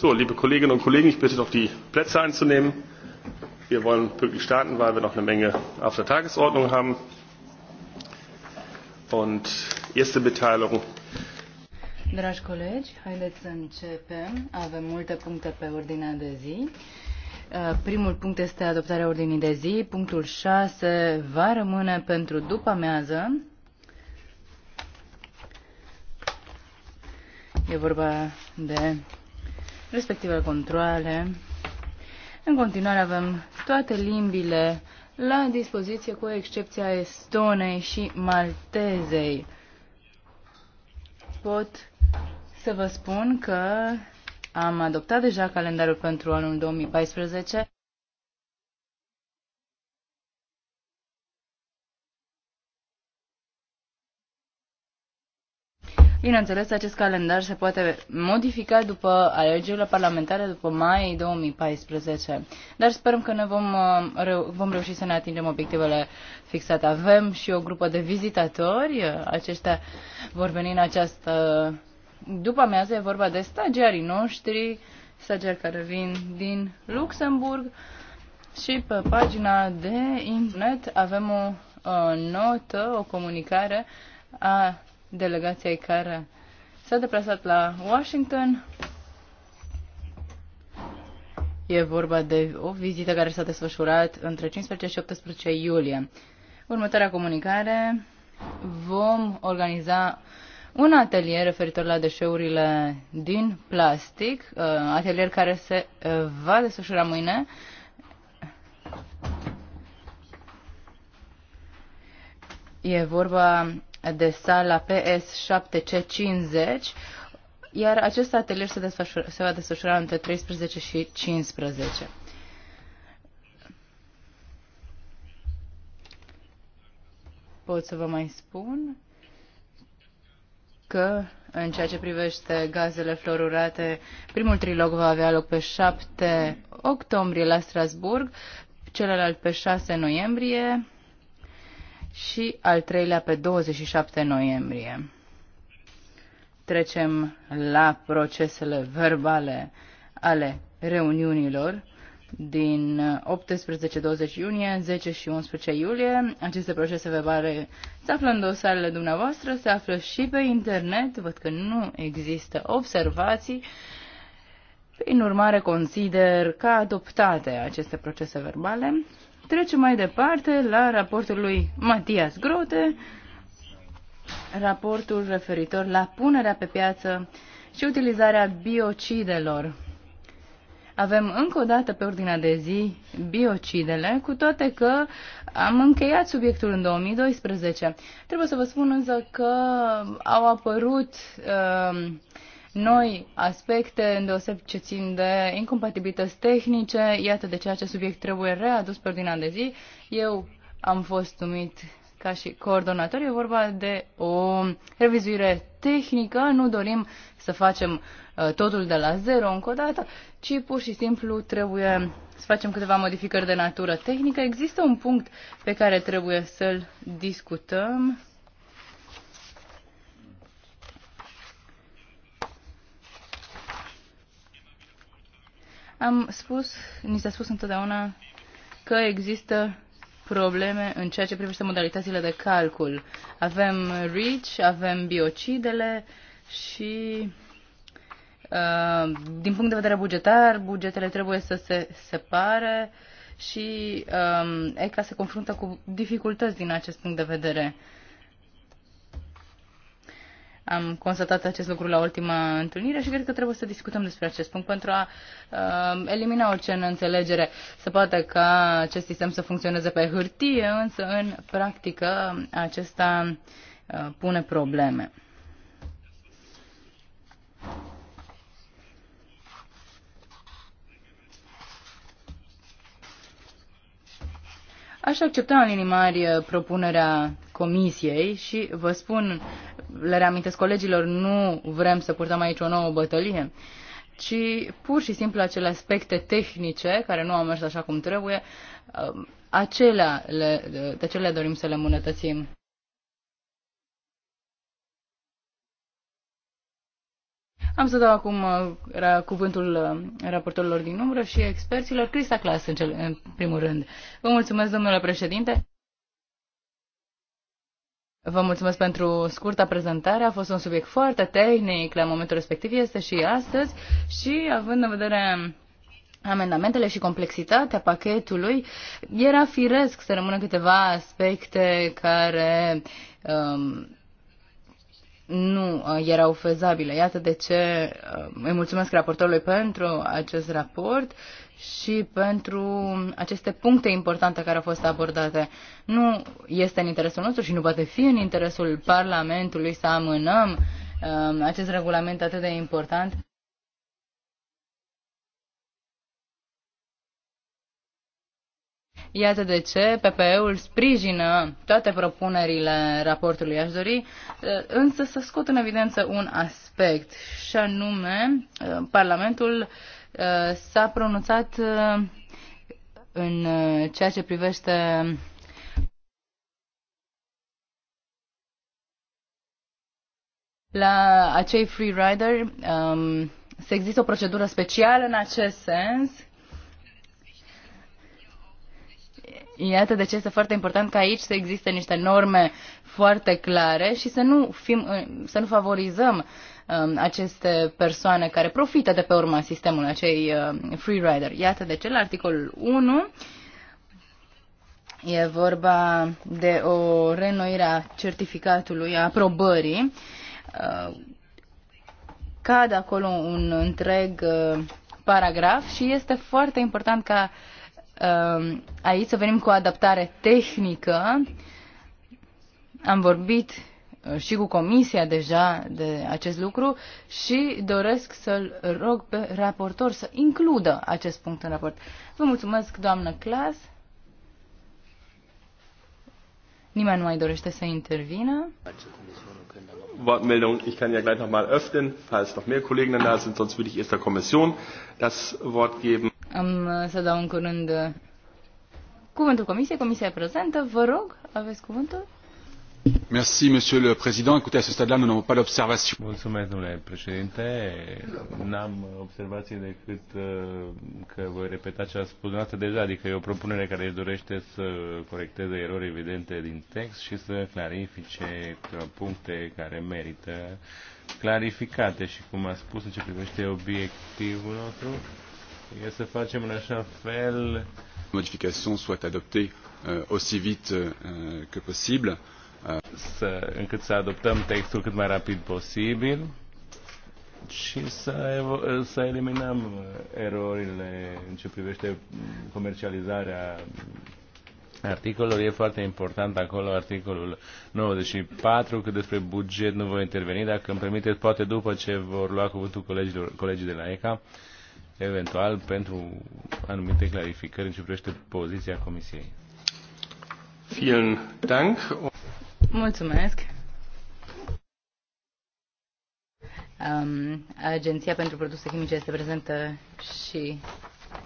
So, liebe Kolleginnen und Kollegen, ich bitte doch die Plätze einzunehmen. Wir wollen pünktlich starten, weil wir noch eine Menge auf der Tagesordnung haben. Und erste Mitteilung. Dragi colegi, haideți să începem. Avem multe puncte pe ordinea de zi. Uh, primul punct este adoptarea ordinii de zi. Punctul 6 va rămâne pentru după amiază. E vorba de respective controle. În continuare avem toate limbile la dispoziție cu excepția Estonei și Maltezei. Pot să vă spun că am adoptat deja calendarul pentru anul 2014 Bineînțeles, acest calendar se poate modifica după alegerile parlamentare, după mai 2014. Dar sperăm că ne vom, uh, reu- vom reuși să ne atingem obiectivele fixate. Avem și o grupă de vizitatori. Aceștia vor veni în această după amiază. E vorba de stagiarii noștri, stagiari care vin din Luxemburg. Și pe pagina de internet avem o, o uh, notă, o comunicare a delegației care s-a deplasat la Washington. E vorba de o vizită care s-a desfășurat între 15 și 18 iulie. Următoarea comunicare vom organiza un atelier referitor la deșeurile din plastic, uh, atelier care se uh, va desfășura mâine. E vorba de sala PS7C50, iar acest atelier se, se va desfășura între 13 și 15. Pot să vă mai spun că în ceea ce privește gazele fluorurate, primul trilog va avea loc pe 7 octombrie la Strasburg, celălalt pe 6 noiembrie, și al treilea pe 27 noiembrie. Trecem la procesele verbale ale reuniunilor din 18-20 iunie, 10 și 11 iulie. Aceste procese verbale se află în dosarele dumneavoastră, se află și pe internet, văd că nu există observații. Prin urmare, consider că adoptate aceste procese verbale Trecem mai departe la raportul lui Matias Grote, raportul referitor la punerea pe piață și utilizarea biocidelor. Avem încă o dată pe ordinea de zi biocidele, cu toate că am încheiat subiectul în 2012. Trebuie să vă spun însă că au apărut uh, noi aspecte, îndeoseb ce țin de incompatibilități tehnice. Iată de ce acest subiect trebuie readus pe ordinea de zi. Eu am fost numit ca și coordonator. E vorba de o revizuire tehnică. Nu dorim să facem uh, totul de la zero încă o dată, ci pur și simplu trebuie să facem câteva modificări de natură tehnică. Există un punct pe care trebuie să-l discutăm Am spus, ni s-a spus întotdeauna că există probleme în ceea ce privește modalitățile de calcul. Avem REACH, avem biocidele și uh, din punct de vedere bugetar, bugetele trebuie să se separe și um, ECA se confruntă cu dificultăți din acest punct de vedere. Uh, am constatat acest lucru la ultima întâlnire și cred că trebuie să discutăm despre acest punct pentru a uh, elimina orice neînțelegere. Se poate ca acest sistem să funcționeze pe hârtie, însă în practică acesta uh, pune probleme. Aș accepta în linii mari uh, propunerea comisiei și vă spun le reamintesc colegilor, nu vrem să purtăm aici o nouă bătălie, ci pur și simplu acele aspecte tehnice care nu au mers așa cum trebuie, um, acelea le, de acelea dorim să le îmbunătățim. Am să dau acum uh, cuvântul uh, raportorilor din umbră și experților. Crista Clas, în, cel, în primul rând. Vă mulțumesc, domnule președinte. Vă mulțumesc pentru scurta prezentare. A fost un subiect foarte tehnic la momentul respectiv, este și astăzi. Și având în vedere amendamentele și complexitatea pachetului, era firesc să rămână câteva aspecte care um, nu uh, erau fezabile. Iată de ce uh, îi mulțumesc raportorului pentru acest raport și pentru aceste puncte importante care au fost abordate. Nu este în interesul nostru și nu poate fi în interesul Parlamentului să amânăm um, acest regulament atât de important. Iată de ce PPE-ul sprijină toate propunerile raportului. Aș dori uh, însă să scot în evidență un aspect, și anume uh, Parlamentul Uh, s-a pronunțat uh, în uh, ceea ce privește la acei free rider um, se există o procedură specială în acest sens. Iată de ce este foarte important ca aici să existe niște norme foarte clare și să nu, fim, să nu favorizăm uh, Um, aceste persoane care profită de pe urma sistemului, acei um, free rider. Iată de ce la articolul 1 e vorba de o renoire a certificatului, a aprobării. Uh, cad acolo un întreg uh, paragraf și este foarte important ca um, aici să venim cu o adaptare tehnică. Am vorbit Uh, și cu comisia deja de acest lucru și doresc să-l rog pe raportor să includă acest punct în raport. Vă mulțumesc, doamnă Clas. Nimeni nu mai dorește să intervină. Wortmeldung. Ich kann ja gleich nochmal öffnen, falls noch mehr Kollegen da sind. Sonst würde ich erst der Kommission das Wort geben. Am uh, să dau în curând uh, cuvântul comisiei. Comisia prezentă. Vă rog, aveți cuvântul. Monsieur le Président. Écoutez, à ce stade-là, nous n'avons pas d'observation. Mulțumesc, domnule președinte. N-am observații decât uh, că voi repeta ce a spus dumneavoastră deja, adică e o propunere care își dorește să corecteze erori evidente din text și să clarifice puncte care merită clarificate și, cum a spus, în ce privește obiectivul nostru, e să facem în așa fel modifications să fie euh, aussi vite euh, que possible. Euh, să, încât să adoptăm textul cât mai rapid posibil și să, să eliminăm erorile în ce privește comercializarea articolelor. E foarte important acolo articolul 94, că despre buget nu voi interveni. Dacă îmi permiteți, poate după ce vor lua cuvântul colegilor, colegii de la ECA, eventual pentru anumite clarificări în ce privește poziția Comisiei. Vielen Dank. Mulțumesc. Um, Agenția pentru Produse Chimice este prezentă și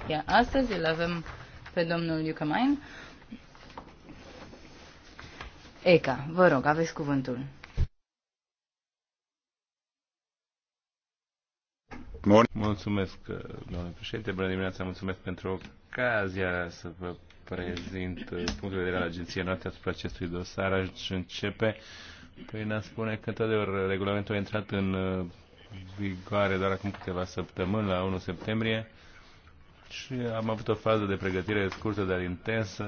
ea astăzi. Îl avem pe domnul Iucamain. Eca, vă rog, aveți cuvântul. Mulțumesc, domnule președinte. Bună dimineața, mulțumesc pentru ocazia să vă prezint punctul de vedere al agenției noastre asupra acestui dosar. Aș începe prin a spune că, într-adevăr, regulamentul a intrat în uh, vigoare doar acum câteva săptămâni, la 1 septembrie, și am avut o fază de pregătire scurtă, dar intensă,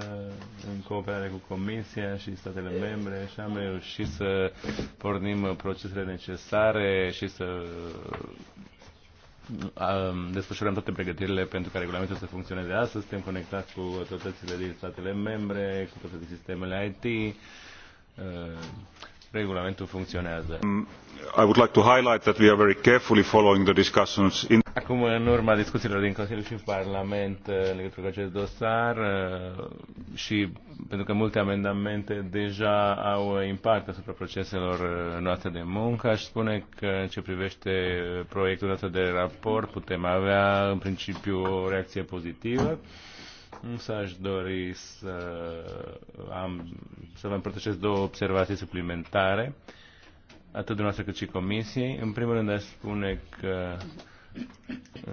în cooperare cu Comisia și statele membre și am reușit să pornim procesele necesare și să desfășurăm toate pregătirile pentru ca regulamentul să funcționeze astăzi. Suntem conectați cu autoritățile din statele membre, cu toate sistemele IT uh, regulamentul funcționează. Um, I would like to highlight that we are very carefully following the discussions in Acum, în urma discuțiilor din Consiliul și Parlament uh, în legătură cu acest dosar uh, și pentru că multe amendamente deja au impact asupra proceselor uh, noastre de muncă, aș spune că în ce privește proiectul nostru de raport putem avea în principiu o reacție pozitivă. Însă aș dori să, am, să vă împărtășesc două observații suplimentare, atât dumneavoastră cât și comisiei. În primul rând aș spune că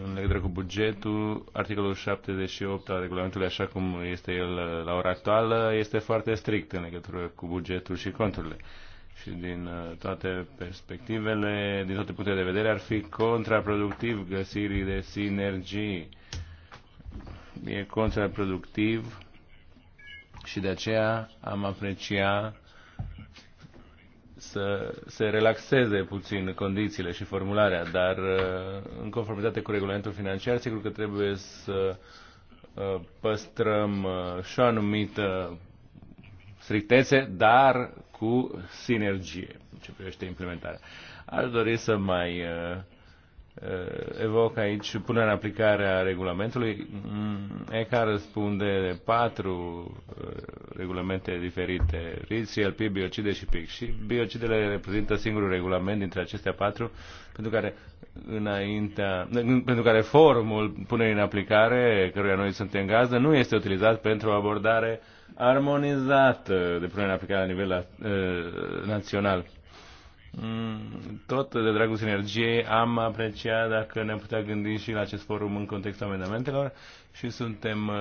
în legătură cu bugetul, articolul 78 al regulamentului, așa cum este el la ora actuală, este foarte strict în legătură cu bugetul și conturile. Și din uh, toate perspectivele, din toate punctele de vedere, ar fi contraproductiv găsirii de sinergii e contraproductiv și de aceea am aprecia să se relaxeze puțin condițiile și formularea, dar uh, în conformitate cu regulamentul financiar, sigur că trebuie să uh, păstrăm uh, și o anumită strictețe, dar cu sinergie în ce privește implementarea. Aș dori să mai Uh, evoc aici punerea în aplicare a regulamentului. Mm, ECA răspunde de patru uh, regulamente diferite, RIS, CLP, biocide și PIC. Și biocidele reprezintă singurul regulament dintre acestea patru pentru care înaintea, pentru care formul punerii în aplicare, căruia noi suntem gazdă, nu este utilizat pentru o abordare armonizată de punere în aplicare la nivel uh, național. Mm, tot de dragul sinergiei am apreciat dacă ne-am putea gândi și la acest forum în contextul amendamentelor și suntem uh,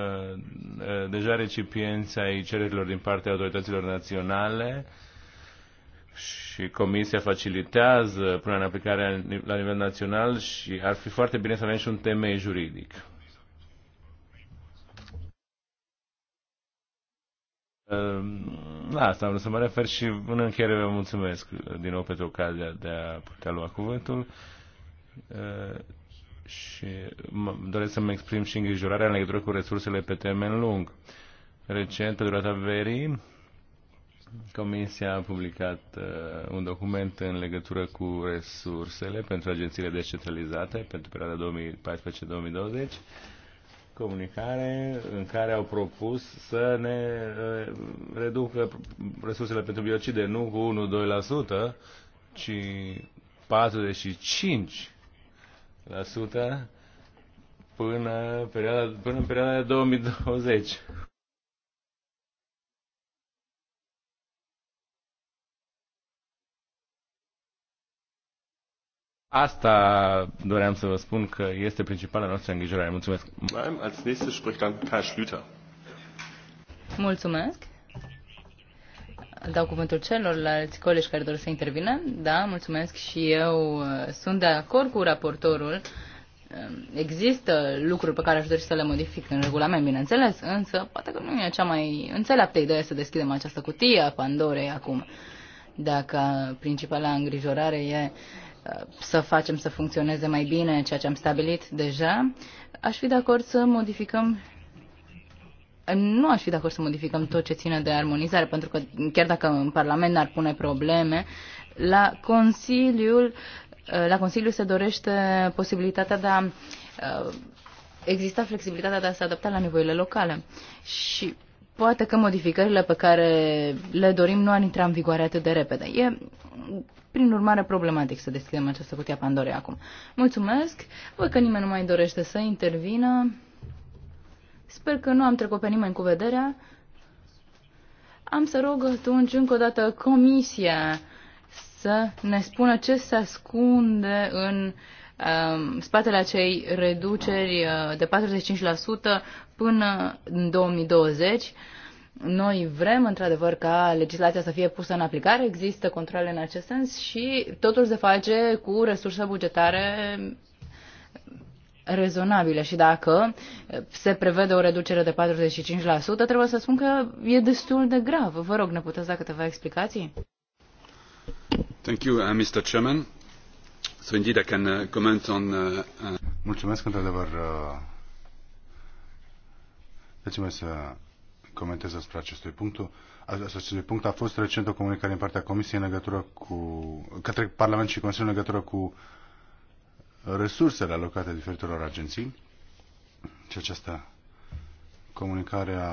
uh, deja recipienți ai cererilor din partea autorităților naționale și Comisia facilitează până în aplicare la nivel național și ar fi foarte bine să avem și un temei juridic. Um, la da, asta vreau să mă refer și în încheiere vă mulțumesc din nou pentru ocazia de a putea lua cuvântul uh, și doresc să-mi exprim și îngrijorarea în legătură cu resursele pe termen lung. Recent, pe durata verii, Comisia a publicat uh, un document în legătură cu resursele pentru agențiile descentralizate pentru perioada 2014-2020 comunicare în care au propus să ne uh, reducă resursele pentru biocide nu cu 1-2%, ci 45% până, perioada, până în perioada de 2020. Asta doream să vă spun că este principala noastră îngrijorare. Mulțumesc. Als nächstes spricht dann Karl Schlüter. Mulțumesc. Dau cuvântul celorlalți colegi care doresc să intervină. Da, mulțumesc și eu uh, sunt de acord cu raportorul. Um, există lucruri pe care aș dori să le modific în regulament, bineînțeles, însă poate că nu e cea mai înțeleaptă idee să deschidem această cutie a Pandorei acum. Dacă principala îngrijorare e uh, Uh, să facem să funcționeze mai bine ceea ce am stabilit deja, aș fi de acord să modificăm nu aș fi de acord să modificăm tot ce ține de armonizare, pentru că chiar dacă în Parlament n-ar pune probleme, la Consiliul, uh, la Consiliu se dorește posibilitatea de a uh, exista flexibilitatea de a se adapta la nevoile locale. Și poate că modificările pe care le dorim nu ar intra în vigoare atât de repede. E, prin urmare, problematic să deschidem această cutie a Pandorei acum. Mulțumesc. Văd că nimeni nu mai dorește să intervină. Sper că nu am trecut pe nimeni cu vederea. Am să rog atunci încă o dată comisia să ne spună ce se ascunde în uh, spatele acei reduceri uh, de 45% până în 2020. Noi vrem, într-adevăr, ca legislația să fie pusă în aplicare, există controle în acest sens și totul se face cu resurse bugetare rezonabile și dacă se prevede o reducere de 45%, trebuie să spun că e destul de grav. Vă rog, ne puteți da câteva explicații? Thank you, uh, Mr. Chairman. So indeed I can uh, comment on... Uh, uh Mulțumesc, într-adevăr, uh, deci, mai să comentez asupra acestui punct. Acestui punct a fost recent o comunicare în partea Comisiei în legătură cu, către Parlament și Consiliul în legătură cu resursele alocate diferitelor agenții. Și această comunicare a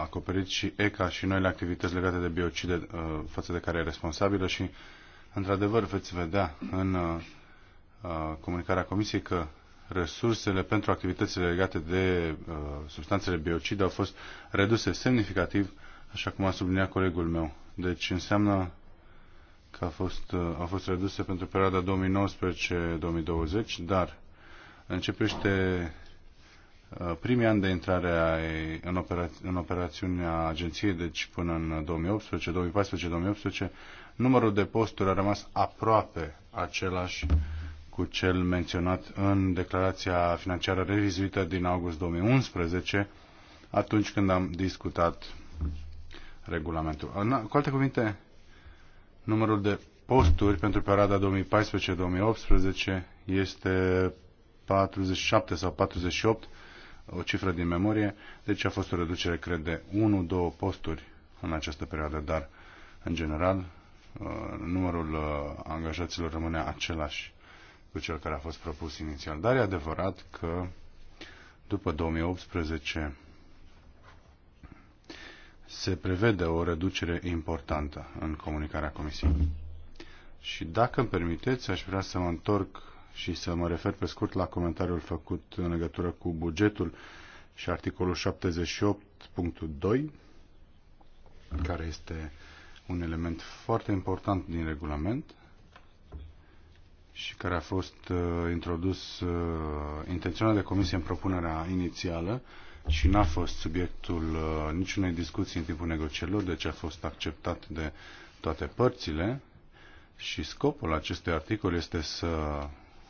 acoperit și ECA și noile activități legate de biocide uh, față de care e responsabilă și, într-adevăr, veți vedea în uh, comunicarea Comisiei că resursele pentru activitățile legate de uh, substanțele biocide au fost reduse semnificativ, așa cum a subliniat colegul meu. Deci înseamnă că a fost, uh, au fost reduse pentru perioada 2019-2020, dar începește uh, primii ani de intrare ai, în, opera- în operațiunea agenției, deci până în 2018, 2014-2018, numărul de posturi a rămas aproape același cu cel menționat în declarația financiară revizuită din august 2011, atunci când am discutat regulamentul. Cu alte cuvinte, numărul de posturi pentru perioada 2014-2018 este 47 sau 48, o cifră din memorie, deci a fost o reducere, cred, de 1-2 posturi în această perioadă, dar, în general, uh, numărul uh, angajaților rămâne același cu cel care a fost propus inițial. Dar e adevărat că după 2018 se prevede o reducere importantă în comunicarea Comisiei. Și dacă îmi permiteți, aș vrea să mă întorc și să mă refer pe scurt la comentariul făcut în legătură cu bugetul și articolul 78.2, care este un element foarte important din regulament și care a fost uh, introdus uh, intenționat de comisie în propunerea inițială și n-a fost subiectul uh, niciunei discuții în timpul negocierilor, deci a fost acceptat de toate părțile și scopul acestui articol este să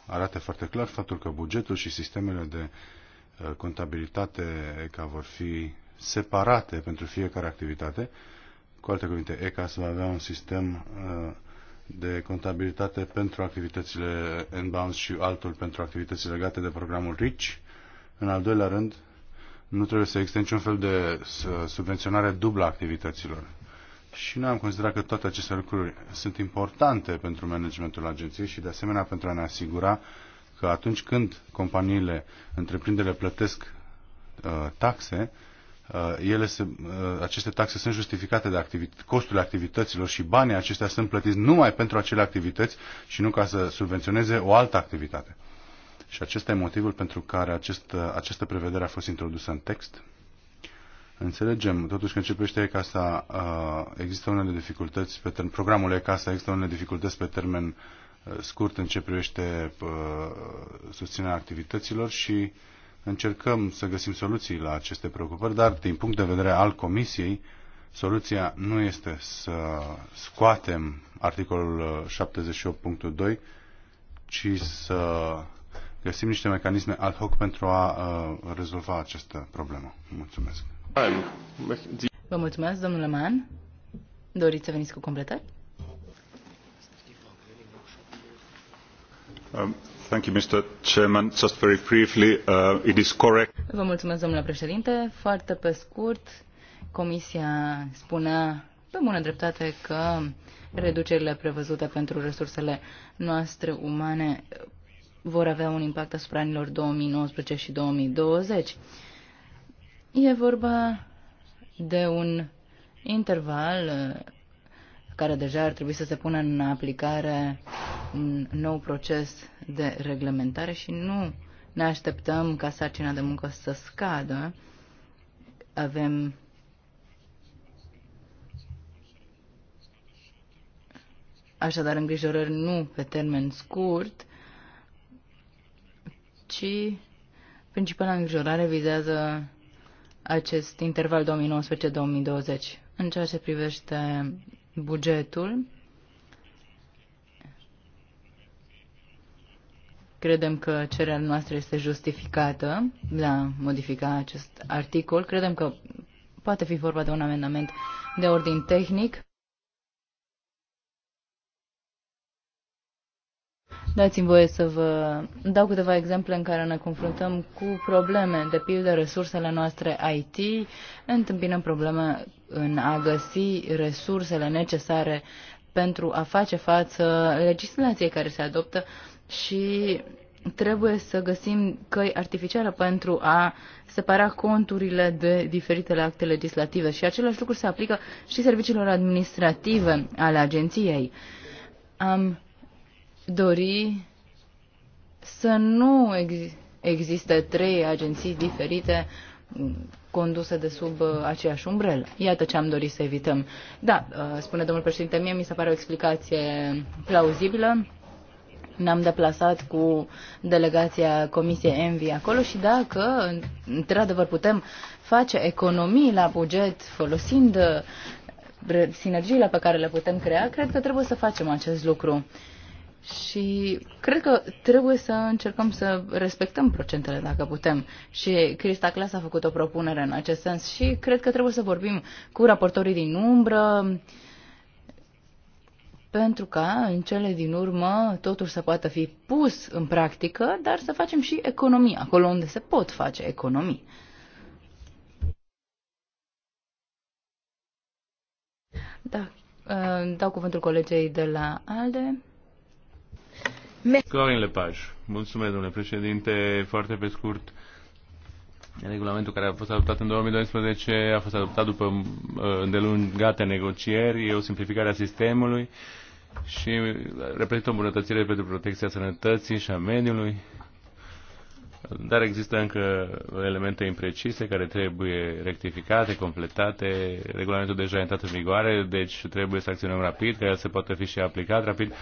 arate foarte clar faptul că bugetul și sistemele de contabilitate ECA vor fi separate pentru fiecare activitate. Cu alte cuvinte, ECA va avea un sistem uh, de contabilitate pentru activitățile inbound și altul pentru activitățile legate de programul RICH. În al doilea rând, nu trebuie să existe niciun fel de subvenționare dublă a activităților. Și noi am considerat că toate aceste lucruri sunt importante pentru managementul agenției și de asemenea pentru a ne asigura că atunci când companiile, întreprinderile plătesc uh, taxe, Uh, ele se, uh, aceste taxe sunt justificate de activit- costurile activităților și banii acestea sunt plătiți numai pentru acele activități și nu ca să subvenționeze o altă activitate. Și acesta e motivul pentru care acest, uh, această prevedere a fost introdusă în text. Înțelegem, totuși că începește ECASA, există unele dificultăți pe termen, programul ECASA există unele dificultăți pe termen scurt în ce privește susținerea activităților și uh, Încercăm să găsim soluții la aceste preocupări, dar din punct de vedere al Comisiei, soluția nu este să scoatem articolul 78.2, uh, ci să găsim niște mecanisme ad hoc pentru a uh, rezolva această problemă. Mulțumesc. Vă mulțumesc, domnule Man. Doriți să veniți cu completări? Um, mulțumesc, domnule președinte. Foarte pe scurt, Comisia spunea pe bună dreptate că reducerile prevăzute pentru resursele noastre umane vor avea un impact asupra anilor 2019 și 2020. E vorba de un interval care deja ar trebui să se pună în aplicare un nou proces de reglementare și nu ne așteptăm ca sarcina de muncă să scadă. Avem așadar îngrijorări nu pe termen scurt, ci principala îngrijorare vizează acest interval 2019-2020. În ceea ce privește bugetul. Credem că cererea noastră este justificată la modifica acest articol. Credem că poate fi vorba de un amendament de ordin tehnic. Dați-mi voie să vă dau câteva exemple în care ne confruntăm cu probleme, de pildă resursele noastre IT, întâmpinăm probleme în a găsi resursele necesare pentru a face față legislației care se adoptă și trebuie să găsim căi artificiale pentru a separa conturile de diferitele acte legislative și același lucru se aplică și serviciilor administrative ale agenției. Am dori să nu ex- existe trei agenții diferite conduse de sub uh, aceeași umbrelă. Iată ce am dorit să evităm. Da, uh, spune domnul președinte, mie mi se pare o explicație plauzibilă. Ne-am deplasat cu delegația Comisiei Envi acolo și dacă, într-adevăr, putem face economii la buget folosind uh, sinergiile pe care le putem crea, cred că trebuie să facem acest lucru. Uh, și cred că trebuie să încercăm să respectăm procentele dacă putem. Și Crista Clas a făcut o propunere în acest sens și cred că trebuie să vorbim cu raportorii din umbră pentru ca în cele din urmă totul să poată fi pus în practică, dar să facem și economii acolo unde se pot face economii. Da, uh, dau cuvântul colegei de la ALDE. Florin Lepaj. Mulțumesc, domnule președinte. Foarte pe scurt, regulamentul care a fost adoptat în 2012 a fost adoptat după uh, îndelungate negocieri, e o simplificare a sistemului și reprezintă o îmbunătățire pentru protecția sănătății și a mediului. Dar există încă elemente imprecise care trebuie rectificate, completate. Regulamentul deja a intrat în vigoare, deci trebuie să acționăm rapid, ca el să poată fi și aplicat rapid.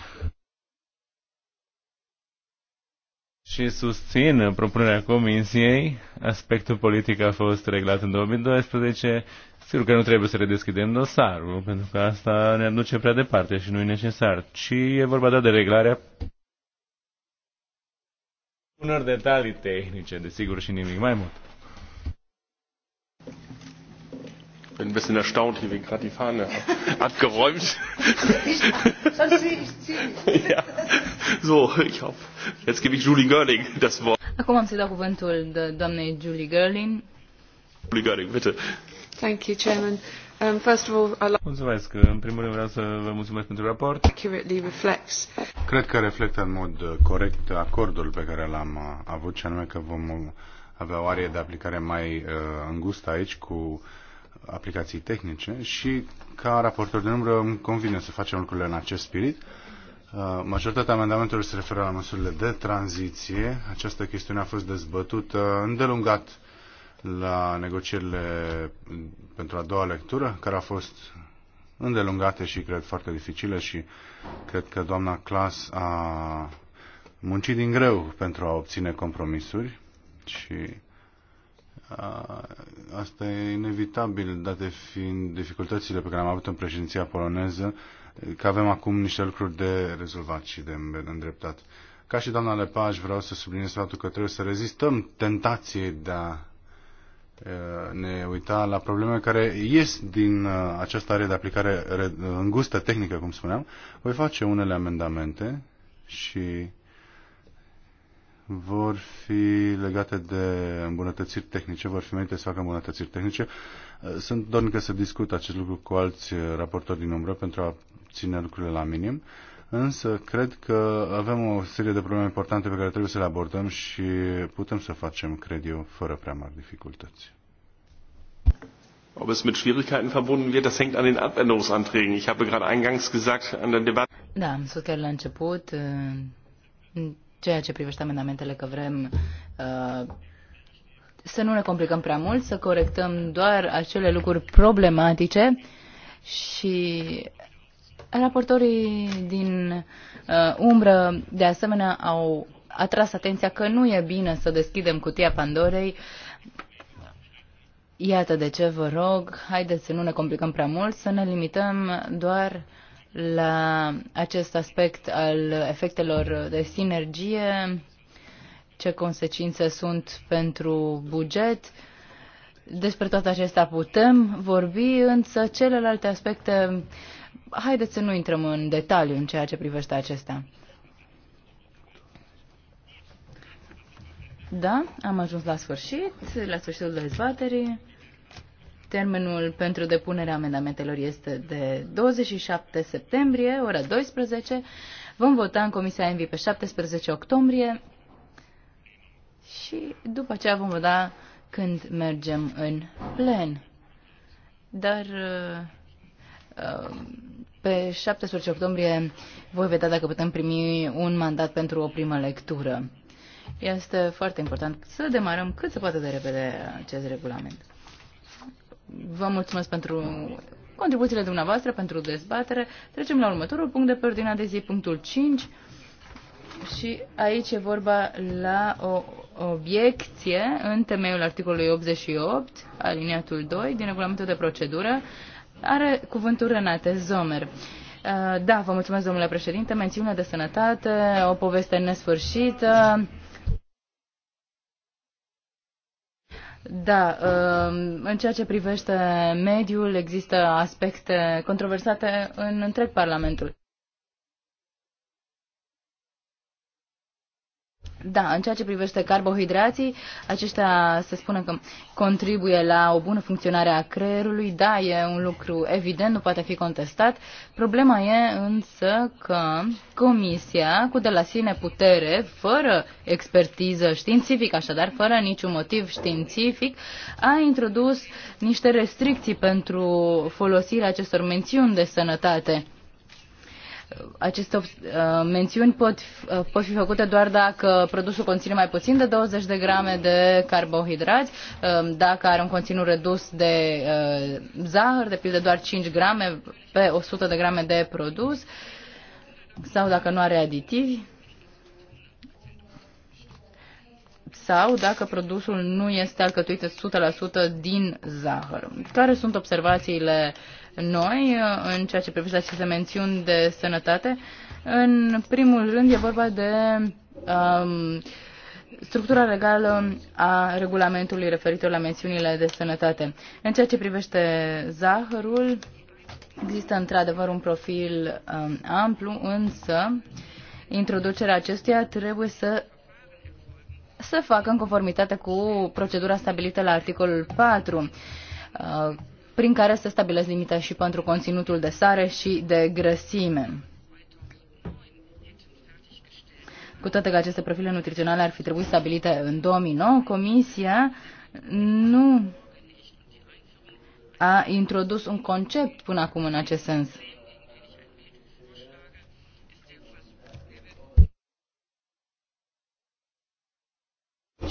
și susțin propunerea Comisiei. Aspectul politic a fost reglat în 2012. Sigur că nu trebuie să redeschidem dosarul, pentru că asta ne aduce prea departe și nu e necesar, ci e vorba de reglarea unor detalii tehnice, desigur, și nimic mai mult. bin ein bisschen erstaunt, hier wegen gerade die Fahne abgeräumt. Ja. So, ich hoffe. Jetzt gebe ich Julie Görling das Wort. Acum am să-i dau cuvântul de doamnei Julie Görling. Julie Görling, bitte. Thank you, Chairman. Um, first of all, I Mulțumesc. În primul rând vreau să vă mulțumesc pentru raport. Accurately reflects. Cred că reflectă în mod corect acordul pe care l-am uh, avut, și anume că vom avea o arie de aplicare mai uh, îngustă aici cu uh, aplicații tehnice și ca raportor de număr îmi convine să facem lucrurile în acest spirit. Uh, majoritatea amendamentelor se referă la măsurile de tranziție. Această chestiune a fost dezbătută îndelungat la negocierile pentru a doua lectură, care a fost îndelungate și cred foarte dificile și cred că doamna Clas a muncit din greu pentru a obține compromisuri și Asta e inevitabil, date fiind dificultățile pe care am avut în președinția poloneză, că avem acum niște lucruri de rezolvat și de îndreptat. Ca și doamna Lepaj, vreau să subliniez faptul că trebuie să rezistăm tentației de a ne uita la probleme care ies din această are de aplicare îngustă tehnică, cum spuneam. Voi face unele amendamente și vor fi legate de îmbunătățiri tehnice, vor fi menite să facă îmbunătățiri tehnice. Sunt dornică să discut acest lucru cu alți raportori din umbră pentru a ține lucrurile la minim, însă cred că avem o serie de probleme importante pe care trebuie să le abordăm și putem să facem, cred eu, fără prea mari dificultăți. Ob es mit Schwierigkeiten verbunden wird, das hängt an den Abänderungsanträgen. Ich habe gerade eingangs gesagt, an der Debatte. Da, am spus chiar la început, ceea ce privește amendamentele că vrem uh, să nu ne complicăm prea mult, să corectăm doar acele lucruri problematice și raportorii din uh, umbră de asemenea au atras atenția că nu e bine să deschidem cutia Pandorei. Iată de ce vă rog, haideți să nu ne complicăm prea mult, să ne limităm doar uh, la acest aspect al efectelor de sinergie, ce consecințe sunt pentru buget. Despre toate acestea putem vorbi, însă celelalte aspecte, haideți să nu intrăm în detaliu în ceea ce privește acestea. Da, am ajuns la sfârșit, la sfârșitul dezbaterii. Termenul pentru depunerea amendamentelor este de 27 septembrie, ora 12. Vom vota în Comisia Envi pe 17 octombrie și după aceea vom vota când mergem în plen. Dar uh, pe 17 octombrie voi vedea dacă putem primi un mandat pentru o primă lectură. Este foarte important să demarăm cât se poate de repede acest regulament. Vă mulțumesc pentru contribuțiile dumneavoastră, pentru dezbatere. Trecem la următorul punct de pe ordinea de zi, punctul 5. Și aici e vorba la o obiecție în temeiul articolului 88, aliniatul 2 din regulamentul de procedură. Are cuvântul Renate Zomer. Uh, da, vă mulțumesc, domnule președinte. Mențiunea de sănătate, o poveste nesfârșită Da, um, în ceea ce privește mediul, există aspecte controversate în întreg Parlamentul. Da, în ceea ce privește carbohidrații, aceștia se spune că contribuie la o bună funcționare a creierului. Da, e un lucru evident, nu poate fi contestat. Problema e însă că Comisia, cu de la sine putere, fără expertiză științifică, așadar fără niciun motiv științific, a introdus niște restricții pentru folosirea acestor mențiuni de sănătate aceste uh, mențiuni pot, uh, pot fi făcute doar dacă produsul conține mai puțin de 20 de grame de carbohidrați, um, dacă are un conținut redus de uh, zahăr, de pildă doar 5 grame pe 100 de grame de produs, sau dacă nu are aditivi. sau dacă produsul nu este alcătuit 100% din zahăr. Care sunt observațiile noi în ceea ce privește aceste mențiuni de sănătate. În primul rând e vorba de um, structura legală a regulamentului referitor la mențiunile de sănătate. În ceea ce privește zahărul, există într-adevăr un profil um, amplu, însă introducerea acestuia trebuie să se facă în conformitate cu procedura stabilită la articolul 4. Uh, prin care se stabilesc limite și pentru conținutul de sare și de grăsime. Cu toate că aceste profile nutriționale ar fi trebuit stabilite în 2009, Comisia nu a introdus un concept până acum în acest sens.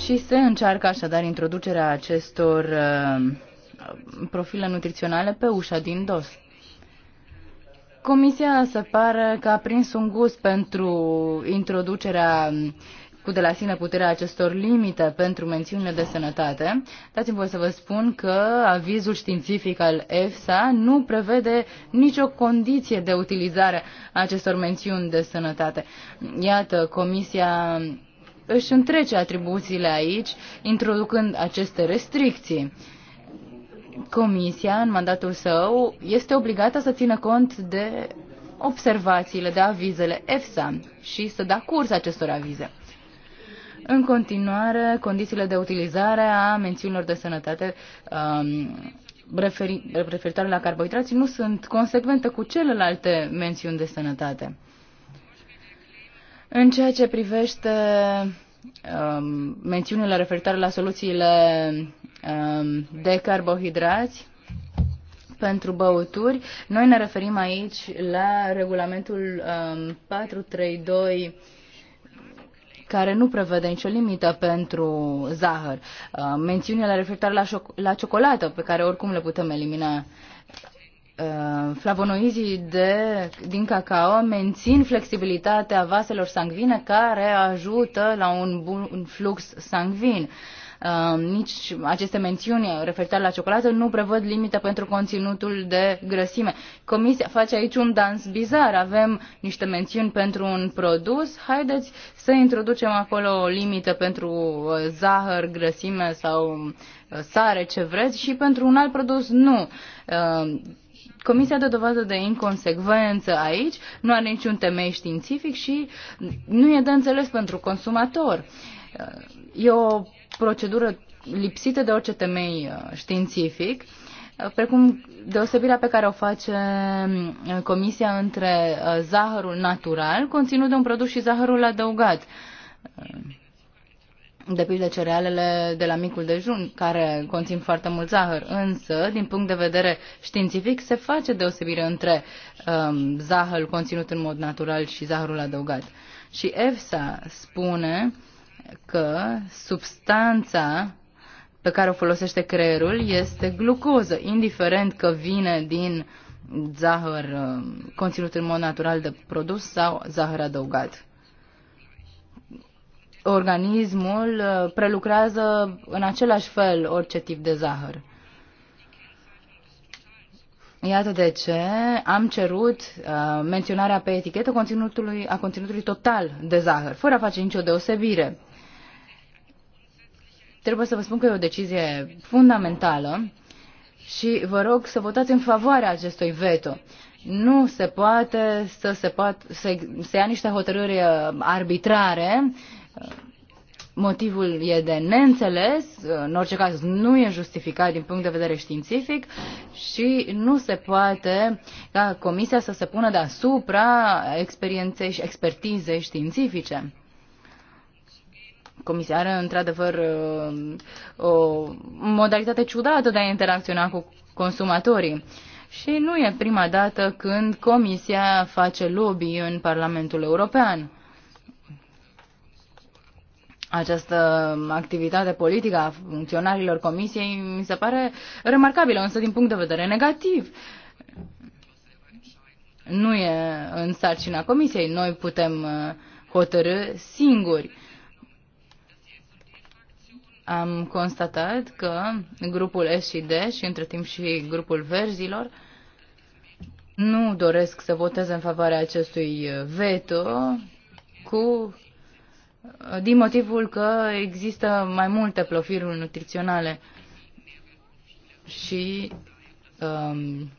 Și se încearcă așadar introducerea acestor uh, profile nutriționale pe ușa din dos. Comisia se pare că a prins un gust pentru introducerea cu de la sine puterea acestor limite pentru mențiunile de sănătate. Dați-mi voi să vă spun că avizul științific al EFSA nu prevede nicio condiție de utilizare a acestor mențiuni de sănătate. Iată, Comisia își întrece atribuțiile aici, introducând aceste restricții. Comisia, în mandatul său, este obligată să țină cont de observațiile, de avizele EFSA și să da curs acestor avize. În continuare, condițiile de utilizare a mențiunilor de sănătate um, referi, referitoare la carbohidrați nu sunt consecvente cu celelalte mențiuni de sănătate. În ceea ce privește um, mențiunile referitoare la soluțiile Um, de carbohidrați pentru băuturi. Noi ne referim aici la regulamentul 432 um, care nu prevede nicio limită pentru zahăr. Uh, mențiunile referitoare la, șoc- la ciocolată, pe care oricum le putem elimina uh, flavonoizii de, din cacao mențin flexibilitatea vaselor sanguine care ajută la un bun flux sanguin. Uh, Ehm, nici aceste mențiuni referitoare la ciocolată nu prevăd limite pentru conținutul de grăsime. Comisia face aici un dans bizar. Avem niște mențiuni pentru un produs, haideți să introducem acolo o limită pentru uh, zahăr, grăsime sau uh, sare, ce vreți, și pentru un alt produs nu. Ehm, Comisia dă dovadă de inconsecvență aici, nu are niciun temei științific și nu e de înțeles pentru consumator. E o procedură lipsită de orice temei uh, științific, uh, precum deosebirea pe care o face uh, Comisia între zahărul natural, conținut de un produs și zahărul adăugat. De pildă cerealele de la micul dejun, care conțin foarte mult zahăr, însă, din punct de vedere științific, se face deosebire între um, zahărul conținut în mod natural și zahărul adăugat. Și EFSA spune că substanța pe care o folosește creierul este glucoză, indiferent că vine din zahăr uh, conținut în mod natural de produs sau zahăr adăugat. Organismul uh, prelucrează în același fel orice tip de zahăr. Iată de ce am cerut uh, menționarea pe etichetă conținutului, a conținutului total de zahăr, fără a face nicio deosebire. Trebuie să vă spun că e o decizie fundamentală și vă rog să votați în favoarea acestui veto. Nu se poate să se, poat, să, să ia niște hotărâri uh, arbitrare. Motivul e de neînțeles, uh, în orice caz nu e justificat din punct de vedere științific și nu se poate ca comisia să se pună deasupra experienței și expertizei științifice. Comisia are într-adevăr uh, o modalitate ciudată de a interacționa cu consumatorii. Și nu e prima dată când Comisia face lobby în Parlamentul European. Această activitate politică a funcționarilor Comisiei mi se pare remarcabilă, însă din punct de vedere negativ. Nu e în sarcina Comisiei. Noi putem uh, hotărâ singuri am constatat că grupul S și între timp și grupul verzilor nu doresc să voteze în favoarea acestui veto cu din motivul că există mai multe plofiruri nutriționale și um,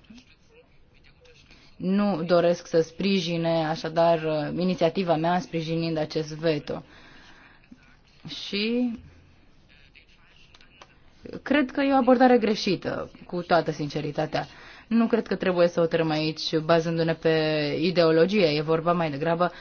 nu doresc să sprijine așadar inițiativa mea sprijinind acest veto. Și Cred că e o abordare greșită, cu toată sinceritatea. Nu cred că trebuie să o tărâm aici bazându-ne pe ideologie. E vorba mai degrabă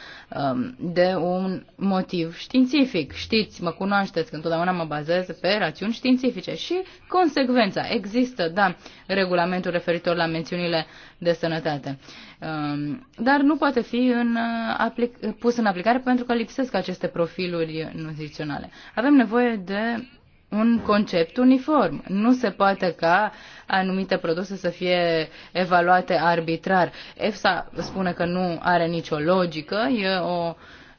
um, de un motiv științific. Știți, mă cunoașteți că întotdeauna mă bazez pe rațiuni științifice. Și consecvența. Există, da, regulamentul referitor la mențiunile de sănătate. Um, dar nu poate fi în, uh, aplic- pus în aplicare pentru că lipsesc aceste profiluri nutriționale. Avem nevoie de un concept uniform. Nu se poate ca anumite produse să fie evaluate arbitrar. EFSA spune că nu are nicio logică, e o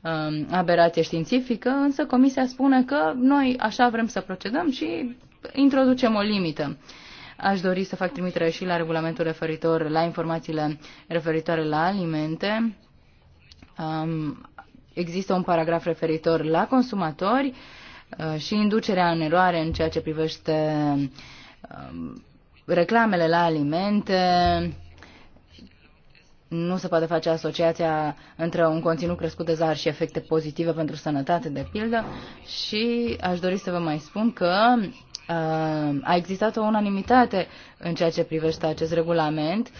um, aberație științifică, însă Comisia spune că noi așa vrem să procedăm și introducem o limită. Aș dori să fac trimitere și la regulamentul referitor la informațiile referitoare la alimente. Um, există un paragraf referitor la consumatori. Uh, Uh, și inducerea în eroare în ceea ce privește um, reclamele la alimente. Nu se poate face asociația între un conținut crescut de zahăr și efecte pozitive pentru sănătate, de pildă. Și aș dori să vă mai spun că uh, a existat o unanimitate în ceea ce privește acest regulament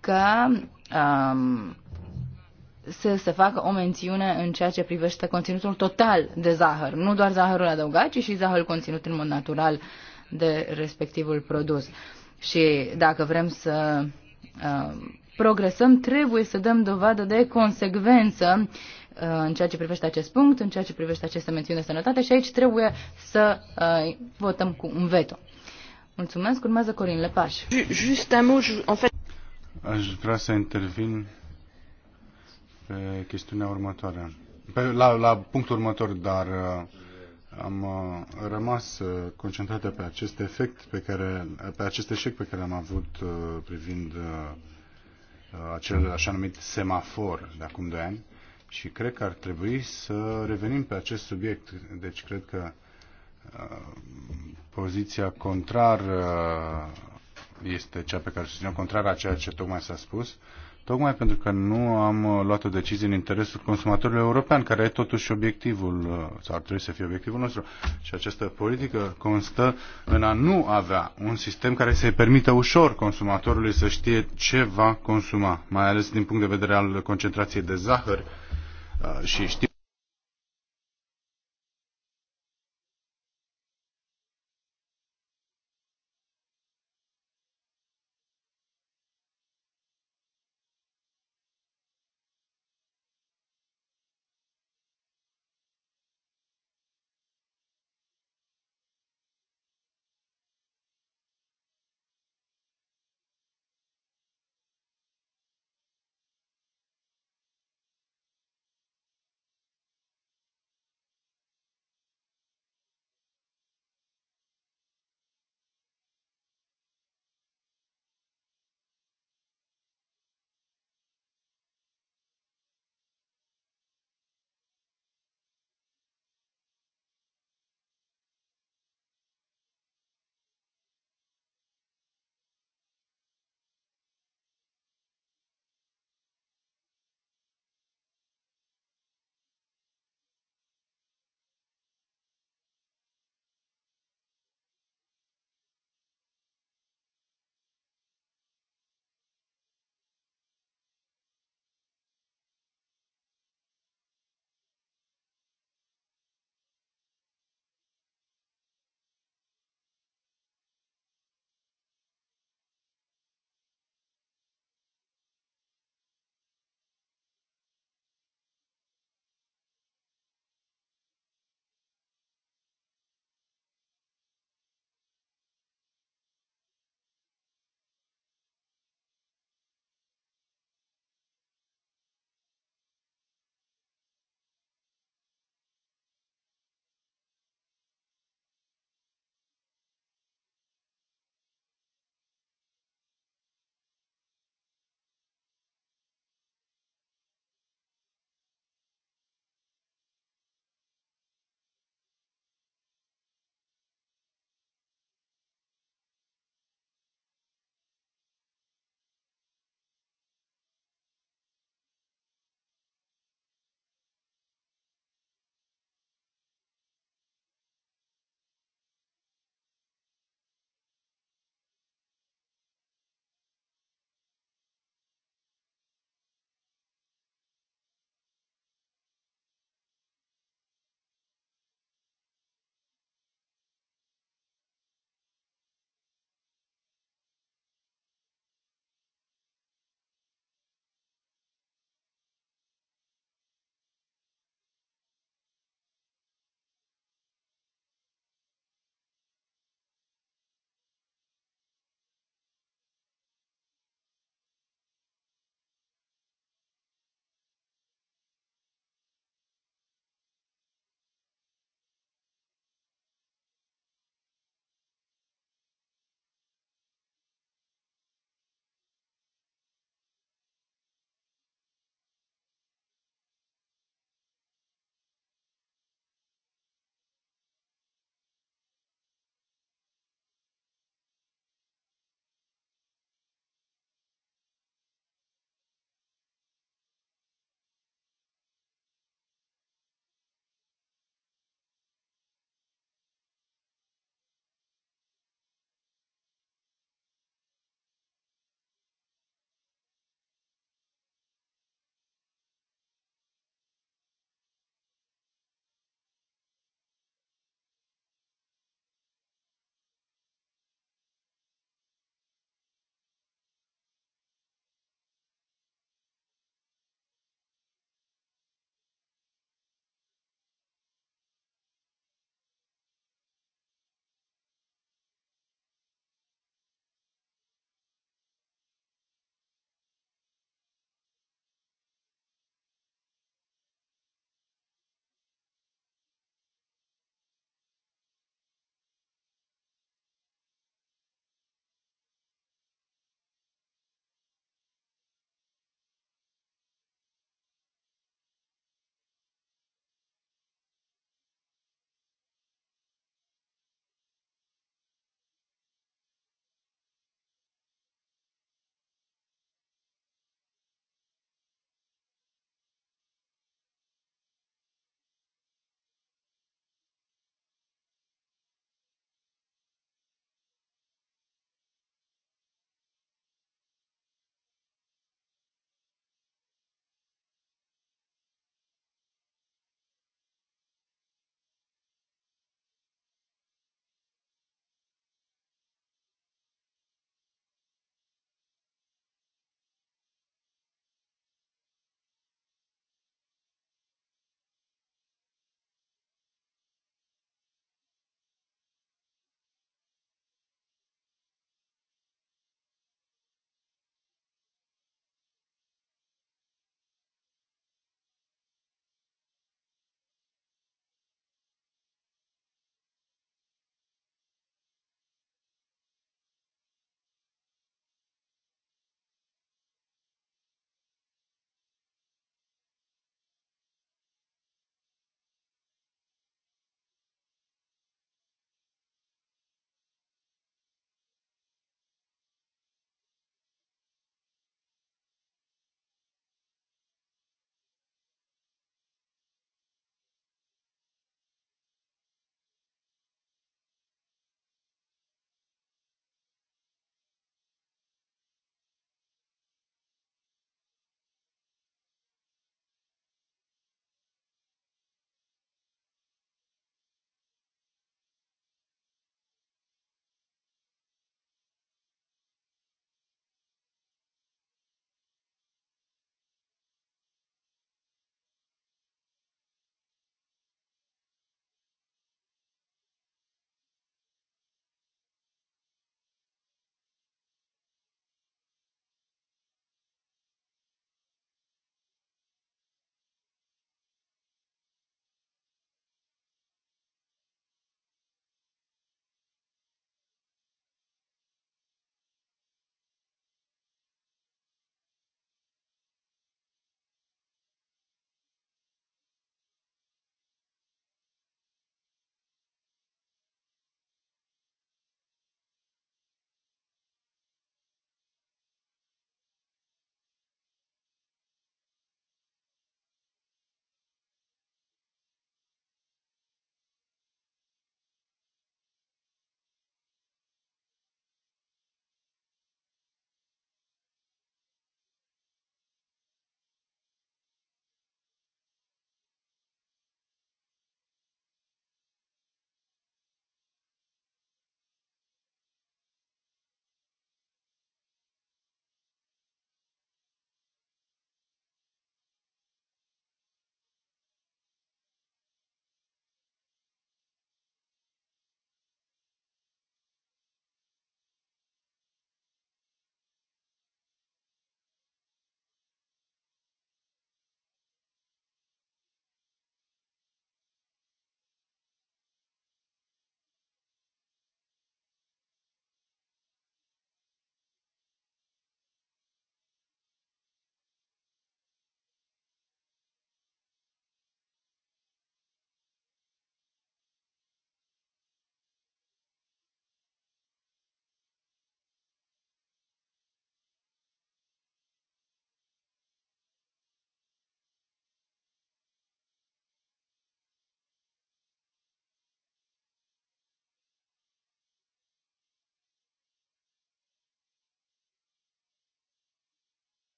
ca um, să se facă o mențiune în ceea ce privește conținutul total de zahăr, nu doar zahărul adăugat, ci și zahărul conținut în mod natural de respectivul produs. Și dacă vrem să uh, progresăm, trebuie să dăm dovadă de consecvență uh, în ceea ce privește acest punct, în ceea ce privește aceste mențiuni de sănătate și aici trebuie să uh, votăm cu un veto. Mulțumesc, urmează Corin Lepaș. Just un mot, en fait... Aș vrea să intervin pe chestiunea următoare. Pe, la, la punctul următor, dar uh, am uh, rămas uh, concentrate pe acest efect pe care, pe acest eșec pe care am avut privind acel așa numit semafor de acum 2 ani și cred că ar trebui să revenim pe acest subiect. Deci cred că poziția contrar este cea pe care o contrară contrar a ceea ce tocmai s-a spus tocmai pentru că nu am uh, luat o decizie în interesul consumatorului european, care e totuși obiectivul, uh, sau ar trebui să fie obiectivul nostru. Și această politică constă în a nu avea un sistem care să-i permită ușor consumatorului să știe ce va consuma, mai ales din punct de vedere al concentrației de zahăr uh, și știu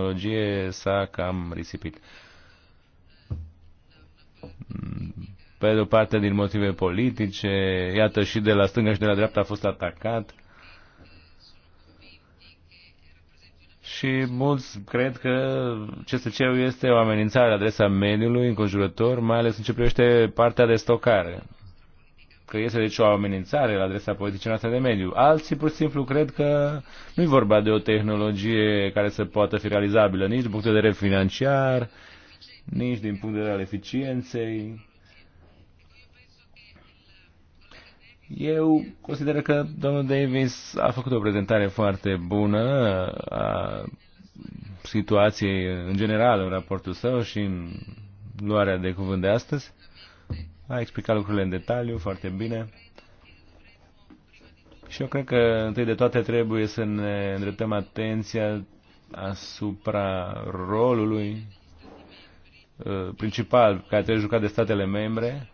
tehnologie s-a cam risipit. Pe de o parte, din motive politice, iată și de la stânga și de la dreapta a fost atacat. Și mulți cred că CSC-ul este o amenințare la adresa mediului înconjurător, mai ales în ce privește partea de stocare că este deci o amenințare la adresa politicii noastre de mediu. Alții pur și simplu cred că nu e vorba de o tehnologie care să poată fi realizabilă nici din punct de vedere financiar, nici din punct de vedere al eficienței. Eu consider că domnul Davis a făcut o prezentare foarte bună a situației în general în raportul său și în luarea de cuvânt de astăzi a explicat lucrurile în detaliu foarte bine. Și eu cred că întâi de toate trebuie să ne îndreptăm atenția asupra rolului uh, principal care trebuie jucat de statele membre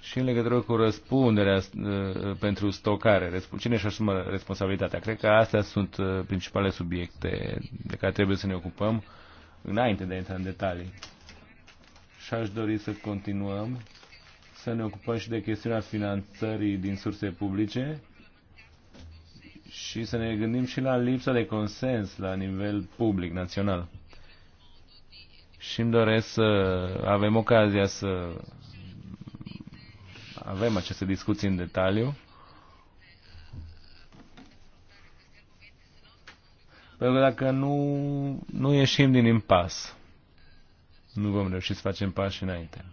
și în legătură cu răspunderea uh, pentru stocare. Cine își asumă responsabilitatea? Cred că astea sunt uh, principalele subiecte de care trebuie să ne ocupăm înainte de a intra în detalii. Și aș dori să continuăm să ne ocupăm și de chestiunea finanțării din surse publice și să ne gândim și la lipsa de consens la nivel public național. Și îmi doresc să avem ocazia să avem aceste discuții în detaliu. Pentru că dacă nu, nu ieșim din impas, nu vom reuși să facem pași înainte.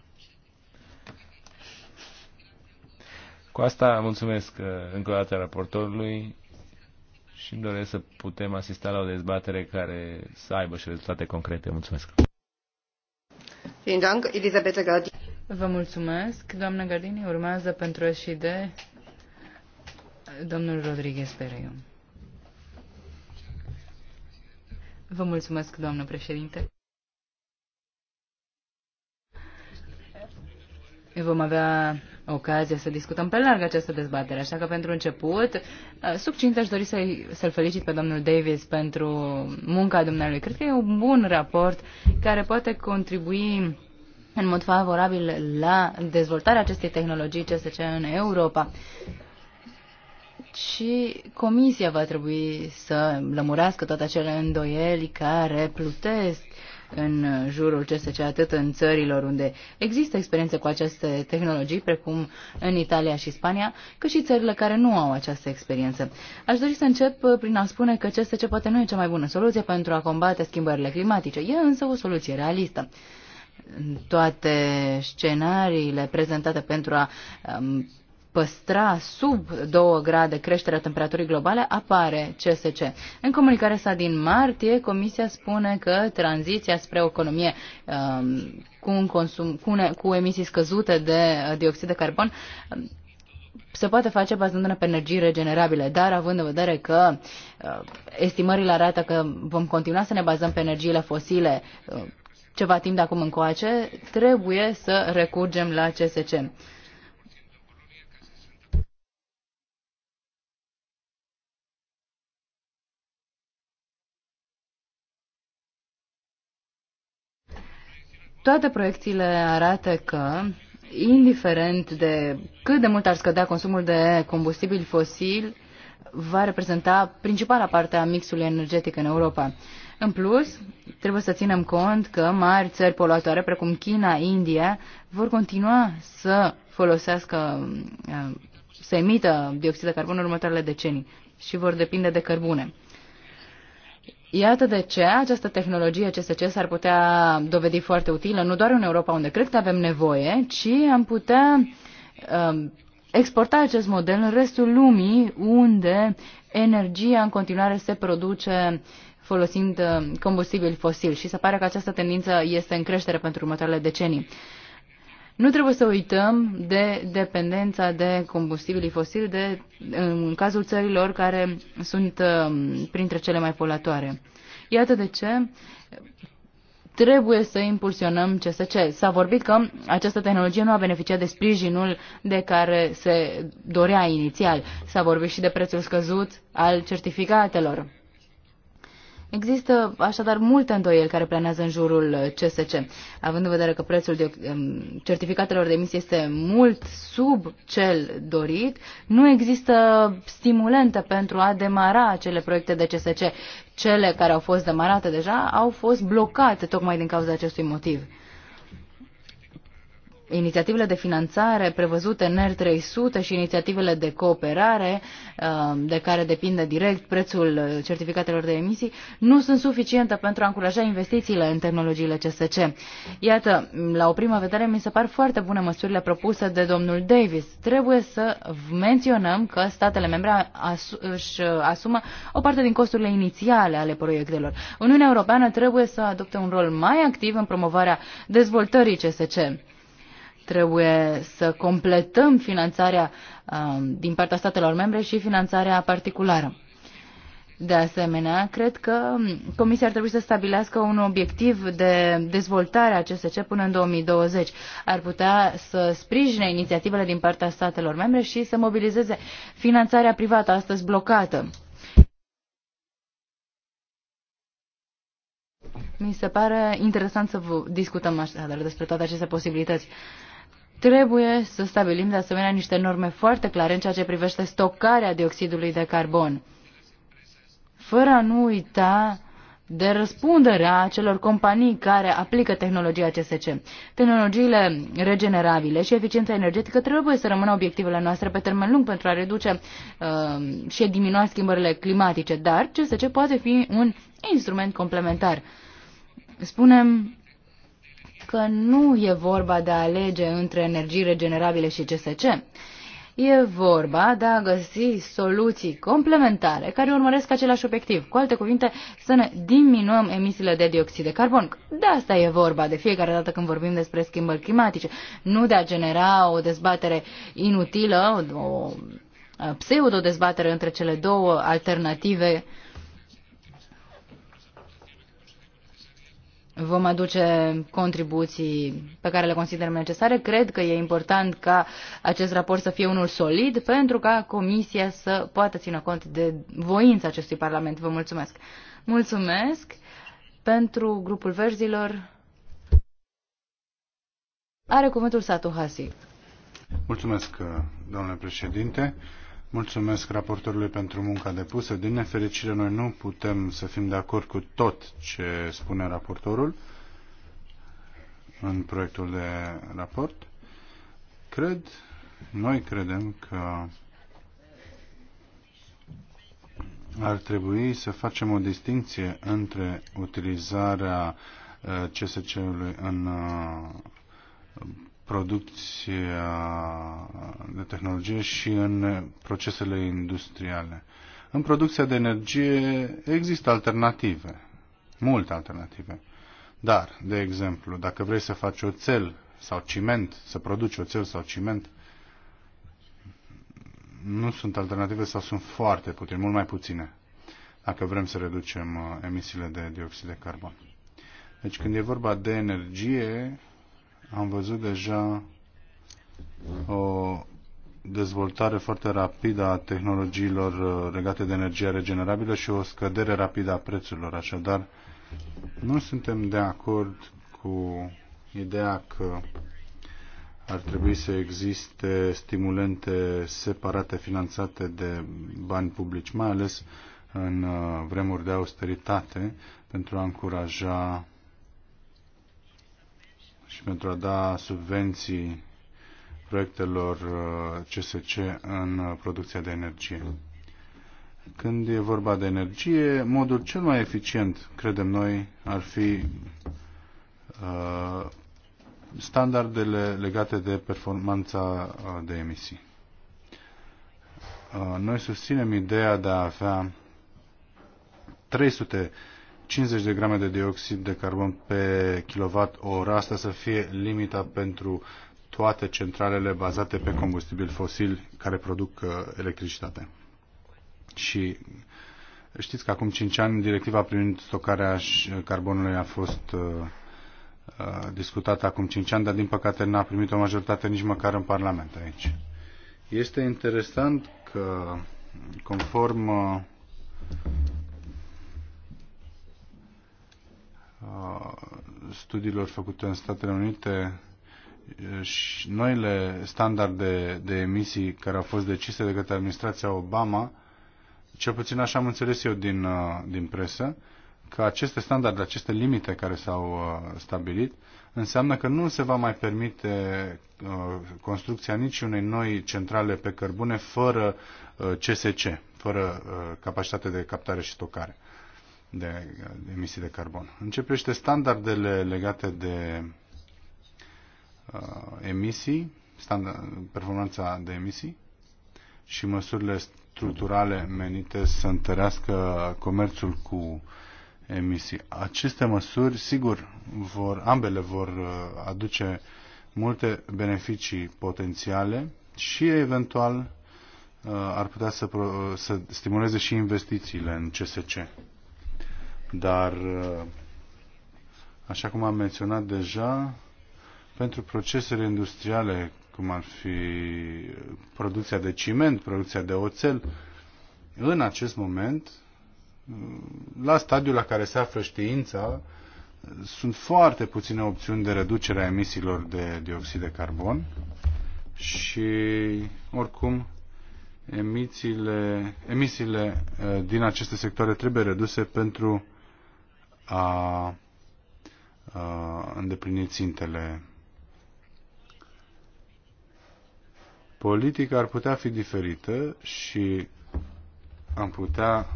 Cu asta mulțumesc uh, încă o dată raportorului și îmi doresc să putem asista la o dezbatere care să aibă și rezultate concrete. Mulțumesc! Vă mulțumesc. Doamna Gardini urmează pentru de domnul Rodriguez Pereiu. Vă mulțumesc, doamnă președinte. Vom avea ocazia să discutăm pe larg această dezbatere. Așa că, pentru început, uh, succint aș dori să l să felicit pe domnul Davis pentru munca dumnealui. Cred că e un bun raport care poate contribui în mod favorabil la dezvoltarea acestei tehnologii CSC în Europa. Și comisia va trebui să lămurească toate acele îndoieli care plutesc uh, în jurul CSC, atât în țărilor unde există experiență cu aceste tehnologii, precum în Italia și Spania, cât și țările care nu au această experiență. Aș dori să încep prin a spune că CSC poate nu e cea mai bună soluție pentru a combate schimbările climatice, e însă o soluție realistă toate scenariile prezentate pentru a um, păstra sub 2 grade creșterea temperaturii globale, apare CSC. În comunicarea sa din martie, Comisia spune că tranziția spre o economie um, cu, un consum, cu, ne, cu emisii scăzute de dioxid de carbon um, se poate face bazându-ne pe energii regenerabile, dar având în vedere că uh, estimările arată că vom continua să ne bazăm pe energiile fosile uh, ceva timp de acum încoace, trebuie să recurgem la CSC. Toate proiecțiile arată că, indiferent de cât de mult ar scădea consumul de combustibil fosil, va reprezenta principala parte a mixului energetic în Europa. În plus, trebuie să ținem cont că mari țări poluatoare, precum China, India, vor continua să folosească, să emită dioxid de carbon în următoarele decenii și vor depinde de cărbune. Iată de ce această tehnologie CSC s-ar putea dovedi foarte utilă, nu doar în Europa, unde cred că avem nevoie, ci am putea uh, exporta acest model în restul lumii, unde energia în continuare se produce folosind um, combustibili fosili și se pare că această tendință este în creștere pentru următoarele decenii. Nu trebuie să uităm de dependența de combustibilii fosili de, în cazul țărilor care sunt um, printre cele mai polatoare. Iată de ce trebuie să impulsionăm CSC. S-a vorbit că această tehnologie nu a beneficiat de sprijinul de care se dorea inițial. S-a vorbit și de prețul scăzut al certificatelor. Există așadar multe îndoieli care planează în jurul CSC, uh, având în vedere că prețul de um, certificatelor de emisie este mult sub cel dorit, nu există stimulente pentru a demara acele proiecte de CSC. Cele care au fost demarate deja au fost blocate tocmai din cauza acestui motiv inițiativele de finanțare prevăzute în NER 300 și inițiativele de cooperare, uh, de care depinde direct prețul certificatelor de emisii, nu sunt suficiente pentru a încuraja investițiile în tehnologiile CSC. Iată, la o primă vedere mi se par foarte bune măsurile propuse de domnul Davis. Trebuie să menționăm că statele membre asu- își asumă o parte din costurile inițiale ale proiectelor. Uniunea Europeană trebuie să adopte un rol mai activ în promovarea dezvoltării CSC. Trebuie să completăm finanțarea um, din partea statelor membre și finanțarea particulară. De asemenea, cred că Comisia ar trebui să stabilească un obiectiv de dezvoltare a CSC până în 2020. Ar putea să sprijine inițiativele din partea statelor membre și să mobilizeze finanțarea privată astăzi blocată. Mi se pare interesant să discutăm așadar despre toate aceste posibilități. Trebuie să stabilim de asemenea niște norme foarte clare în ceea ce privește stocarea dioxidului de carbon, fără a nu uita de răspunderea celor companii care aplică tehnologia CSC. Tehnologiile regenerabile și eficiența energetică trebuie să rămână obiectivele noastre pe termen lung pentru a reduce uh, și a diminua schimbările climatice, dar CSC poate fi un instrument complementar. Spunem că nu e vorba de a alege între energii regenerabile și CSC. E vorba de a găsi soluții complementare care urmăresc același obiectiv. Cu alte cuvinte, să ne diminuăm emisiile de dioxid de carbon. De asta e vorba de fiecare dată când vorbim despre schimbări climatice. Nu de a genera o dezbatere inutilă, o pseudo-dezbatere între cele două alternative uh, vom aduce contribuții pe care le considerăm necesare. Cred că e important ca acest raport să fie unul solid pentru ca Comisia să poată ține cont de voința acestui Parlament. Vă mulțumesc! Mulțumesc pentru grupul verzilor. Are cuvântul Satu Hasi. Mulțumesc, domnule președinte. Mulțumesc raportorului pentru munca depusă. Din nefericire, noi nu putem să fim de acord cu tot ce spune raportorul în proiectul de raport. Cred, noi credem că ar trebui să facem o distinție între utilizarea uh, CSC-ului în uh, producția uh, de tehnologie și în procesele industriale. În producția de energie există alternative, multe alternative. Dar, de exemplu, dacă vrei să faci oțel sau ciment, să produci oțel sau ciment, nu sunt alternative sau sunt foarte puține, mult mai puține, dacă vrem să reducem uh, emisiile de dioxid de carbon. Deci când e vorba de energie, am văzut deja o dezvoltare foarte rapidă a tehnologiilor uh, legate de energia regenerabilă și o scădere rapidă a prețurilor. Așadar, nu suntem de acord cu ideea că ar trebui să existe stimulente separate finanțate de bani publici, mai ales în uh, vremuri de austeritate, pentru a încuraja și pentru a da subvenții proiectelor CSC uh, în uh, producția de energie. Când e vorba de energie, modul cel mai eficient, credem noi, ar fi uh, standardele legate de performanța uh, de emisii. Uh, noi susținem ideea de a avea 300 50 de grame de dioxid de carbon pe kWh, asta să fie limita pentru toate centralele bazate pe combustibil fosil care produc uh, electricitate. Și știți că acum 5 ani directiva privind stocarea uh, carbonului a fost uh, discutată acum 5 ani, dar din păcate n-a primit o majoritate nici măcar în Parlament aici. Este interesant că conform studiilor făcute în Statele Unite și noile standarde de emisii care au fost decise de către administrația Obama, cel puțin așa am înțeles eu din, din presă, că aceste standarde, aceste limite care s-au stabilit, înseamnă că nu se va mai permite construcția niciunei noi centrale pe cărbune fără CSC, fără capacitate de captare și stocare de emisii de carbon. În ce privește standardele legate de uh, emisii, standard, performanța de emisii și măsurile structurale menite să întărească comerțul cu emisii. Aceste măsuri, sigur, vor, ambele vor uh, aduce multe beneficii potențiale și eventual uh, ar putea să, să stimuleze și investițiile în CSC. Dar, așa cum am menționat deja, pentru procesele industriale, cum ar fi producția de ciment, producția de oțel, în acest moment, la stadiul la care se află știința, sunt foarte puține opțiuni de reducere a emisiilor de dioxid de carbon și, oricum, emisiile, emisiile eh, din aceste sectoare trebuie reduse pentru a îndeplini țintele. Politica ar putea fi diferită și am putea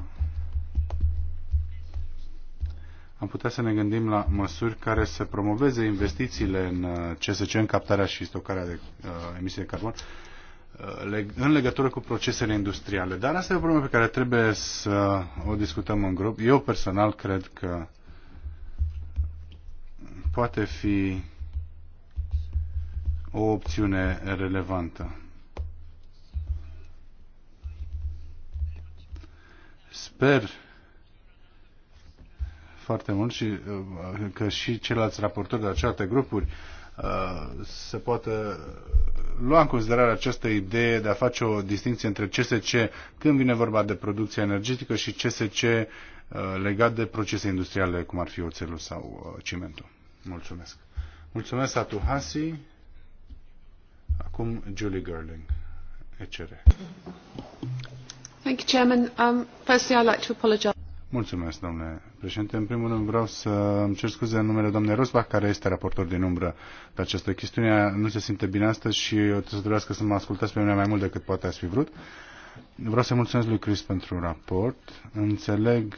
am putea să ne gândim la măsuri care să promoveze investițiile în CSC, uh, în captarea și stocarea de uh, emisii de carbon, uh, în legătură cu procesele industriale. Dar asta e o problemă pe care trebuie să o discutăm în grup. Eu personal cred că uh, poate fi o opțiune relevantă. Sper foarte mult și uh, că și ceilalți raportori de aceste grupuri uh, se poate lua în considerare această idee de a face o distinție între CSC când vine vorba de producție energetică și CSC uh, legat de procese industriale, cum ar fi oțelul sau cimentul. Mulțumesc. Mulțumesc, atu Hasi. Acum Julie Gerling, ECR. Thank you, Chairman. Um, firstly, I'd like to apologize. Mulțumesc, domnule președinte. În primul rând vreau să îmi cer scuze în numele doamnei Rosbach, care este raportor din umbră pe această chestiune. nu se simte bine astăzi și o să trebuiască să mă ascultați pe mine mai mult decât poate ați fi vrut. Vreau să mulțumesc lui Chris pentru raport. Înțeleg,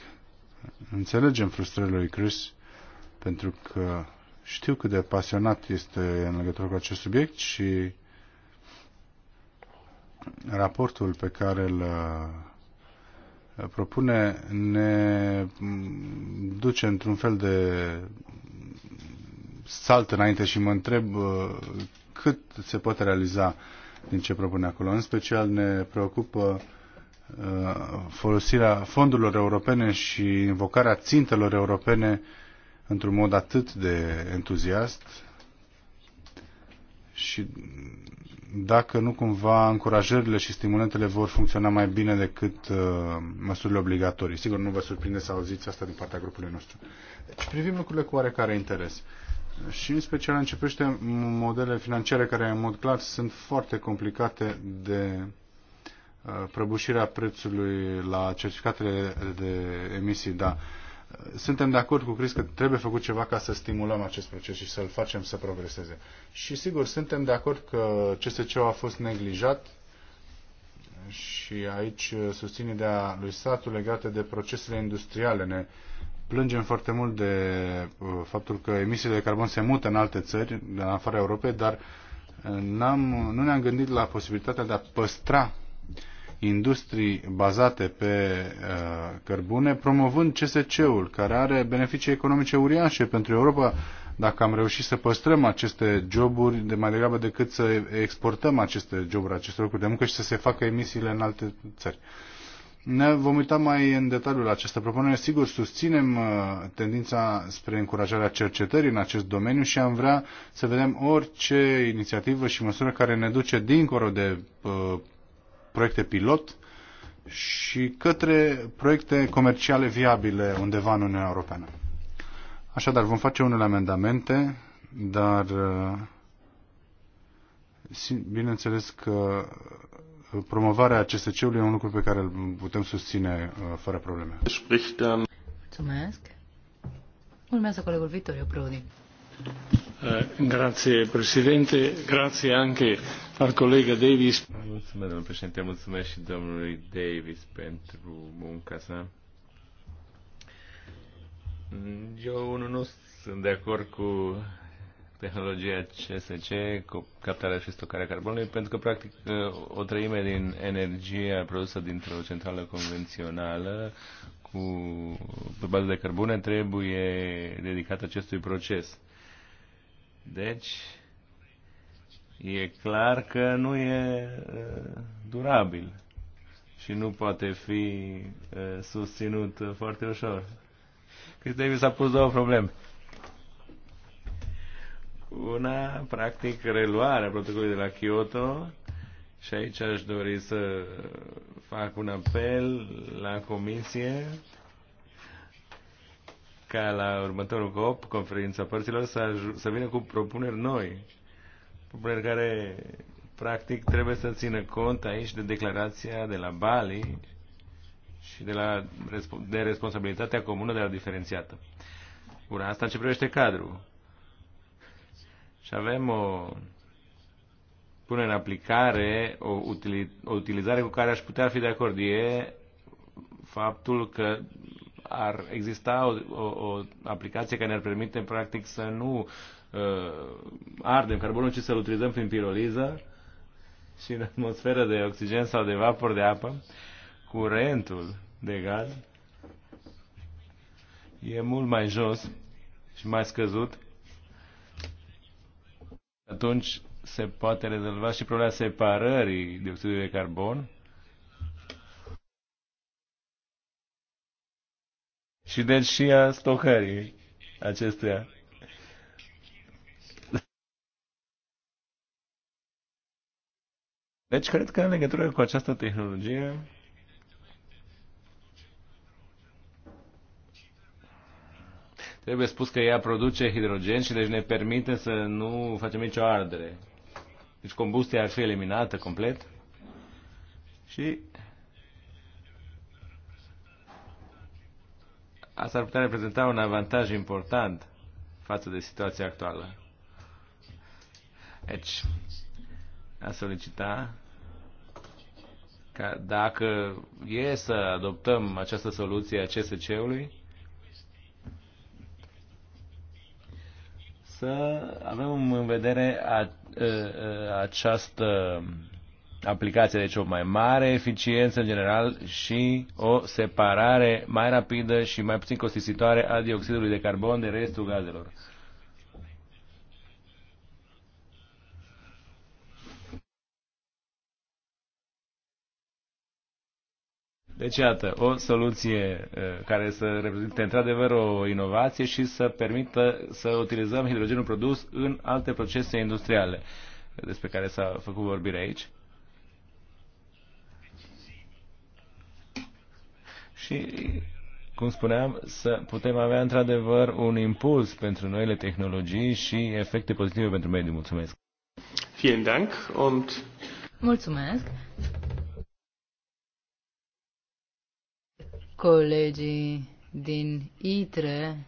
înțelegem frustrările lui Chris pentru că știu cât de pasionat este în legătură cu acest subiect și raportul pe care îl uh, propune ne mm, duce într-un fel de salt înainte și mă întreb uh, cât se poate realiza din ce propune acolo. În special ne preocupă uh, folosirea fondurilor europene și invocarea țintelor europene uh, într-un mod atât de entuziast și dacă nu cumva încurajările și stimulentele vor funcționa mai bine decât uh, măsurile obligatorii. Sigur, nu vă surprinde să auziți asta din partea grupului nostru. Deci privim lucrurile cu oarecare interes. Și în special începește modele financiare care, în mod clar, sunt foarte complicate de uh, prăbușirea prețului la certificatele de emisii, da suntem de acord cu Chris că trebuie făcut ceva ca să stimulăm acest proces și să-l facem să progreseze. Și sigur, suntem de acord că csc a fost neglijat și aici susțin ideea lui Satu legată de procesele industriale. Ne plângem foarte mult de uh, faptul că emisiile de carbon se mută în alte țări, în afara Europei, dar uh, am nu ne-am gândit la posibilitatea de a păstra industrii bazate pe uh, cărbune, promovând CSC-ul, care are beneficii economice uriașe pentru Europa, dacă am reușit să păstrăm aceste joburi de mai degrabă decât să exportăm aceste joburi, aceste lucruri de muncă și să se facă emisiile în alte țări. Ne vom uita mai în detaliu la această propunere. Sigur, susținem uh, tendința spre încurajarea cercetării în acest domeniu și am vrea să vedem orice inițiativă și măsură care ne duce dincolo de uh, proiecte pilot și către proiecte comerciale viabile undeva în Uniunea Europeană. Așadar, vom face unele amendamente, dar uh, bineînțeles că uh, promovarea CSC-ului e un lucru pe care îl putem susține uh, fără probleme. Mulțumesc. Urmează colegul Vitoriu Prodi. Eh, grazie Mulțumesc, domnul președinte, mulțumesc și domnului Davis pentru munca sa. Eu unul nu sunt de acord cu tehnologia CSC, cu captarea și stocarea carbonului, pentru că, practic, o treime din energia produsă dintr-o centrală convențională cu, pe bază de cărbune trebuie dedicată acestui proces. Deci, e clar că nu e durabil și nu poate fi susținut foarte ușor. Chris Davis a pus două probleme. Una, practic, reluarea protocolului de la Kyoto și aici aș dori să fac un apel la Comisie ca la următorul COP, conferința părților, să, să vină cu propuneri noi. Propuneri care, practic, trebuie să țină cont aici de declarația de la Bali și de, la, de responsabilitatea comună de la diferențiată. Bun, asta în ce privește cadrul. Și avem o pune în aplicare, o, utili, o utilizare cu care aș putea fi de acord. E faptul că ar exista o, o, o aplicație care ne-ar permite, practic, să nu uh, ardem carbonul, ci să-l utilizăm prin piroliză și în atmosferă de oxigen sau de vapor de apă, curentul de gaz e mult mai jos și mai scăzut. Atunci se poate rezolva și problema separării dioxidului de carbon și deci și a stocării acestuia. Deci cred că în legătură cu această tehnologie trebuie spus că ea produce hidrogen și deci ne permite să nu facem nicio ardere. Deci combustia ar fi eliminată complet și asta ar putea reprezenta un avantaj important față de situația actuală. Deci, a solicita ca dacă e să adoptăm această soluție a CSC-ului, să avem în vedere a, a, a, această aplicația deci o mai mare eficiență în general și o separare mai rapidă și mai puțin costisitoare a dioxidului de carbon de restul gazelor. Deci, iată, o soluție eh, care să reprezinte într-adevăr o inovație și să permită să utilizăm hidrogenul produs în alte procese industriale despre care s-a făcut vorbire aici. și, cum spuneam, să putem avea într-adevăr un impuls pentru noile tehnologii și efecte pozitive pentru mediu. Mulțumesc! Vielen Dank und Mulțumesc! Colegii din ITRE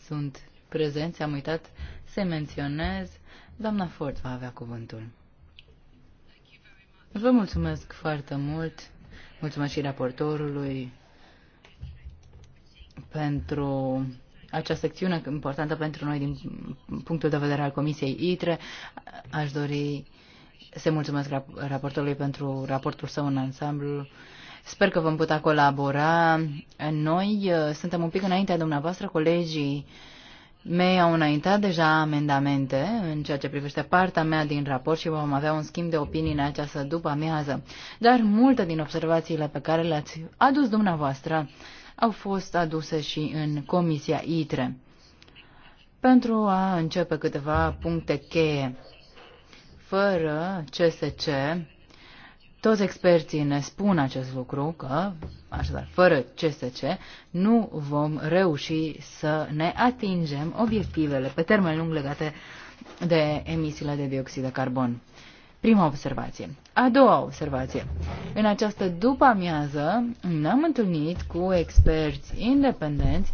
sunt prezenți, am uitat să menționez. Doamna Ford va avea cuvântul. Vă mulțumesc foarte mult. Mulțumesc și raportorului pentru această acțiune importantă pentru noi din punctul de vedere al Comisiei ITRE. Aș dori să mulțumesc raportorului pentru raportul său în ansamblu. Sper că vom putea colabora. Noi suntem un pic înaintea dumneavoastră, colegii mei au înaintat deja amendamente în ceea ce privește partea mea din raport și vom avea un schimb de opinii în această după amiază. Dar multe din observațiile pe care le-ați adus dumneavoastră au fost aduse și în Comisia ITRE. Pentru a începe câteva puncte cheie, fără CSC, toți experții ne spun acest lucru că, așadar, fără CSC, nu vom reuși să ne atingem obiectivele pe termen lung legate de emisiile de dioxid de carbon. Prima observație. A doua observație. În această după-amiază ne-am întâlnit cu experți independenți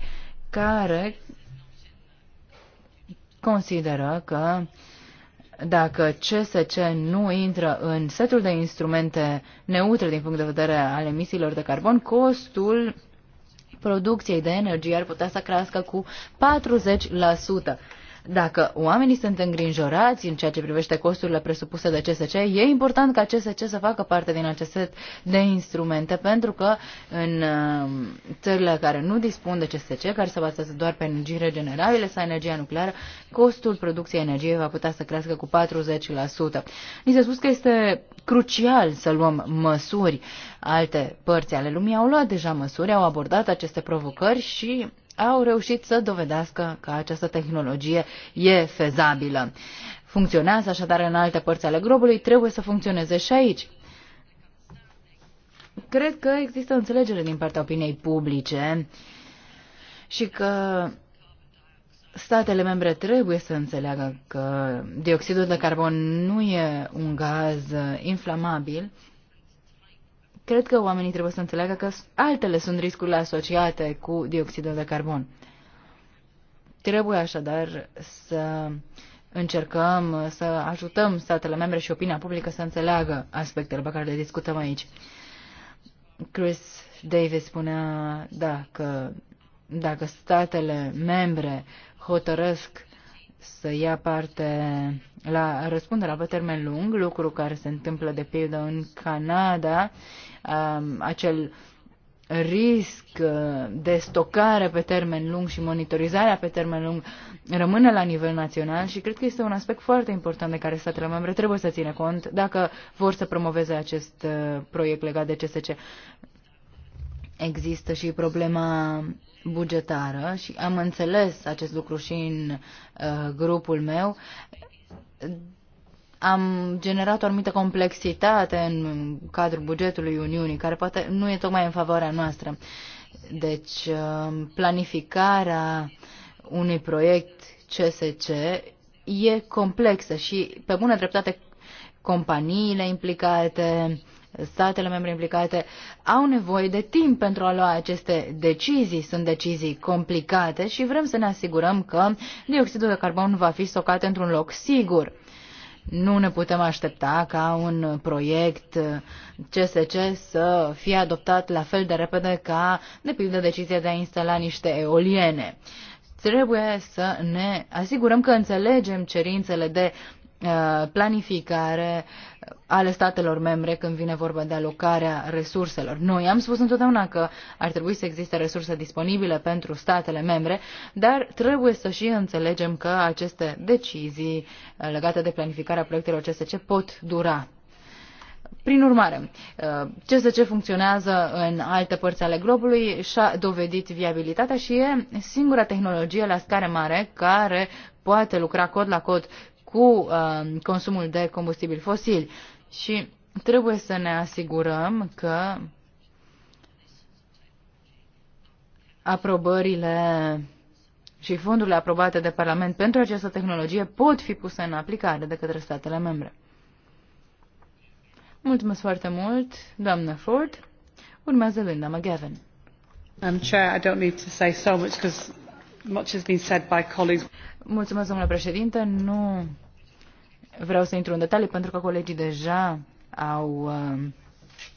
care consideră că dacă CSC nu intră în setul de instrumente neutre din punct de vedere al emisiilor de carbon, costul producției de energie ar putea să crească cu 40%. Dacă oamenii sunt îngrijorați în ceea ce privește costurile presupuse de CSC, e important ca CSC să facă parte din acest set de instrumente, pentru că în um, țările care nu dispun de CSC, care se bazează doar pe energii regenerabile sau energia nucleară, costul producției energiei va putea să crească cu 40%. Ni s-a spus că este crucial să luăm măsuri. Alte părți ale lumii au luat deja măsuri, au abordat aceste provocări și au reușit să dovedească că această tehnologie e fezabilă. Funcționează așadar în alte părți ale globului, trebuie să funcționeze și aici. Cred că există înțelegere din partea opiniei publice și că statele membre trebuie să înțeleagă că dioxidul de carbon nu e un gaz inflamabil, Cred că oamenii trebuie să înțeleagă că altele sunt riscurile asociate cu dioxidul de carbon. Trebuie așadar să încercăm să ajutăm statele membre și opinia publică să înțeleagă aspectele pe care le discutăm aici. Chris Davis spunea, da, că dacă statele membre hotărăsc să ia parte la răspunderea pe termen lung, lucru care se întâmplă de pildă în Canada, acel risc uh, de stocare pe termen lung și monitorizarea pe termen lung rămâne la nivel național și cred că este un aspect foarte important de care statele membre trebuie să țină cont dacă vor să promoveze acest uh, proiect legat de CSC. Există și problema bugetară și am înțeles acest lucru și în uh, grupul meu. Am generat o anumită complexitate în cadrul bugetului Uniunii, care poate nu e tocmai în favoarea noastră. Deci, uh, planificarea unui proiect CSC e complexă și, pe bună dreptate, companiile implicate, statele membre implicate au nevoie de timp pentru a lua aceste decizii. Sunt decizii complicate și vrem să ne asigurăm că dioxidul de carbon va fi stocat într-un loc sigur. Nu ne putem aștepta ca un proiect CSC să fie adoptat la fel de repede ca, de pildă, decizia de a instala niște eoliene. Trebuie să ne asigurăm că înțelegem cerințele de uh, planificare, ale statelor membre când vine vorba de alocarea resurselor. Noi am spus întotdeauna că ar trebui să existe resurse disponibile pentru statele membre, dar trebuie să și înțelegem că aceste decizii legate de planificarea proiectelor CSC pot dura. Prin urmare, CSC funcționează în alte părți ale globului și-a dovedit viabilitatea și e singura tehnologie la scară mare care poate lucra cod la cod cu uh, consumul de combustibil fosil și trebuie să ne asigurăm că aprobările și fondurile aprobate de Parlament pentru această tehnologie pot fi puse în aplicare de către statele membre. Mulțumesc foarte mult, doamnă Ford. Urmează Linda McGavin. Um, Chair, I don't need to say so much because much has been said by colleagues. Mulțumesc, domnule președinte. Nu vreau să intru în detalii pentru că colegii deja au uh,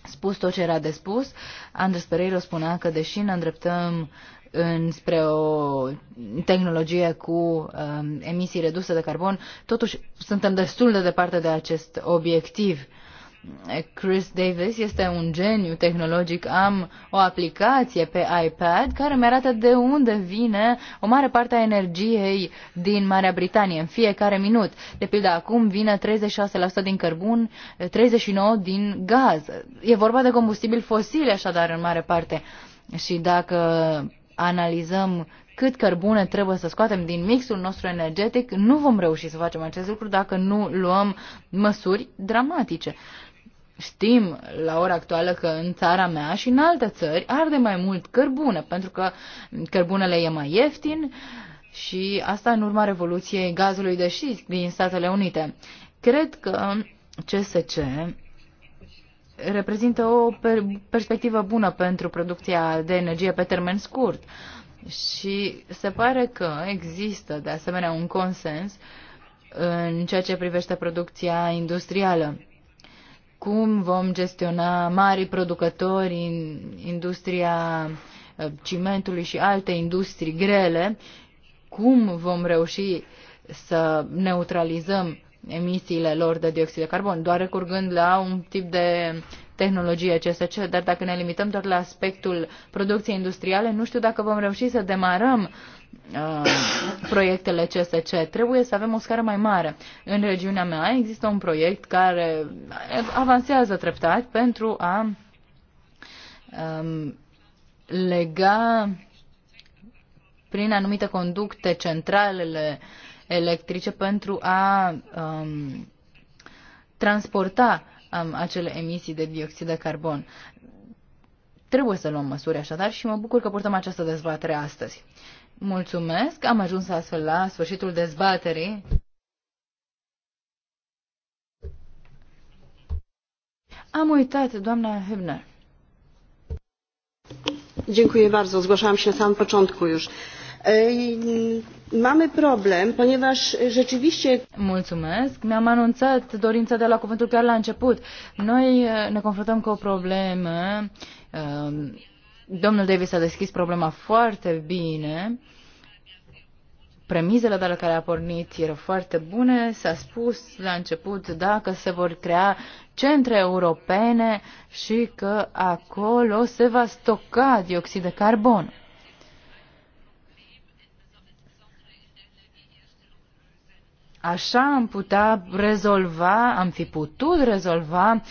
spus tot ce era de spus. Andres Pereiro spunea că deși ne îndreptăm înspre o tehnologie cu um, emisii reduse de carbon, totuși suntem destul de departe de acest obiectiv. Chris Davis este un geniu tehnologic. Am o aplicație pe iPad care mi arată de unde vine o mare parte a energiei din Marea Britanie în fiecare minut. De pildă, acum vine 36% din cărbun, 39% din gaz. E vorba de combustibil fosil, așadar, în mare parte. Și dacă analizăm cât cărbune trebuie să scoatem din mixul nostru energetic, nu vom reuși să facem acest lucru dacă nu luăm măsuri dramatice. Știm la ora actuală că în țara mea și în alte țări arde mai mult cărbune, pentru că cărbunele e mai ieftin și asta în urma revoluției gazului de șist din Statele Unite. Cred că CSC reprezintă o per- perspectivă bună pentru producția de energie pe termen scurt și se pare că există de asemenea un consens în ceea ce privește producția industrială cum vom gestiona mari producători în industria uh, cimentului și alte industrii grele, cum vom reuși să neutralizăm emisiile lor de dioxid de carbon, doar recurgând la un tip de tehnologie CSC, dar dacă ne limităm doar la aspectul producției industriale, nu știu dacă vom reuși să demarăm Uh, proiectele CSC. Trebuie să avem o scară mai mare. În regiunea mea există un proiect care avansează treptat pentru a um, lega prin anumite conducte centralele electrice pentru a um, transporta um, acele emisii de dioxid de carbon. Trebuie să luăm măsuri așadar și mă bucur că purtăm această dezbatere astăzi. Mulțumesc. Am ajuns astfel la sfârșitul dezbaterii. Am uitat, doamna Hübner. Dziękuję bardzo. Zgłaszałam się na samym początku już. Mamy problem, ponieważ rzeczywiście... Mulțumesc. Mi-am anunțat dorința de la cuvântul chiar la început. Noi ne confruntăm cu o problemă Domnul Davis a deschis problema foarte bine. Premizele de la care a pornit erau foarte bune. S-a spus la început dacă se vor crea centre europene și că acolo se va stoca dioxid de carbon. Așa am putea rezolva, am fi putut rezolva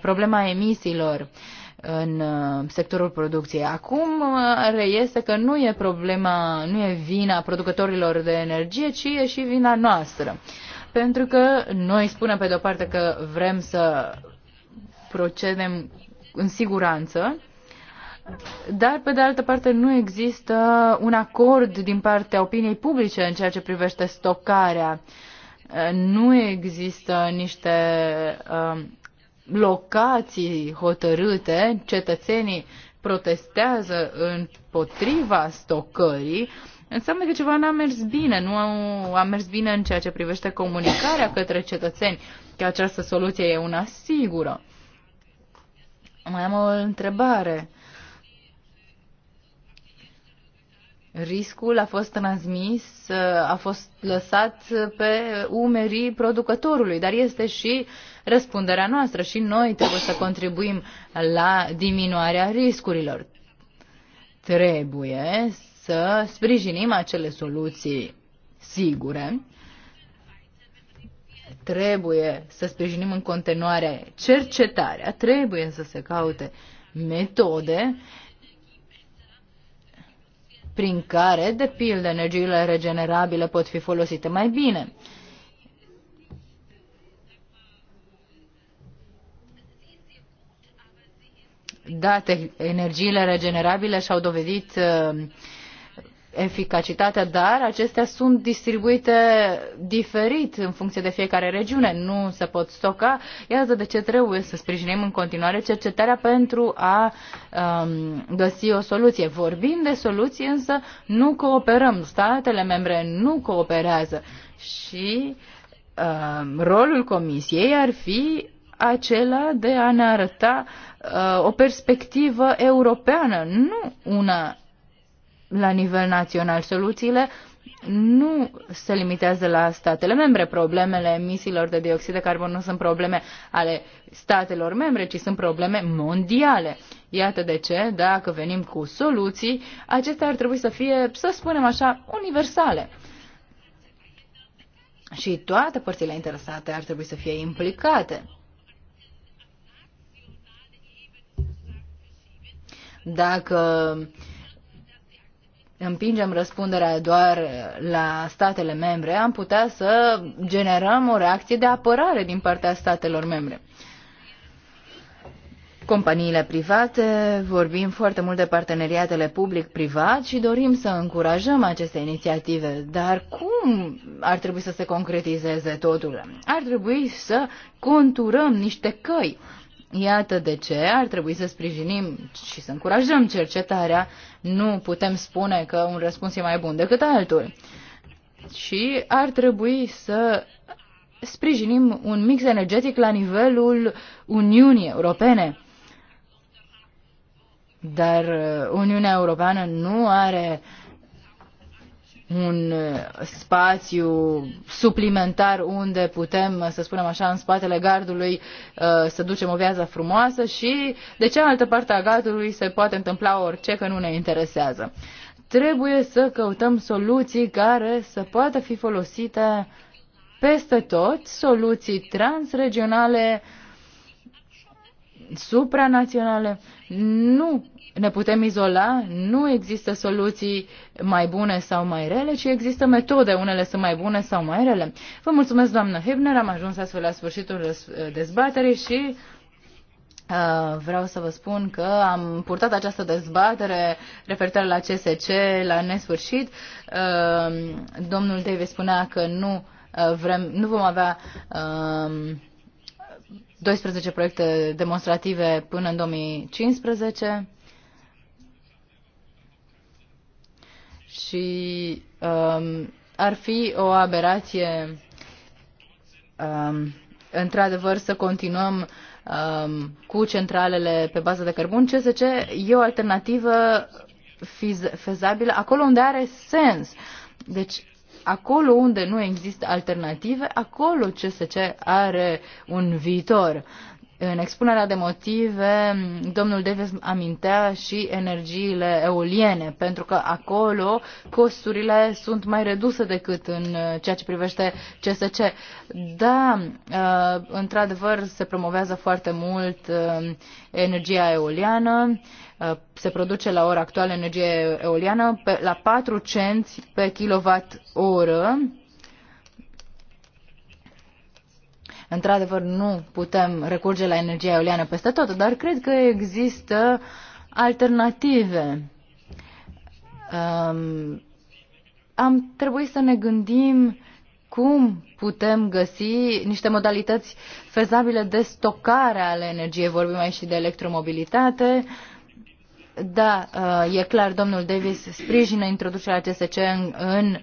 problema emisiilor în uh, sectorul producției. Acum uh, reiese că nu e problema, nu e vina producătorilor de energie, ci e și vina noastră. Pentru că noi spunem pe de-o parte că vrem să procedem în siguranță, dar, pe de altă parte, nu există un acord din partea opiniei publice în ceea ce privește stocarea. Uh, nu există niște locații hotărâte, cetățenii protestează împotriva stocării, înseamnă că ceva n-a mers bine, nu a mers bine în ceea ce privește comunicarea către cetățeni, că această soluție e una sigură. Mai am o întrebare. Riscul a fost transmis, a fost lăsat pe umerii producătorului, dar este și uh, răspunderea noastră și noi trebuie să contribuim la diminuarea riscurilor. Trebuie să sprijinim acele soluții sigure, trebuie să sprijinim în continuare cercetarea, trebuie să se caute metode prin care, de pildă, energiile regenerabile pot fi folosite mai bine. Da, energiile regenerabile și-au dovedit uh, eficacitatea, dar acestea sunt distribuite diferit în funcție de fiecare regiune, nu se pot stoca. Iată de ce trebuie să sprijinim în continuare cercetarea pentru a um, găsi o soluție. Vorbim de soluții, însă nu cooperăm. Statele membre nu cooperează și um, rolul comisiei ar fi acela de a ne arăta uh, o perspectivă europeană, nu una la nivel național. Soluțiile nu se limitează la statele membre. Problemele emisiilor de dioxid de carbon nu sunt probleme ale statelor membre, ci sunt probleme mondiale. Iată de ce, dacă venim cu soluții, acestea ar trebui să fie, să spunem așa, universale. Și toate părțile interesate ar trebui să fie implicate. Dacă împingem răspunderea doar la statele membre, am putea să generăm o reacție de apărare din partea statelor membre. Companiile private, vorbim foarte mult de parteneriatele public-privat și dorim să încurajăm aceste inițiative, dar cum ar trebui să se concretizeze totul? Ar trebui să conturăm niște căi Iată de ce ar trebui să sprijinim și să încurajăm cercetarea. Nu putem spune că un răspuns e mai bun decât altul. Și ar trebui să sprijinim un mix energetic la nivelul Uniunii Europene. Dar uh, Uniunea Europeană nu are uh, un uh, spațiu suplimentar unde putem, uh, să spunem așa, în spatele gardului uh, să ducem o viață frumoasă și de cealaltă parte a gardului se poate întâmpla orice că nu ne interesează. Trebuie să căutăm soluții care să poată fi folosite peste tot, soluții transregionale, supranaționale. Nu ne putem izola, nu există soluții mai bune sau mai rele, ci există metode, unele sunt mai bune sau mai rele. Vă mulțumesc, doamnă Hibner, am ajuns astfel la sfârșitul dezbaterii și uh, vreau să vă spun că am purtat această dezbatere referitoare la CSC la nesfârșit. Uh, domnul Davis spunea că nu, uh, vrem, nu vom avea 12 um, proiecte demonstrative până în 2015. și um, ar fi o aberație um, într-adevăr să continuăm um, cu centralele pe bază de cărbun. CSC e o alternativă fezabilă acolo unde are sens. Deci acolo unde nu există alternative, acolo CSC are un viitor. Uh, în expunerea de motive, domnul Davis amintea și energiile eoliene, pentru că acolo costurile sunt mai reduse decât în uh, ceea ce privește CSC. Da, uh, într-adevăr, se promovează foarte mult uh, energia eoliană, se produce la ora actuală energie eoliană la 4 cenți pe kilowatt oră, Într-adevăr, nu putem recurge la energia eoliană peste tot, dar cred că există alternative. Um, am trebuit să ne gândim cum putem găsi niște modalități fezabile de stocare ale energiei. Vorbim aici și de electromobilitate. Da, uh, e clar, domnul Davis sprijină introducerea CSC în, în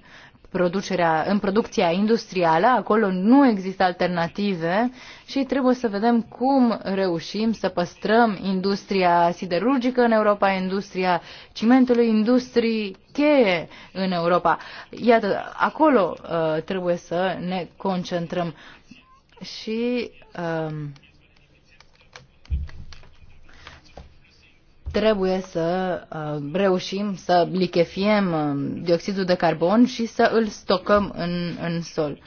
producerea, în producția industrială, acolo nu există alternative și trebuie să vedem cum reușim să păstrăm industria siderurgică în Europa, industria cimentului, industrii cheie în Europa. Iată, acolo uh, trebuie să ne concentrăm și uh, trebuie să uh, reușim să lichefiem uh, dioxidul de carbon și să îl stocăm în, în sol.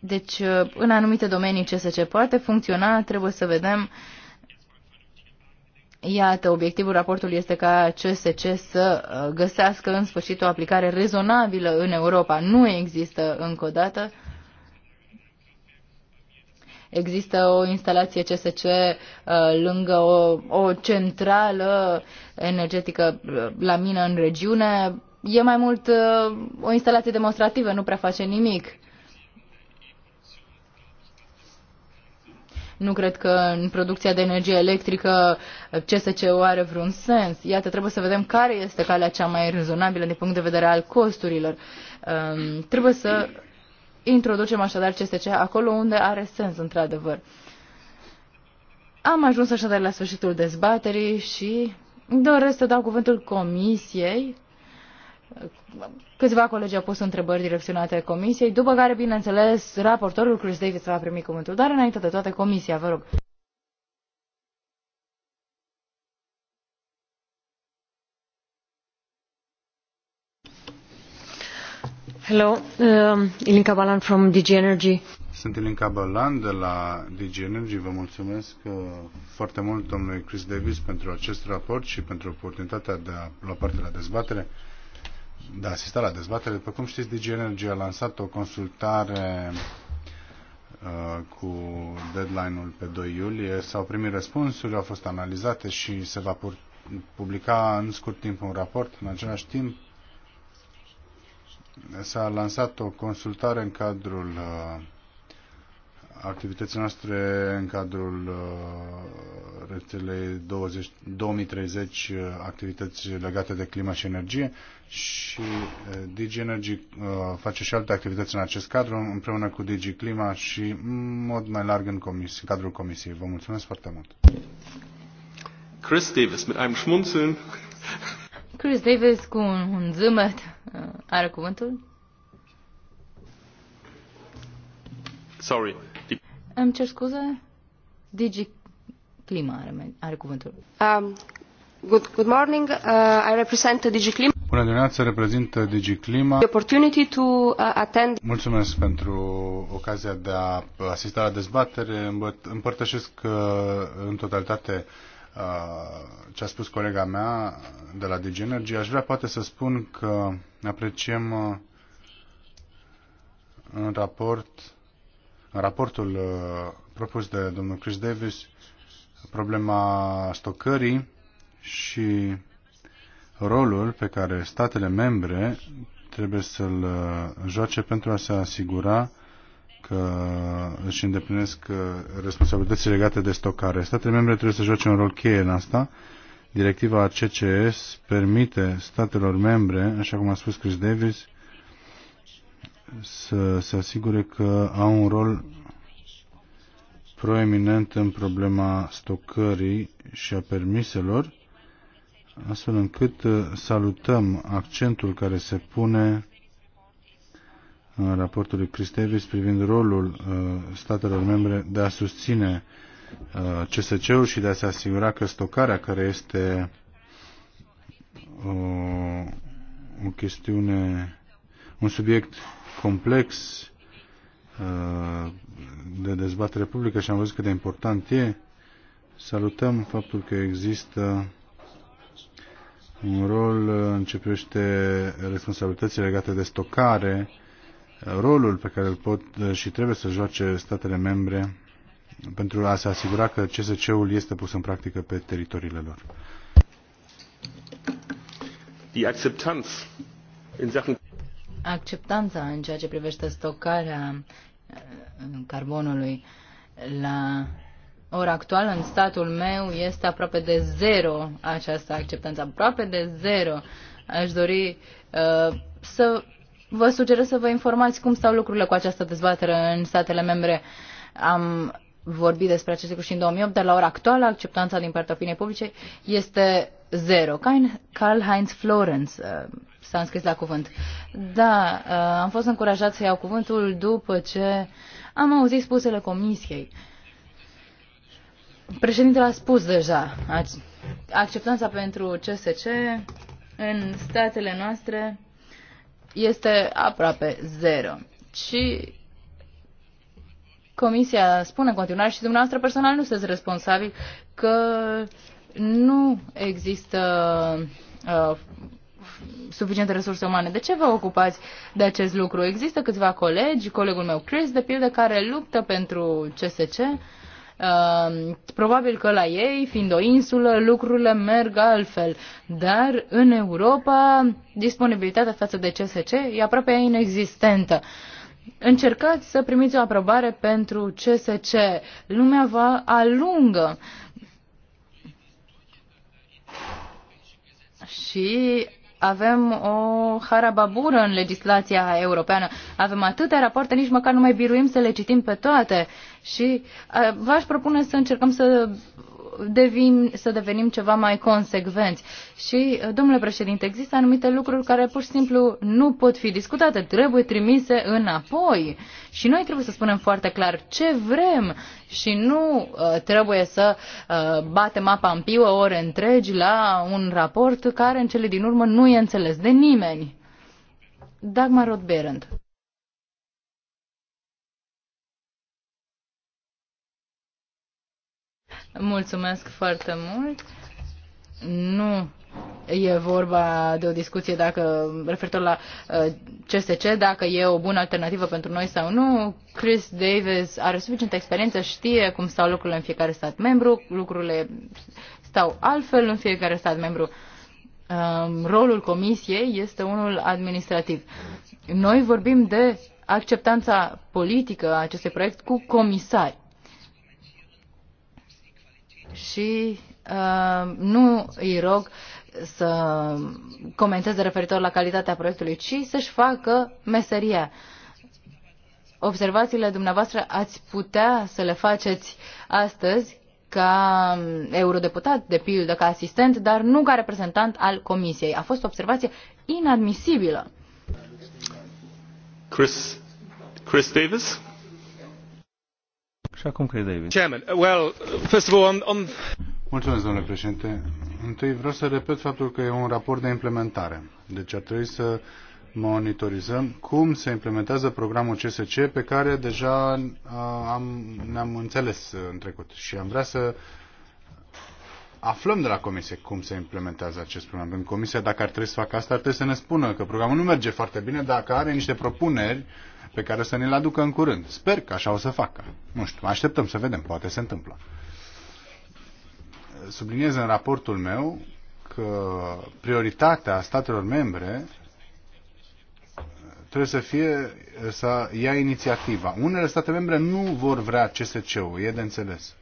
Deci, uh, în anumite domenii ce se poate funcționa, trebuie să vedem Iată, obiectivul raportului este ca CSC să găsească în sfârșit o aplicare rezonabilă în Europa. Nu există încă o dată există o instalație CSC uh, lângă o, o centrală energetică uh, la mine în regiune, e mai mult uh, o instalație demonstrativă, nu prea face nimic. Nu cred că în producția de energie electrică CSCU are vreun sens. Iată, trebuie să vedem care este calea cea mai rezonabilă din punct de vedere al costurilor. Um, trebuie să Introducem așadar CSC acolo unde are sens, într-adevăr. Am ajuns așadar la sfârșitul dezbaterii și doresc să dau cuvântul comisiei. Câțiva colegi au pus întrebări direcționate comisiei, după care, bineînțeles, raportorul Chris Davis va primi cuvântul, dar înainte de toate comisia, vă rog. Hello, uh, Ilinka Balan from DG Energy. Sunt Ilinka Balan de la DG Energy. Vă mulțumesc uh, foarte mult domnului Chris Davis pentru acest raport și pentru oportunitatea de a lua parte la dezbatere de a asista la dezbatere. După cum știți, DG Energy a lansat o consultare uh, cu deadline-ul pe 2 iulie. S-au primit răspunsuri, au fost analizate și se va publica în scurt timp un raport. În același timp, s-a lansat o consultare în cadrul uh, activității noastre în cadrul uh, rețelei 20, 2030 uh, activități legate de climă și energie și Digi Energy face și alte activități în acest cadru împreună cu Digi Clima și în mod mai larg în, comis, în cadrul comisiei. Vă mulțumesc foarte mult! Chris Davis mit einem Schmunzeln Chris Davis cu un, un zâmbet uh, are cuvântul. Sorry. Îmi cer scuze. Digi Clima are, are cuvântul. Um, good, good morning. Uh, I represent Digi Clima. Bună dimineața, reprezintă The Opportunity to uh, attend. Mulțumesc pentru ocazia de a asista la dezbatere. Împărtășesc uh, în totalitate ce a spus colega mea de la DG Energy, aș vrea poate să spun că apreciem uh, în raport în raportul uh, propus de domnul Chris Davis problema stocării și rolul pe care statele membre trebuie să-l uh, joace pentru a se asigura că își îndeplinesc uh, responsabilități legate de stocare. Statele membre trebuie să joace un rol cheie în asta. Directiva CCS permite statelor membre, așa cum a spus Chris Davis, să se asigure că au un rol proeminent în problema stocării și a permiselor, astfel încât uh, salutăm accentul care se pune raportului Cristevis privind rolul uh, statelor membre de a susține uh, CSC-ul și de a se asigura că stocarea care este o, uh, o chestiune, un subiect complex de dezbatere publică și am văzut cât de important e, salutăm faptul că există un rol în ce privește responsabilității legate de stocare rolul pe care îl pot și trebuie să joace statele membre pentru a se asigura că CSC-ul este pus în practică pe teritoriile lor. acceptanța în ceea ce privește stocarea uh, carbonului la ora actuală în statul meu este aproape de zero această acceptanță, aproape de zero. Aș dori uh, să vă sugerez să vă informați cum stau lucrurile cu această dezbatere în statele membre. Am vorbit despre acest lucru și în 2008, dar la ora actuală acceptanța din partea opiniei publice este zero. Karl-Heinz Florence uh, s-a înscris la cuvânt. Da, uh, am fost încurajat să iau cuvântul după ce am auzit spusele comisiei. Președintele a spus deja, acceptanța pentru CSC în statele noastre este aproape zero. Și Comisia spune în continuare și dumneavoastră personal nu sunteți responsabil că nu există uh, suficiente resurse umane. De ce vă ocupați de acest lucru? Există câțiva colegi, colegul meu Chris, de pildă, care luptă pentru CSC Ehm, probabil că la ei, fiind o insulă, lucrurile merg altfel. Dar în Europa, disponibilitatea față de CSC e aproape inexistentă. Încercați să primiți o aprobare pentru CSC. Lumea va alungă. Și avem o harababură în legislația europeană. Avem atâtea rapoarte, nici măcar nu mai biruim să le citim pe toate. Și v-aș propune să încercăm să devin, să devenim ceva mai consecvenți. Și, uh, domnule președinte, există anumite lucruri care pur și simplu nu pot fi discutate, trebuie trimise înapoi. Și noi trebuie să spunem foarte clar ce vrem și nu uh, trebuie să uh, batem apa în piuă ore întregi la un raport care în cele din urmă nu e înțeles de nimeni. Dagmar roth Mulțumesc foarte mult. Nu e vorba de o discuție dacă, referitor la uh, CSC, dacă e o bună alternativă pentru noi sau nu. Chris Davis are suficientă experiență, știe cum stau lucrurile în fiecare stat membru, lucrurile stau altfel în fiecare stat membru. Um, rolul comisiei este unul administrativ. Noi vorbim de acceptanța politică a acestui proiect cu comisari și uh, nu îi rog să comenteze referitor la calitatea proiectului, ci să-și facă meseria. Observațiile dumneavoastră ați putea să le faceți astăzi ca eurodeputat, de pildă, ca asistent, dar nu ca reprezentant al Comisiei. A fost o observație inadmisibilă. Chris, Chris Davis? Și acum uh, uh, Mulțumesc, domnule președinte. Întâi vreau să repet faptul că e un raport de implementare. Deci ar trebui să monitorizăm cum se implementează programul CSC pe care deja uh, am, ne-am înțeles în trecut. Și am vrea să aflăm de la Comisie cum se implementează acest program. Pentru Comisia, dacă ar trebui să facă asta, ar trebui să ne spună că programul nu merge foarte bine, dacă are niște propuneri uh, pe care să ne-l aducă în curând. Sper că așa o să facă. Nu știu, așteptăm să vedem, poate se întâmplă. Subliniez în raportul meu că prioritatea statelor membre trebuie să fie să ia inițiativa. Unele state membre nu vor vrea CSC-ul, e de înțeles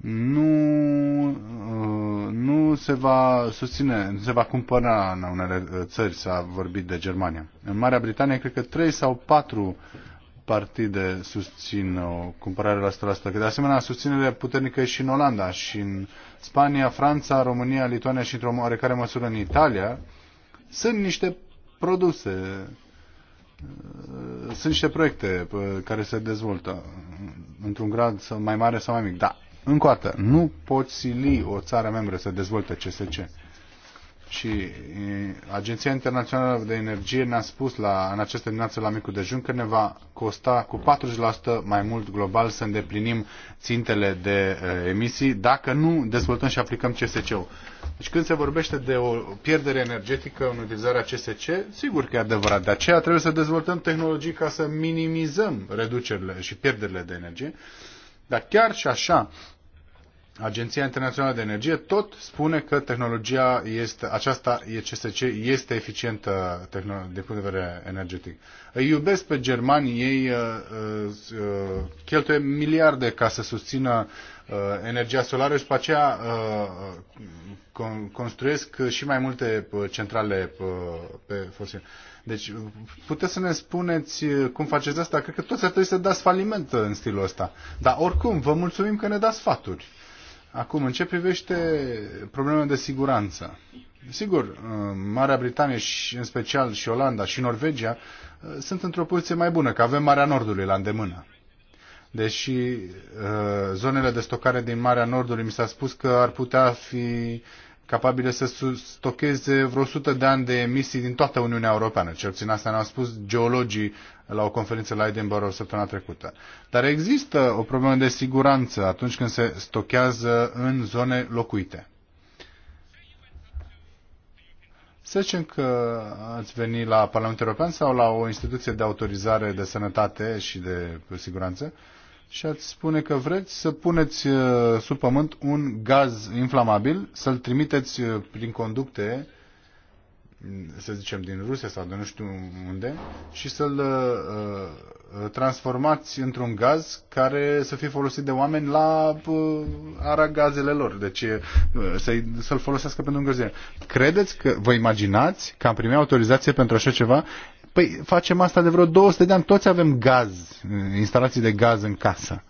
nu, uh, nu se va susține, nu se va cumpăra în unele uh, țări, s-a vorbit de Germania. În Marea Britanie, cred că trei sau patru partide susțin o cumpărare la 100%. Că de asemenea, susținere puternică e și în Olanda, și în Spania, Franța, România, Lituania și într-o oarecare măsură în Italia. Sunt niște produse, uh, sunt niște proiecte care se dezvoltă într-un grad mai mare sau mai mic. Da, încă o dată, nu poți sili o țară membră să dezvolte CSC. Și Agenția Internațională de Energie ne-a spus la, în această dimineață la micul dejun că ne va costa cu 40% mai mult global să îndeplinim țintele de emisii dacă nu dezvoltăm și aplicăm CSC-ul. Deci când se vorbește de o pierdere energetică în utilizarea CSC, sigur că e adevărat. De aceea trebuie să dezvoltăm tehnologii ca să minimizăm reducerile și pierderile de energie. Dar chiar și așa, Agenția Internațională de Energie tot spune că tehnologia este, aceasta ECSC este eficientă de punct de vedere energetic. Îi iubesc pe germani, ei uh, uh, cheltuie miliarde ca să susțină uh, energia solară și după aceea uh, con, construiesc și mai multe uh, centrale pe, uh, pe fosile. Deci puteți să ne spuneți uh, cum faceți asta? Cred că toți ar trebui să dați faliment în stilul ăsta. Dar oricum, vă mulțumim că ne dați sfaturi. Acum, în ce privește problemele de siguranță? Sigur, uh, Marea Britanie și în special și Olanda și Norvegia uh, sunt într-o poziție mai bună, că avem Marea Nordului la îndemână. Deși uh, zonele de stocare din Marea Nordului mi s-a spus că ar putea fi capabile să stocheze vreo 100 de ani de emisii din toată Uniunea Europeană. Cel puțin asta ne-au spus geologii la o conferință la Edinburgh săptămâna trecută. Dar există o problemă de siguranță atunci când se stochează în zone locuite. Să zicem că ați venit la Parlamentul European sau la o instituție de autorizare de sănătate și de siguranță și ați spune că vreți să puneți uh, sub pământ un gaz inflamabil, să-l trimiteți uh, prin conducte să zicem, din Rusia sau de nu știu unde și să-l uh, uh, transformați într-un gaz care să fie folosit de oameni la uh, ara gazele lor. Deci uh, să-i, să-l folosească pentru încălzire. Credeți că vă imaginați că am primit autorizație pentru așa ceva? Păi facem asta de vreo 200 de ani. Toți avem gaz, uh, instalații de gaz în casă.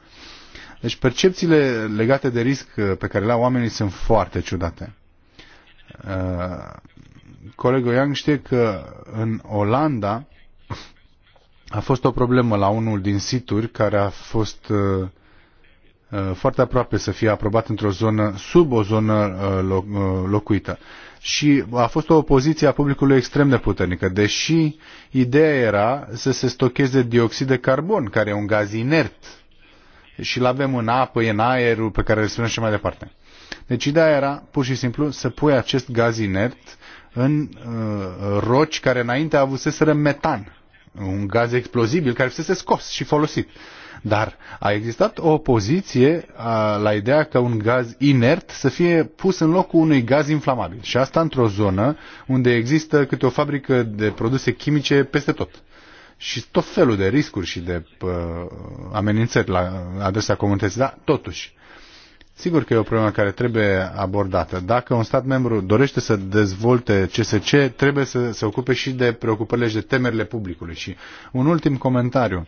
Deci percepțiile legate de risc uh, pe care le au oamenii sunt foarte ciudate. Uh, colegul Yang știe că în Olanda a fost o problemă la unul din situri care a fost uh, uh, foarte aproape să fie aprobat într-o zonă, sub o zonă uh, locuită. Și a fost o opoziție a publicului extrem de puternică, deși ideea era să se stocheze dioxid de carbon, care e un gaz inert și îl avem în apă, în aerul pe care îl spunem și mai departe. Deci ideea era pur și simplu să pui acest gaz inert în uh, roci care înainte avuseseră metan, un gaz explozibil care fusese scos și folosit. Dar a existat o opoziție uh, la ideea că un gaz inert să fie pus în locul unui gaz inflamabil. Și asta într-o zonă unde există câte o fabrică de produse chimice peste tot. Și tot felul de riscuri și de uh, amenințări la adresa comunității. Dar totuși, Sigur că e o problemă care trebuie abordată. Dacă un stat membru dorește să dezvolte CSC, trebuie să se ocupe și de preocupările și de temerile publicului. Și un ultim comentariu.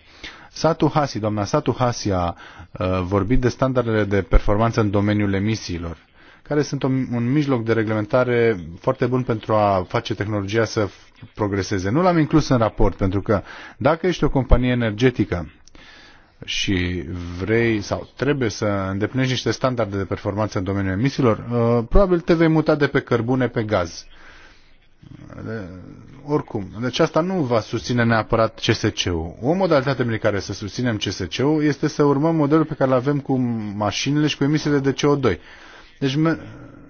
Satu Hasi, doamna Satu Hasi a uh, vorbit de standardele de performanță în domeniul emisiilor, care sunt un, un mijloc de reglementare foarte bun pentru a face tehnologia să progreseze. Nu l-am inclus în raport, pentru că dacă ești o companie energetică și vrei sau trebuie să îndeplinești niște standarde de performanță în domeniul emisiilor, uh, probabil te vei muta de pe cărbune pe gaz. De, uh, oricum, deci asta nu va susține neapărat CSC-ul. O modalitate prin care să susținem CSC-ul este să urmăm modelul pe care îl avem cu mașinile și cu emisiile de CO2. Deci me-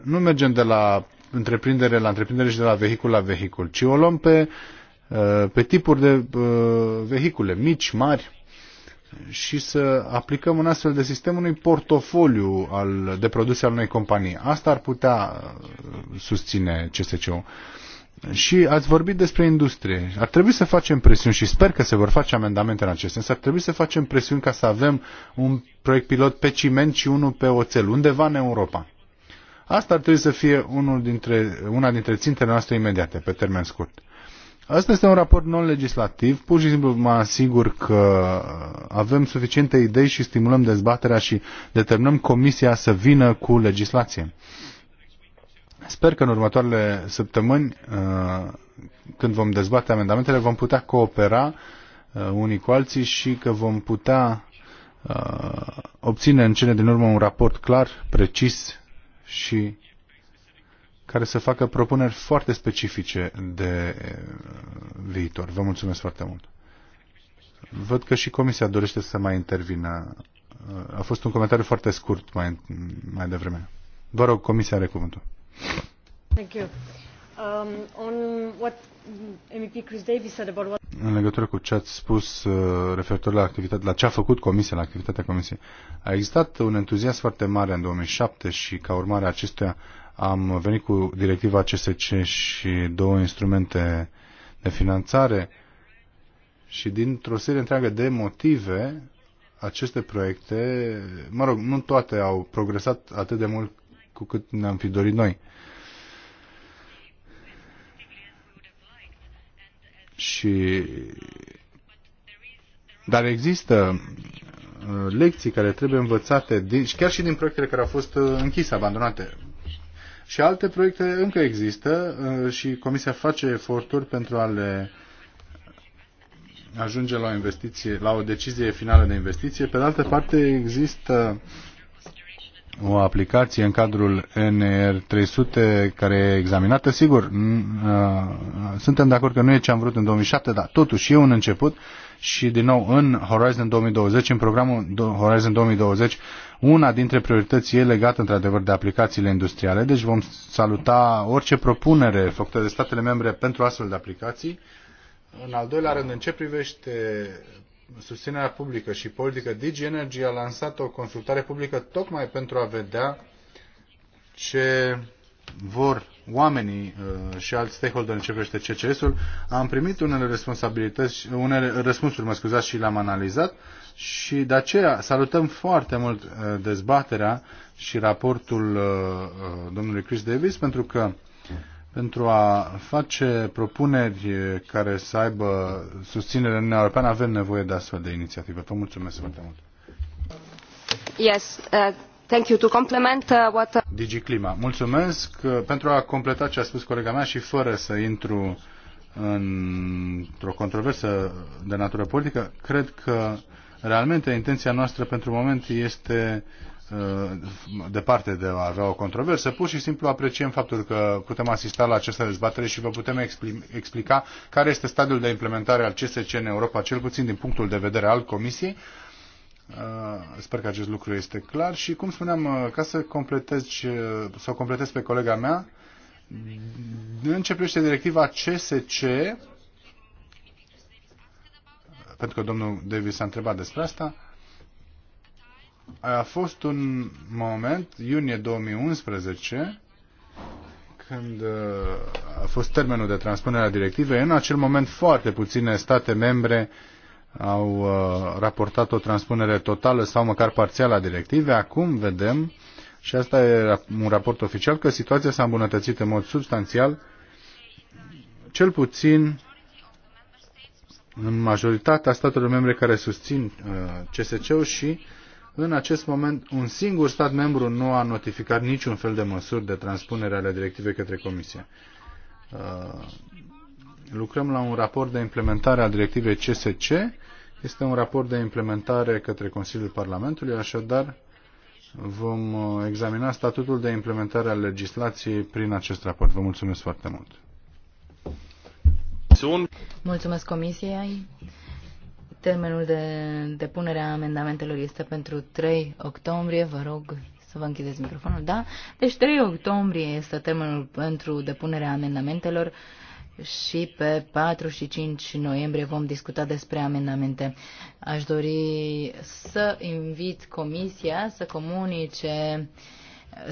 nu mergem de la întreprindere la întreprindere și de la vehicul la vehicul, ci o luăm pe, uh, pe tipuri de vehicule, mici, mari, și să aplicăm un astfel de sistem unui portofoliu al, de produse al unei companii. Asta ar putea uh, susține CSCO. Și ați vorbit despre industrie. Ar trebui să facem presiuni și sper că se vor face amendamente în acest sens. Ar trebui să facem presiuni ca să avem un proiect pilot pe ciment și unul pe oțel, undeva în Europa. Asta ar trebui să fie unul dintre, una dintre țintele noastre imediate, pe termen scurt. Asta este un raport non-legislativ, pur și simplu mă asigur că avem suficiente idei și stimulăm dezbaterea și determinăm Comisia să vină cu legislație. Sper că în următoarele săptămâni, uh, când vom dezbate amendamentele, vom putea coopera uh, unii cu alții și că vom putea uh, obține în cele din urmă un raport clar, precis și care să facă propuneri foarte specifice de eh, viitor. Vă mulțumesc foarte mult. Văd că și Comisia dorește să mai intervină. Eh, a fost un comentariu foarte scurt mai, mai devreme. Vă rog, Comisia are cuvântul. Thank you. Um, în legătură cu ce ați spus uh, referitor la activitate, la ce a făcut Comisia, la activitatea Comisiei, a existat un entuziasm foarte mare în 2007 și ca urmare a acestuia am venit cu directiva CSC și două instrumente de finanțare și dintr-o serie întreagă de motive aceste proiecte, mă rog, nu toate au progresat atât de mult cu cât ne-am fi dorit noi. Uh, Și, dar există uh, lecții care trebuie învățate, din, chiar și din proiectele care au fost uh, închise, abandonate. Și alte proiecte încă există uh, și Comisia face eforturi pentru a le ajunge la o, investiție, la o decizie finală de investiție. Pe de altă parte, există uh, o aplicație în cadrul NR300 care e examinată. Sigur, suntem de acord că nu e ce am vrut în 2007, dar totuși e un început și din nou în Horizon 2020, în programul Horizon 2020, una dintre priorități e legată într-adevăr de aplicațiile industriale, deci vom saluta orice propunere făcută de statele membre pentru astfel de aplicații. În al doilea rând, în ce privește susținerea publică și politică, DG Energy a lansat o consultare publică tocmai pentru a vedea ce vor oamenii uh, și alți stakeholder în ce privește CCS-ul. Am primit unele responsabilități, unele răspunsuri, mă scuzați, și le-am analizat și de aceea salutăm foarte mult uh, dezbaterea și raportul uh, domnului Chris Davis pentru că pentru a face propuneri care să aibă susținere în Europeană, avem nevoie de astfel de inițiative. Vă mulțumesc foarte mult. Yes, uh, thank you to complement uh, what... Uh, DigiClima. Mulțumesc uh, pentru a completa ce a spus colega mea și fără să intru într-o controversă de natură politică, cred că realmente intenția noastră pentru moment este Uh, departe de a avea o controversă, pur și simplu apreciem faptul că putem asista la această dezbatere și vă putem explica care este stadiul de implementare al CSC în Europa, cel puțin din punctul de vedere al Comisiei. Uh, sper că acest lucru este clar și, cum spuneam, uh, ca să completez, să o completez pe colega mea, începește directiva CSC, pentru că domnul Davis a întrebat despre asta, a fost un moment, iunie 2011, când uh, a fost termenul de transpunere a directivei, în acel moment foarte puține state membre au uh, raportat o transpunere totală sau măcar parțială a directivei. Acum vedem, și asta e un raport oficial, că situația s-a îmbunătățit în mod substanțial, cel puțin în majoritatea statelor membre care susțin uh, CSC-ul și uh, în acest moment, un singur stat membru nu a notificat niciun fel de măsuri de transpunere ale directivei către Comisie. Uh, lucrăm la un raport de implementare a directivei CSC. Este un raport de implementare către Consiliul Parlamentului, așadar vom uh, examina statutul de implementare a legislației prin acest raport. Vă mulțumesc foarte mult! Mulțumesc Comisiei. Termenul de depunere a amendamentelor este pentru 3 octombrie. Vă rog să vă închideți microfonul, da? Deci 3 octombrie este termenul pentru depunerea amendamentelor și pe 4 și 5 noiembrie vom discuta despre amendamente. Aș dori să invit comisia să comunice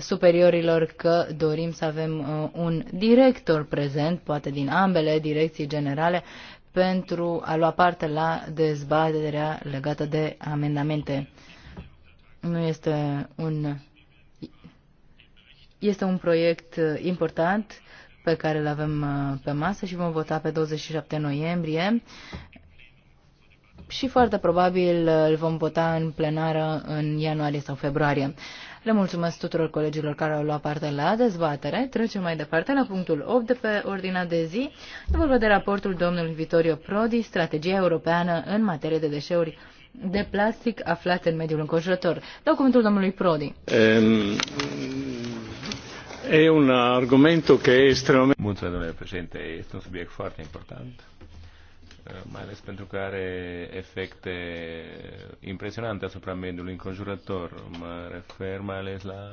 superiorilor că dorim să avem uh, un director prezent, poate din ambele direcții generale, pentru a lua parte la dezbaterea legată de amendamente. Nu este un este un proiect uh, important pe care îl avem uh, pe masă și vom vota pe 27 noiembrie și foarte probabil uh, îl vom vota în plenară în ianuarie sau februarie. Le mulțumesc tuturor colegilor care au luat parte la dezbatere. Trecem mai departe la punctul 8 de pe ordinea de zi. E vorba de raportul domnului Vitorio Prodi, Strategia Europeană în materie de deșeuri de plastic aflate în mediul înconjurător. Dau cuvântul domnului Prodi. Um... E un argument care Mulțumesc, domnule președinte. Este un subiect foarte important mai ales pentru că are efecte impresionante asupra mediului înconjurător. Mă refer mai ales la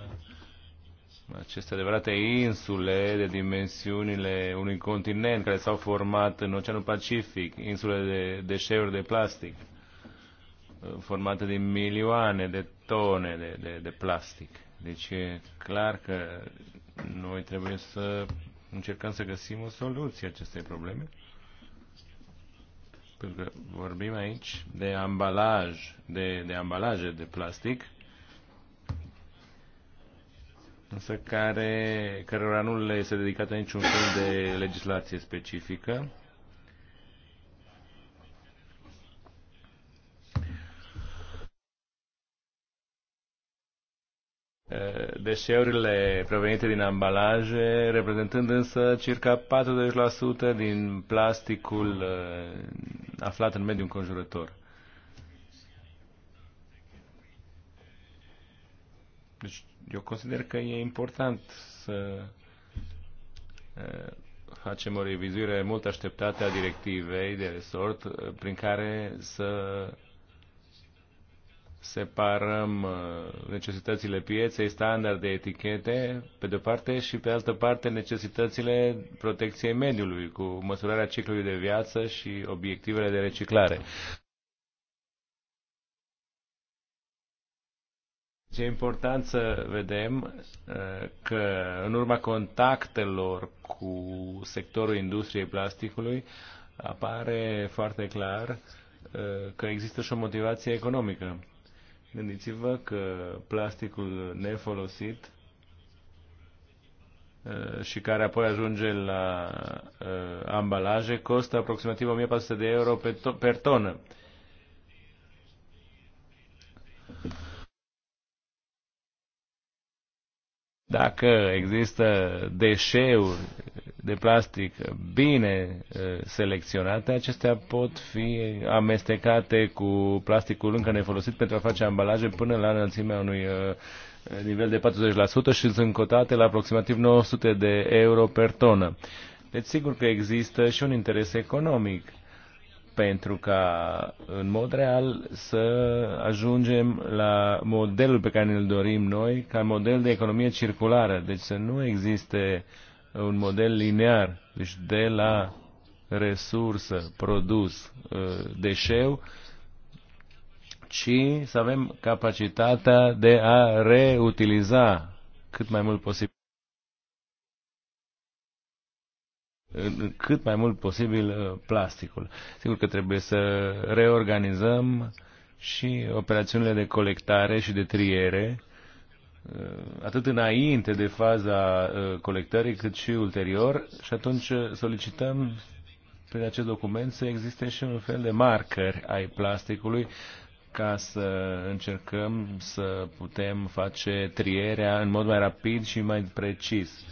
aceste adevărate insule de dimensiunile unui continent care s-au format în Oceanul Pacific, insule de deșeuri de plastic, formate din milioane de tone de, de, de plastic. Deci e clar că noi trebuie să încercăm să găsim o soluție acestei probleme pentru că vorbim aici de ambalaj, de, de ambalaje de plastic, însă care, cărora nu le este dedicată niciun fel de legislație specifică Eh, deșeurile provenite din ambalaje, reprezentând însă circa 40% din plasticul eh, aflat în mediul înconjurător. Deci eu consider că e important să eh, facem o revizuire mult așteptată a directivei de resort prin care să separăm uh, necesitățile pieței, standard de etichete, pe de-o parte, și pe altă parte necesitățile protecției mediului, cu măsurarea ciclului de viață și obiectivele de reciclare. Ce e important să vedem uh, că în urma contactelor cu sectorul industriei plasticului apare foarte clar uh, că există și o motivație economică Gândiți-vă că plasticul nefolosit uh, și care apoi ajunge la uh, ambalaje costă aproximativ 1400 de euro pe to- per tonă. Dacă există deșeuri de plastic bine uh, selecționate, acestea pot fi amestecate cu plasticul încă nefolosit pentru a face ambalaje până la înălțimea unui uh, nivel de 40% și sunt cotate la aproximativ 900 de euro per tonă. Deci sigur că există și un interes economic pentru ca în mod real să ajungem la modelul pe care ne-l dorim noi ca model de economie circulară. Deci să nu existe uh, un model linear, deci de la resursă, produs, uh, deșeu, ci să avem capacitatea de a reutiliza cât mai mult posibil cât mai mult posibil uh, plasticul. Sigur că trebuie să reorganizăm și operațiunile de colectare și de triere Uh, atât înainte de faza uh, colectării, cât și ulterior, și atunci uh, solicităm prin acest document să existe și un fel de marcări ai plasticului ca să încercăm să putem face trierea în mod mai rapid și mai precis.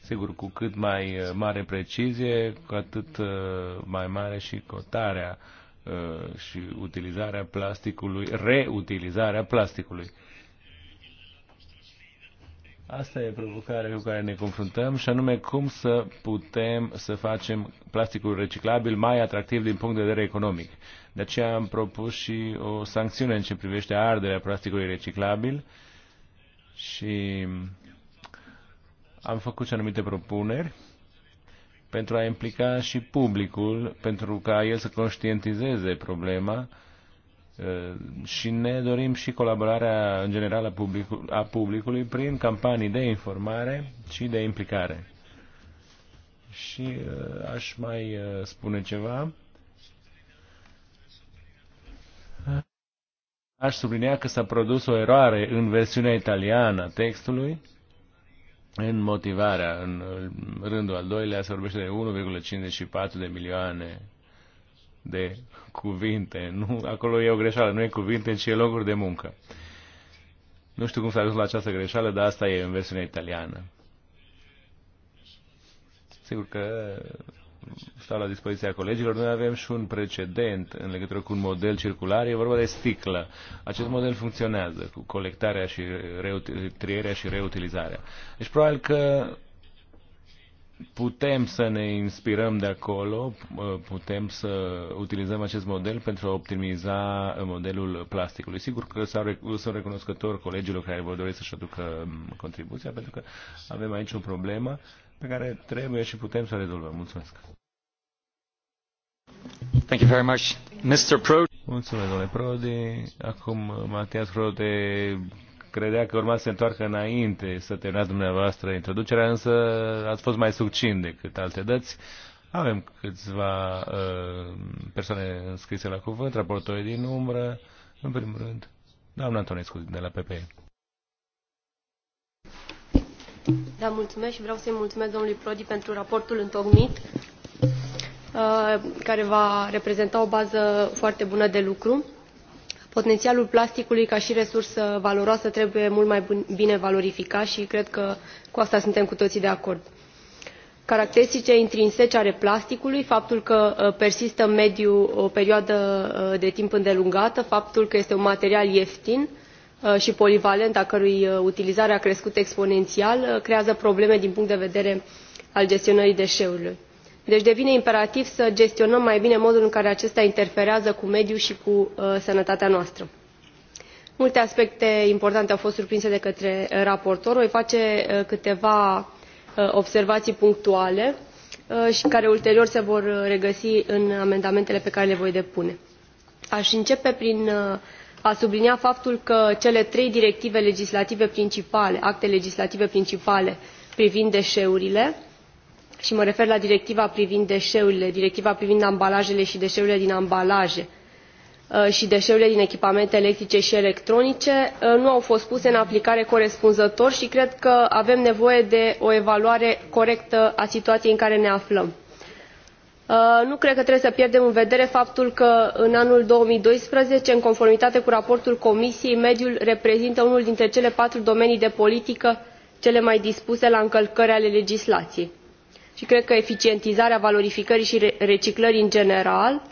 Sigur, cu cât mai mare precizie, cu atât mai mare și cotarea și utilizarea plasticului, reutilizarea plasticului. Asta e provocarea cu care ne confruntăm și anume cum să putem să facem plasticul reciclabil mai atractiv din punct de vedere economic. De aceea am propus și o sancțiune în ce privește arderea plasticului reciclabil și am făcut și anumite propuneri pentru a implica și publicul, pentru ca el să conștientizeze problema Eh, și ne dorim și colaborarea în general a, publicul, a publicului prin campanii de informare și de implicare. Și eh, aș mai eh, spune ceva. Aș sublinia că s-a produs o eroare în versiunea italiană a textului, în motivarea, în rândul al doilea, se vorbește de 1,54 de milioane de cuvinte. Nu, acolo e o greșeală, nu e cuvinte, ci e locuri de muncă. Nu știu cum s-a ajuns la această greșeală, dar asta e în versiunea italiană. Sigur că stau la dispoziția colegilor. Noi avem și un precedent în legătură cu un model circular, e vorba de sticlă. Acest model funcționează cu colectarea și și reutilizarea. Deci probabil că putem să ne inspirăm de acolo, putem să utilizăm acest model pentru a optimiza modelul plasticului. Sigur că sunt recunoscător colegilor care vor dori să-și aducă um, contribuția, pentru că avem aici o problemă pe care trebuie și putem să o rezolvăm. Mulțumesc! Thank you very much. Mr. Prodi. Mulțumesc, domnule Prodi. Acum, Matias Prodi, credea că urma să se întoarcă înainte să terminați dumneavoastră introducerea, însă ați fost mai succint decât alte dăți. Avem câțiva uh, persoane înscrise la cuvânt, raportori din umbră, în primul rând, doamna Antonescu de la PPE. Da, mulțumesc și vreau să-i mulțumesc domnului Prodi pentru raportul întocmit, uh, care va reprezenta o bază foarte bună de lucru potențialul plasticului ca și resursă valoroasă trebuie mult mai bine valorificat și cred că cu asta suntem cu toții de acord. caracteristicile intrinsece ale plasticului faptul că uh, persistă în mediu o perioadă uh, de timp îndelungată faptul că este un material ieftin uh, și polivalent a cărui utilizare a crescut exponențial creează probleme din punct de vedere al gestionării deșeurilor deci devine imperativ să gestionăm mai bine modul în care acesta interferează cu mediul și cu uh, sănătatea noastră. multe aspecte importante au fost surprinse de către uh, raportor voi face uh, câteva observații punctuale și care ulterior se vor regăsi în amendamentele pe care le voi depune. a începe prin a sublinia faptul că cele trei directive legislative principale acte legislative principale privind deșeurile, și mă refer la directiva privind deșeurile directiva privind ambalajele și deșeurile din ambalaje uh, și deșeurile din echipamente electrice și electronice uh, nu au fost puse în aplicare corespunzător și cred că avem nevoie de o evaluare corectă a situației în care ne aflăm. Uh, nu cred că trebuie să pierdem în vedere faptul că în anul 2012, în conformitate cu raportul Comisiei, mediul reprezintă unul dintre cele patru domenii de politică cele mai dispuse la încălcări ale legislației i cred că eficientizarea valorificării i reciclării în general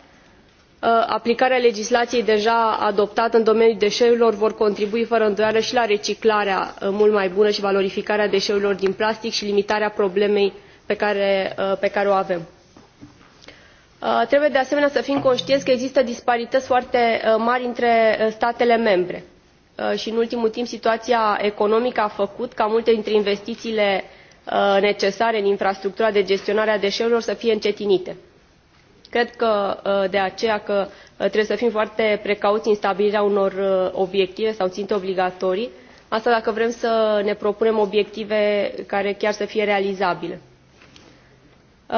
ă, aplicarea legislaiei deja adoptate în domeniul deeurilor vor contribui fără îndoială i la reciclarea ă, mult mai bună i valorificarea deeurilor din plastic i limitarea problemei pe care ă, o avem. trebuie de asemenea să fim contieni că există disparităi foarte mari între statele membre i în ultimul timp situaia economică a făcut ca multe dintre investiiile Uh, necesare în infrastructura de gestionare a deșeurilor să fie încetinite. cred uh, de aceea că uh, trebuie să fim foarte precauți în stabilirea unor obiective sau ținte obligatorii asta dacă vrem să ne propunem obiective care chiar să fie realizabile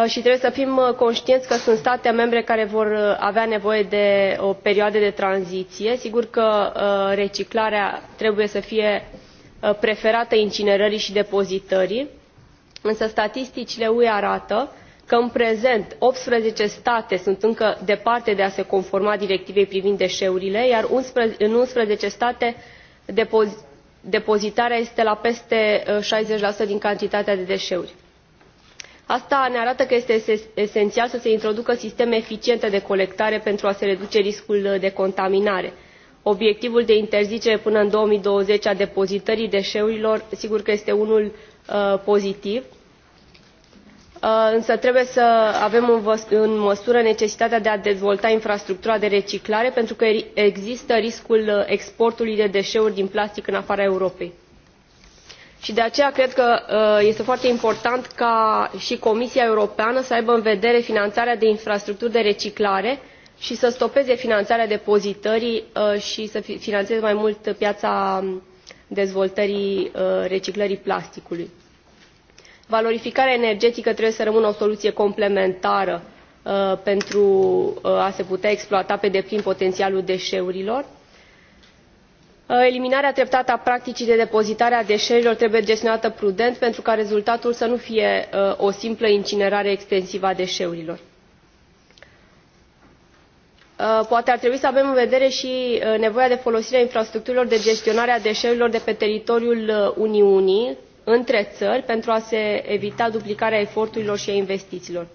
și trebuie să fim conștienți că sunt state membre care vor avea nevoie de o perioadă de tranziție. sigur că reciclarea trebuie să fie preferată incinerării și depozitării însă statisticile ue arată că în prezent optsprezece state sunt încă departe de a se conforma directivei privind deeurile iar în unsprezece state depozitarea este la peste uh, șaizeci din cantitatea de deeuri. asta ne arată că este esenial să se introducă sisteme eficiente de colectare pentru a se reduce riscul uh, de contaminare. obiectivul de interzicere până în două mii douăzeci a depozitării deeurilor sigur că este unul uh, pozitiv Uh, însă trebuie să avem în măsură necesitatea de a dezvolta infrastructura de reciclare pentru că există riscul uh, exportului de deeuri din plastic în afara europei i de aceea cred că uh, este foarte important ca i comisia europeană să aibă în vedere finanarea de infrastructuri de reciclare i să stopeze finanarea depozitării i să finaneze mai mult piaa um, dezvoltării reciclării plasticului valorificarea energetică trebuie să rămână o soluție complementară uh, pentru uh, a se putea exploata pe deplin potențialul deșeurilor. Uh, eliminarea treptată a practicii de depozitare a deșeurilor trebuie gestionată prudent pentru ca rezultatul să nu fie o simplă incinerare extensivă a deeurilor. poate ar trebui să avem în vedere și nevoia de folosire a infrastructurilor de gestionare a deșeurilor de pe teritoriul uniunii între țări pentru a se evita duplicarea eforturilor și a investițiilor.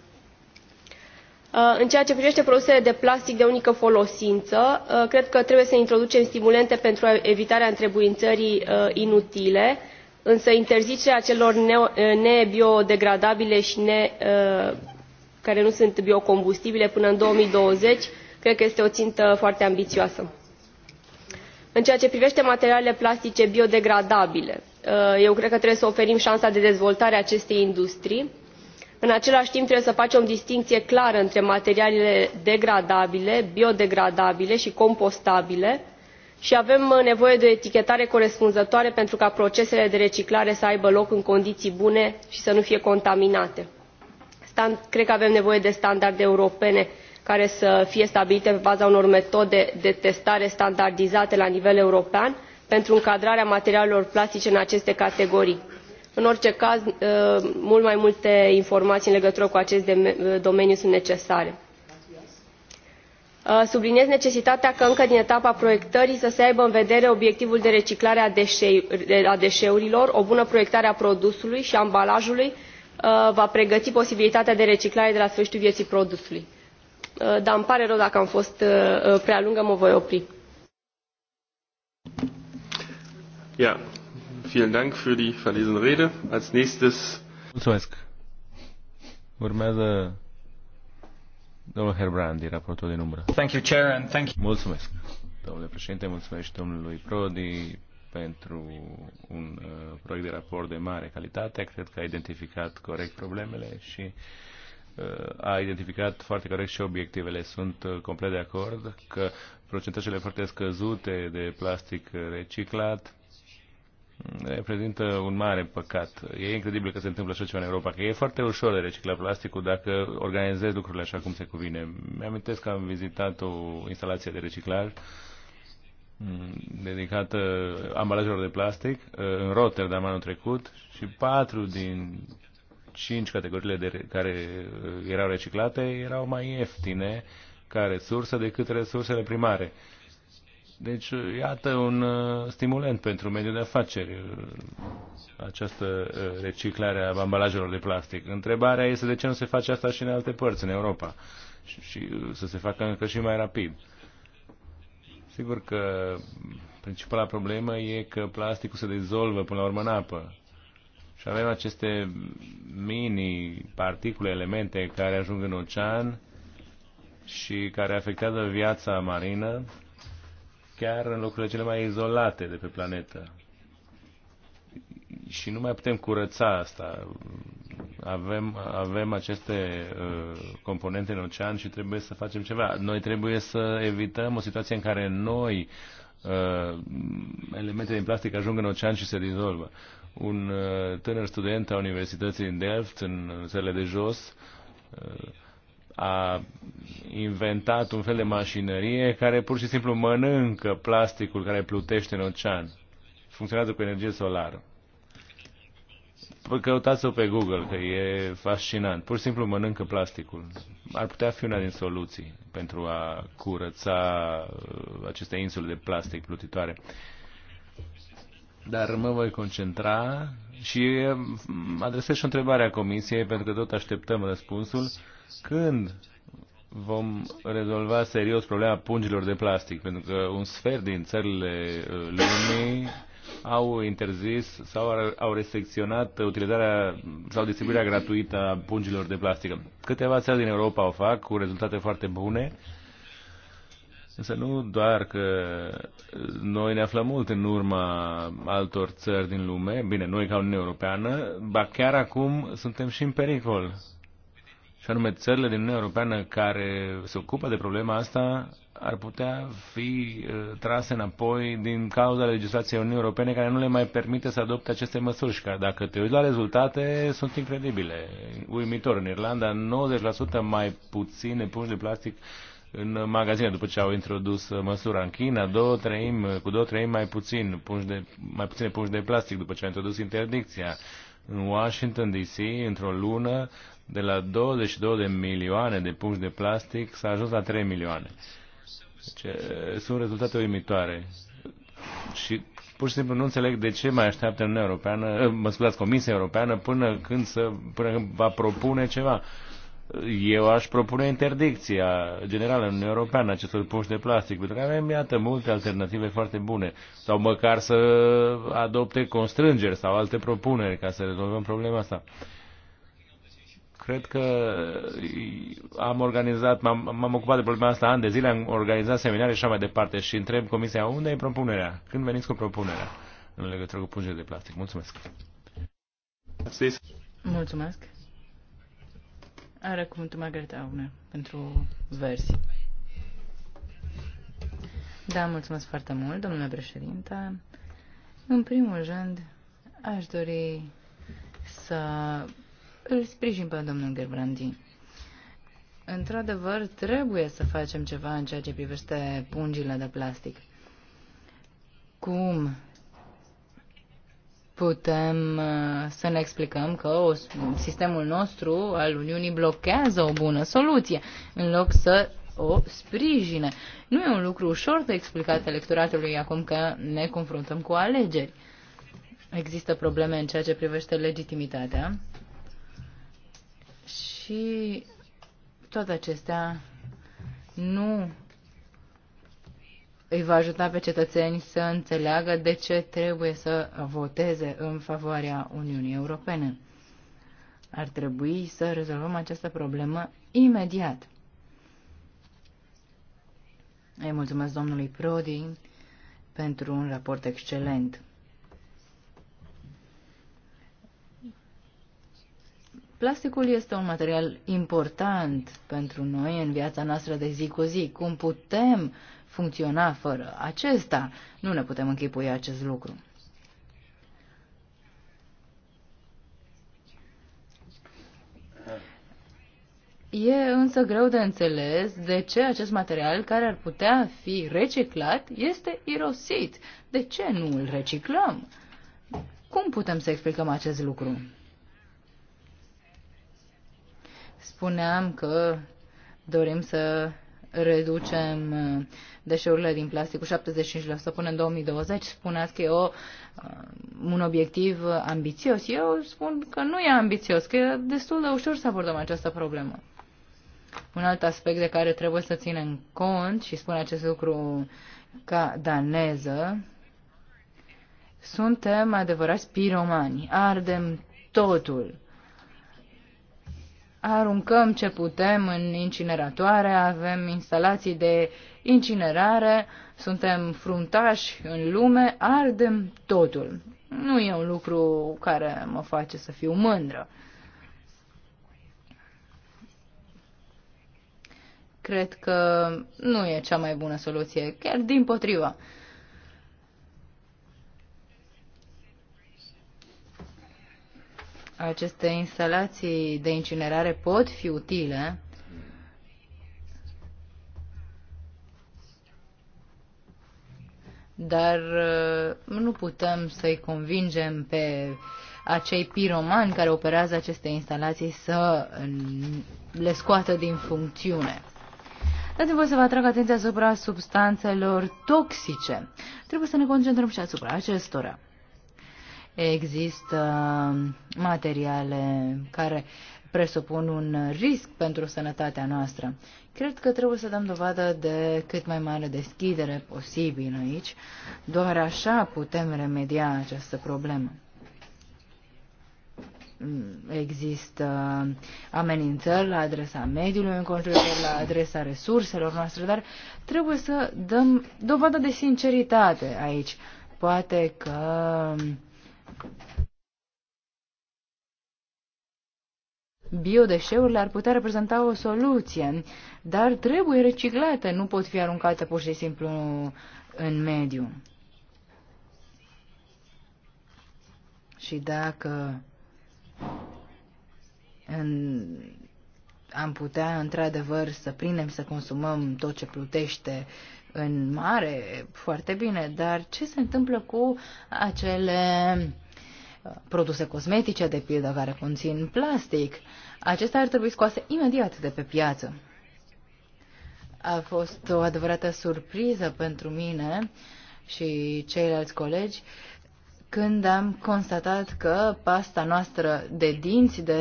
Uh, în ceea ce privește produsele de plastic de unică folosință, uh, cred că trebuie să introducem stimulente pentru evitarea întrebuințării uh, inutile, însă interzicerea celor nebiodegradabile și care nu sunt biocombustibile până în 2020 cred că este o țintă foarte ambițioasă. În ceea ce privește materialele plastice biodegradabile, Uh, eu cred că trebuie să oferim ansa de dezvoltare acestei industrii. în acelai timp trebuie să facem o distincie clară între materialele degradabile biodegradabile i compostabile i avem uh, nevoie de o etichetare corespunzătoare pentru ca procesele de reciclare să aibă loc în condiii bune i să nu fie contaminate. cred că avem nevoie de standarde europene care să fie stabilite pe baza unor metode de testare standardizate la nivel european pentru încadrarea materialelor plastice în aceste categorii. în orice caz uh, mult mai multe informaii în legătură cu acest uh, domeniu sunt necesare. Uh, subliniez necesitatea ca încă din etapa proiectării să se aibă în vedere obiectivul de reciclare a deeurilor o bună proiectare a produsului i a ambalajului va pregăti posibilitatea de reciclare de la sfâritul vieii produsului. dar îmi pare rău dacă am fost prea lungă mă voi opri. Ja, vielen Dank für die verlesene Rede. Als nächstes. Mulțumesc. Urmează domnul Herbrandi, raportul din umbră. Thank you, Chair, and thank you. Mulțumesc, domnule președinte, mulțumesc și domnului Prodi pentru un uh, proiect de raport de mare calitate. Cred că a identificat corect problemele și uh, a identificat foarte corect și obiectivele. Sunt uh, complet de acord că procentajele foarte scăzute de plastic reciclat reprezintă un mare păcat. E incredibil că se întâmplă așa ceva în Europa, că e foarte ușor de reciclat plasticul dacă organizezi lucrurile așa cum se cuvine. Mi-amintesc că am vizitat o instalație de reciclaj mm, dedicată ambalajelor de plastic eh, în Rotterdam anul trecut și patru din cinci categoriile de, care eh, erau reciclate erau mai ieftine ca resursă decât resursele primare. Uh, deci, iată un uh, stimulant pentru mediul de afaceri, uh, această uh, reciclare a ambalajelor de plastic. Întrebarea este de ce nu se face asta și în alte părți, în Europa, și, și să se facă încă și mai rapid. Sigur că principala problemă e că plasticul se dizolvă până la urmă în apă. Și avem aceste mini particule, elemente care ajung în ocean și care afectează viața marină chiar în locurile cele mai izolate de pe planetă. Și nu mai putem curăța asta. Avem, avem aceste uh, componente în ocean și trebuie să facem ceva. Noi trebuie să evităm o situație în care noi uh, elementele din plastic ajung în ocean și se dizolvă. Un uh, tânăr student a Universității în Delft, în țările de jos, uh, a inventat un fel de mașinărie care pur și simplu mănâncă plasticul care plutește în ocean. Funcționează cu energie solară. Căutați-o pe Google, că e fascinant. Pur și simplu mănâncă plasticul. Ar putea fi una din soluții pentru a curăța uh, aceste insule de plastic plutitoare. Dar mă voi concentra și mm, adresez și o întrebare a Comisiei, pentru că tot așteptăm răspunsul. Când vom rezolva serios problema pungilor de plastic? Pentru că un sfert din țările uh, lumii au interzis sau au restricționat utilizarea sau distribuirea gratuită a pungilor de plastic. Câteva țări din Europa o fac cu rezultate foarte bune Însă nu doar că noi ne aflăm mult în urma altor țări din lume, bine, noi ca Uniunea Europeană, ba chiar acum suntem și în pericol. Și anume, țările din Uniunea Europeană care se ocupă de problema asta ar putea fi uh, trase înapoi din cauza legislației Uniunii Europene care nu le mai permite să adopte aceste măsuri și care, dacă te uiți la rezultate, sunt incredibile. Uimitor. În Irlanda, 90% mai puține pungi de plastic în magazine după ce au introdus uh, măsura în China, două treimi, cu două treimi mai puțin, pungi de, mai puține pungi de plastic după ce au introdus interdicția. În Washington DC, într-o lună, de la 22 de milioane de pungi de plastic s-a ajuns la 3 milioane. Deci, uh, sunt rezultate uimitoare. Și pur și simplu nu înțeleg de ce mai așteaptă Uniunea Europeană, uh, mă scuzați, Comisia Europeană până când, să, până când va propune ceva eu aș propune interdicția generală în Uniunea Europeană acestor puști de plastic, pentru că avem, iată, multe alternative foarte bune. Sau măcar să adopte constrângeri sau alte propuneri ca să rezolvăm problema asta. Cred că am organizat, m-am, ocupat de problema asta ani de zile, am organizat seminare și așa mai departe și întreb Comisia, unde e propunerea? Când veniți cu propunerea în legătură cu pungile de plastic? Mulțumesc! Mulțumesc! Are cuvântul Margareta Aune pentru versi. Da, mulțumesc foarte mult, domnule președinte. În primul rând, aș dori să îl sprijin pe domnul Gerbrandi. Într-adevăr, trebuie să facem ceva în ceea ce privește pungile de plastic. Cum putem uh, să ne explicăm că o, sistemul nostru al Uniunii blochează o bună soluție, în loc să o sprijine. Nu e un lucru ușor de explicat electoratului acum că ne confruntăm cu alegeri. Există probleme în ceea ce privește legitimitatea și toate acestea nu îi va ajuta pe cetățeni să înțeleagă de ce trebuie să voteze în favoarea Uniunii Europene. Ar trebui să rezolvăm această problemă imediat. Îi mulțumesc domnului Prodi pentru un raport excelent. Plasticul este un material important pentru noi în viața noastră de zi cu zi. Cum putem funcționa fără acesta. Nu ne putem închipui acest lucru. E însă greu de înțeles de ce acest material care ar putea fi reciclat este irosit. De ce nu îl reciclăm? Cum putem să explicăm acest lucru? Spuneam că dorim să reducem uh, deșeurile din plastic cu 75% până în 2020. Spuneați că e o, uh, un obiectiv ambițios. Eu spun că nu e ambițios, că e destul de ușor să abordăm această problemă. Un alt aspect de care trebuie să ținem cont și spun acest lucru ca daneză, suntem adevărați piromani, ardem totul aruncăm ce putem în incineratoare, avem instalații de incinerare, suntem fruntași în lume, ardem totul. Nu e un lucru care mă face să fiu mândră. Cred că nu e cea mai bună soluție, chiar din potriva. aceste instalații de incinerare pot fi utile dar uh, nu putem să-i convingem pe acei piromani care operează aceste instalații să uh, le scoată din funcțiune. Dați-mi voi să vă atrag atenția asupra substanțelor toxice. Trebuie să ne concentrăm și asupra acestora există materiale care presupun un risc pentru sănătatea noastră. Cred că trebuie să dăm dovadă de cât mai mare deschidere posibil aici. Doar așa putem remedia această problemă există amenințări la adresa mediului înconjurător, la adresa resurselor noastre, dar trebuie să dăm dovadă de sinceritate aici. Poate că Biodeșeurile ar putea reprezenta o soluție, dar trebuie reciclate, nu pot fi aruncate pur și simplu în mediu. Și dacă în, am putea într-adevăr să prindem să consumăm tot ce plutește în mare, foarte bine, dar ce se întâmplă cu acele produse cosmetice, de pildă, care conțin plastic. Acestea ar trebui scoase imediat de pe piață. A fost o adevărată surpriză pentru mine și ceilalți colegi când am constatat că pasta noastră de dinți de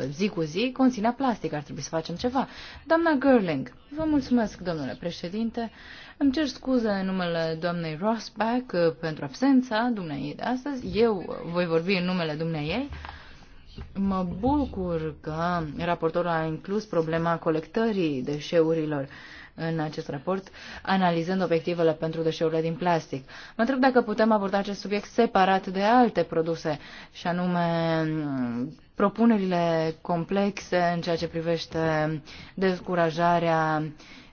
uh, zi cu zi conținea plastic. Ar trebui să facem ceva. Doamna Gerling, vă mulțumesc, domnule președinte. Îmi cer scuze în numele doamnei Rossback uh, pentru absența dumneai de astăzi. Eu uh, voi vorbi în numele dumneai. Mă bucur că raportorul a inclus problema colectării deșeurilor. Uh, în acest raport, analizând obiectivele pentru deșeurile din plastic. Mă întreb dacă putem aborda acest subiect separat de alte produse, și anume propunerile complexe în ceea ce privește descurajarea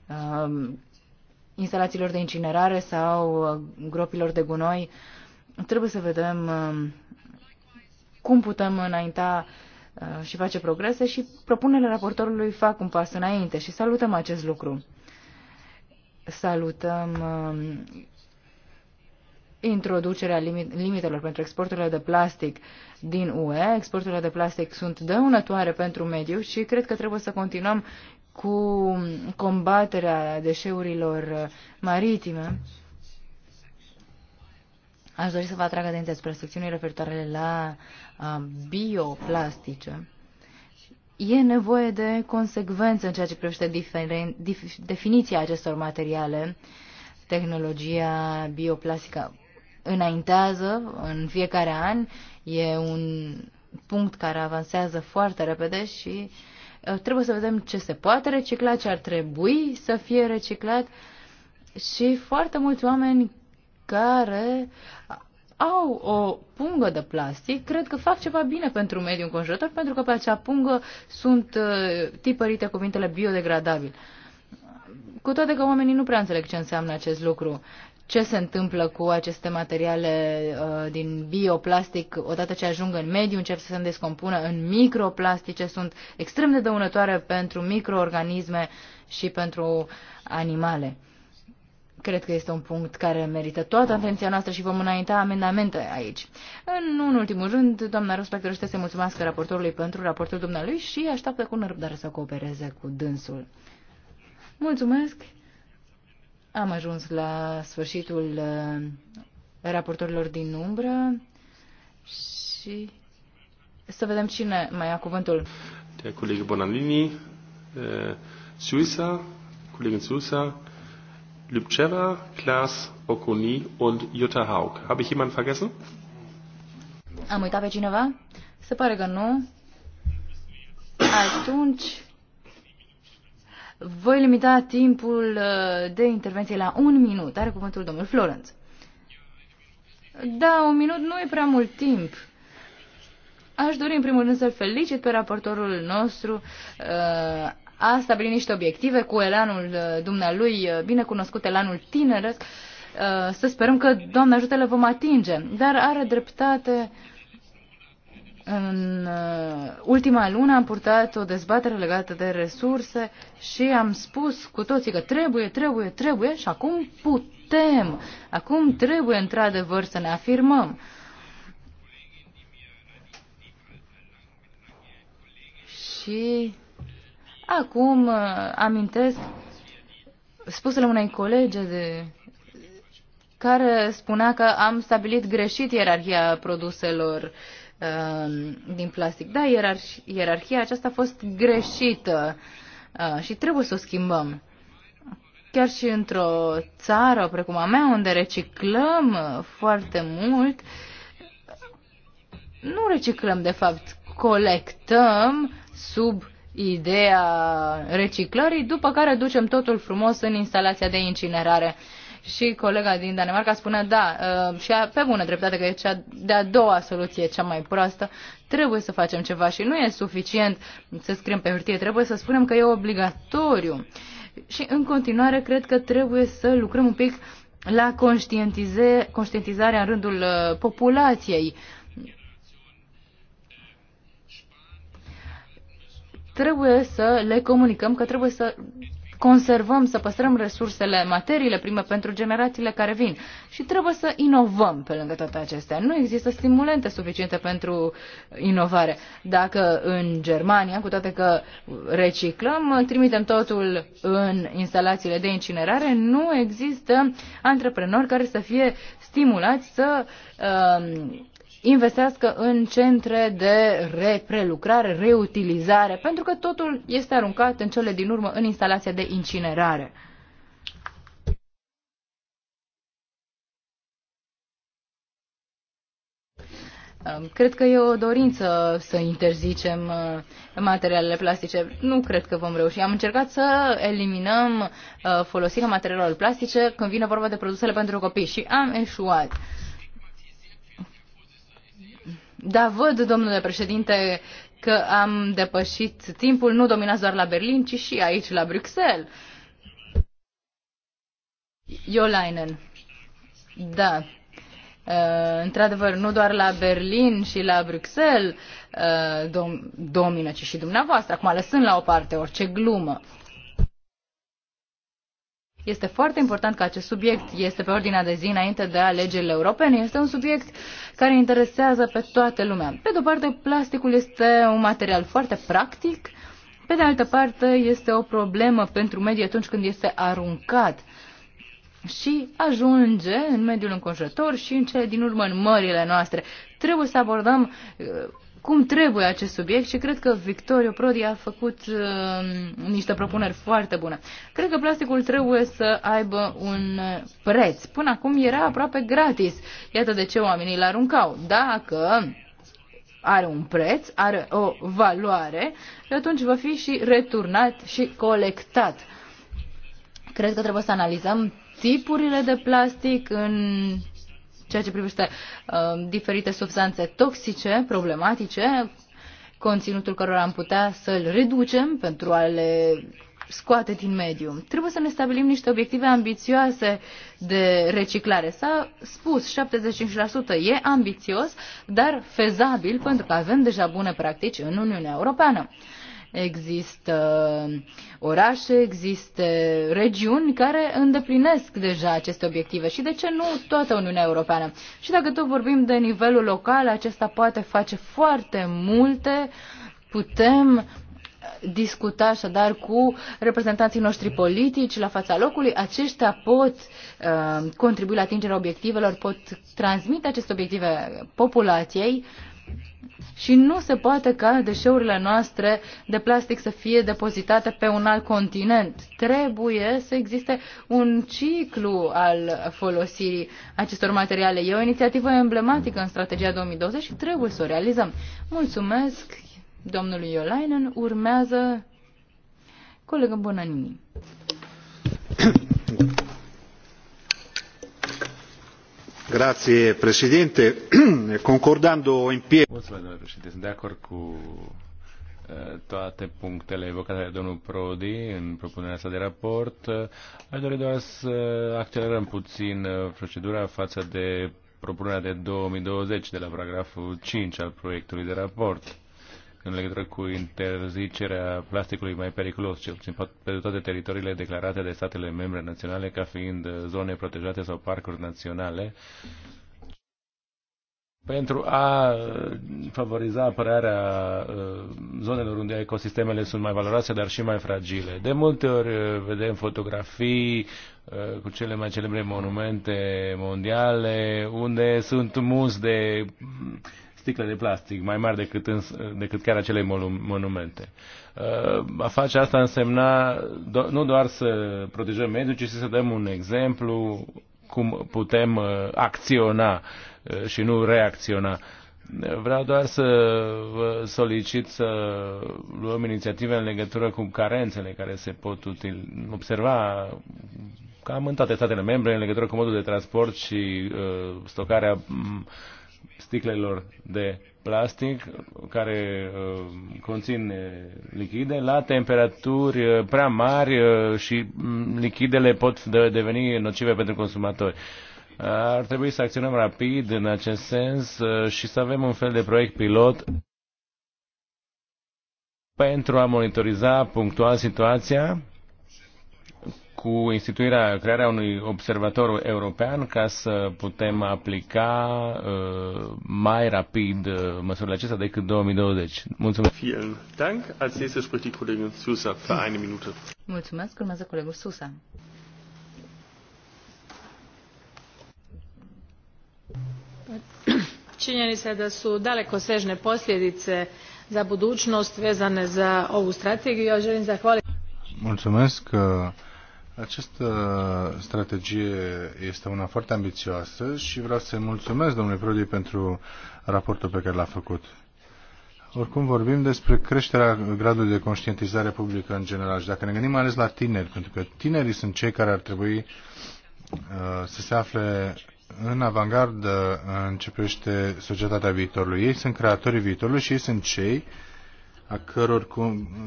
uh, instalațiilor de incinerare sau uh, gropilor de gunoi. Trebuie să vedem uh, cum putem înainta uh, și face progrese și propunerile raportorului fac un pas înainte și salutăm acest lucru salutăm um, introducerea limitelor pentru exporturile de plastic din UE. Exporturile de plastic sunt dăunătoare pentru mediu și cred că trebuie să continuăm cu combaterea deșeurilor uh, maritime. Aș dori să vă atrag atenția spre secțiunile referitoare la uh, bioplastice. E nevoie de consecvență în ceea ce privește diferen, dif, definiția acestor materiale. Tehnologia bioplastică înaintează în fiecare an, e un punct care avansează foarte repede și uh, trebuie să vedem ce se poate recicla, ce ar trebui să fie reciclat și foarte mulți oameni care au o pungă de plastic, cred că fac ceva bine pentru mediul înconjurător, pentru că pe acea pungă sunt uh, tipărite cuvintele biodegradabil. Cu toate că oamenii nu prea înțeleg ce înseamnă acest lucru, ce se întâmplă cu aceste materiale uh, din bioplastic odată ce ajung în mediu, încep să se descompună în microplastice, sunt extrem de dăunătoare pentru microorganisme și pentru animale. Cred că este un punct care merită toată atenția noastră și vom înainta amendamente aici. În, în ultimul rând, doamna Rospec dorește să mulțumească raportorului pentru raportul dumnealui și așteaptă cu nerăbdare să coopereze cu dânsul. Mulțumesc! Am ajuns la sfârșitul uh, raportorilor din umbră și să vedem cine mai ia cuvântul. De colegul Bonalini, uh, Suisa, colegul Suisa, Lübcheva, Klaas Okuni und Jutta Haug. Habe ich jemanden vergessen? Am uitat pe cineva? Se pare că nu. Atunci voi limita timpul uh, de intervenție la un minut. Are cuvântul domnul Florenț. Da, un minut nu e prea mult timp. Aș dori în primul rând să-l felicit pe raportorul nostru. Uh, a stabilit niște obiective cu elanul uh, dumnealui, uh, binecunoscut elanul tineresc. Uh, să sperăm că, Doamne ajută, le vom atinge. Dar are dreptate în ultima lună am purtat o dezbatere legată de resurse și am spus cu toții că trebuie, trebuie, trebuie și acum putem. Acum trebuie într-adevăr să ne afirmăm. Și Acum uh, amintesc spusele unei colege de care spunea că am stabilit greșit ierarhia produselor uh, din plastic. Da, ierarh- ierarhia aceasta a fost greșită uh, și trebuie să o schimbăm. Chiar și într-o țară precum a mea, unde reciclăm uh, foarte mult, nu reciclăm, de fapt, colectăm sub ideea reciclării, după care ducem totul frumos în instalația de incinerare. Și colega din Danemarca spune, da, uh, și pe bună dreptate că e cea de-a doua soluție cea mai proastă, trebuie să facem ceva și nu e suficient să scriem pe hârtie, trebuie să spunem că e obligatoriu. Și în continuare cred că trebuie să lucrăm un pic la conștientizarea în rândul uh, populației. trebuie să le comunicăm că trebuie să conservăm, să păstrăm resursele, materiile prime pentru generațiile care vin. Și trebuie să inovăm pe lângă toate acestea. Nu există stimulente suficiente pentru inovare. Dacă în Germania, cu toate că reciclăm, trimitem totul în instalațiile de incinerare, nu există antreprenori care să fie stimulați să um, investească în centre de reprelucrare, reutilizare, pentru că totul este aruncat în cele din urmă în instalația de incinerare. Cred că e o dorință să interzicem uh, materialele plastice. Nu cred că vom reuși. Am încercat să eliminăm uh, folosirea materialelor plastice când vine vorba de produsele pentru copii și am eșuat. Da, văd, domnule președinte, că am depășit timpul. Nu dominați doar la Berlin, ci și aici, la Bruxelles. Iolainen. Da. Uh, într-adevăr, nu doar la Berlin și la Bruxelles uh, dom- domină, ci și dumneavoastră. Acum, lăsând la o parte orice glumă, este foarte important că acest subiect este pe ordinea de zi înainte de alegerile europene. Este un subiect care interesează pe toată lumea. Pe de-o parte, plasticul este un material foarte practic, pe de altă parte, este o problemă pentru mediu atunci când este aruncat și ajunge în mediul înconjurător și în cele din urmă în mările noastre. Trebuie să abordăm cum trebuie acest subiect și cred că Victorio Prodi a făcut uh, niște propuneri foarte bune. Cred că plasticul trebuie să aibă un preț. Până acum era aproape gratis. Iată de ce oamenii l-aruncau. Dacă are un preț, are o valoare, atunci va fi și returnat și colectat. Cred că trebuie să analizăm tipurile de plastic în ceea ce privește uh, diferite substanțe toxice, problematice, conținutul cărora am putea să-l reducem pentru a le scoate din mediu. Trebuie să ne stabilim niște obiective ambițioase de reciclare. S-a spus 75% e ambițios, dar fezabil pentru că avem deja bune practici în Uniunea Europeană. Uh, există orașe, există regiuni care îndeplinesc deja aceste obiective și de ce nu toată Uniunea Europeană. Și dacă tot vorbim de nivelul local, acesta poate face foarte multe, putem discuta așadar cu reprezentanții noștri politici la fața locului. Aceștia pot uh, contribui la atingerea obiectivelor, pot transmite aceste obiective populației. Uh, și nu se poate ca deșeurile noastre de plastic să fie depozitate pe un alt continent. Trebuie să existe un ciclu al folosirii acestor materiale. E o inițiativă emblematică în strategia 2020 și trebuie să o realizăm. Mulțumesc domnului Iolainen. Urmează colegă Bonanini. președinte. Concordando in pieno. domnule președinte. Sunt de acord cu eh, toate punctele evocate de domnul Prodi în propunerea sa de raport. Eh, aș dori doar să accelerăm puțin eh, procedura față de propunerea de 2020 de la paragraful 5 al proiectului de raport în legătură cu interzicerea plasticului mai periculos, cel puțin pe toate teritoriile declarate de statele membre naționale ca fiind uh, zone protejate sau parcuri naționale, pentru a uh, favoriza apărarea uh, zonelor unde ecosistemele sunt mai valoroase, dar și mai fragile. De multe ori vedem fotografii cu cele mai celebre monumente mondiale, unde sunt mus de sticle de plastic mai mari decât, în, decât chiar acele monumente. Uh, a face asta însemna nu doar să protejăm mediul, ci să dăm un exemplu cum putem uh, acționa uh, și nu reacționa. Vreau doar să vă solicit să luăm inițiative în legătură cu carențele care se pot util, observa cam în toate statele membre în legătură cu modul de transport și uh, stocarea sticlelor de plastic care uh, conțin uh, lichide la temperaturi uh, prea mari și mm, lichidele pot deveni nocive pentru consumatori. Ar trebui să acționăm rapid în acest sens și să avem un fel de proiect pilot pentru a monitoriza punctual situația cu instituirea, crearea unui observator european ca să putem aplica uh, mai rapid uh, măsurile acestea decât 2020. Mulțumesc. Vielen Dank. Als nächstes spricht die Kollegin für eine Minute. Mulțumesc. Urmează colegul Susa. Činjenica je da su dalekosežne posljedice za budućnost vezane za ovu strategiju. Ja želim zahvaliti. Mulțumesc. Uh această strategie este una foarte ambițioasă și vreau să-i mulțumesc domnului Prodi pentru raportul pe care l-a făcut. Oricum vorbim despre creșterea gradului de conștientizare publică în general și dacă ne gândim mai ales la tineri, pentru că tinerii sunt cei care ar trebui uh, să se afle în avangardă în ce privește societatea viitorului. Ei sunt creatorii viitorului și ei sunt cei uh, a căror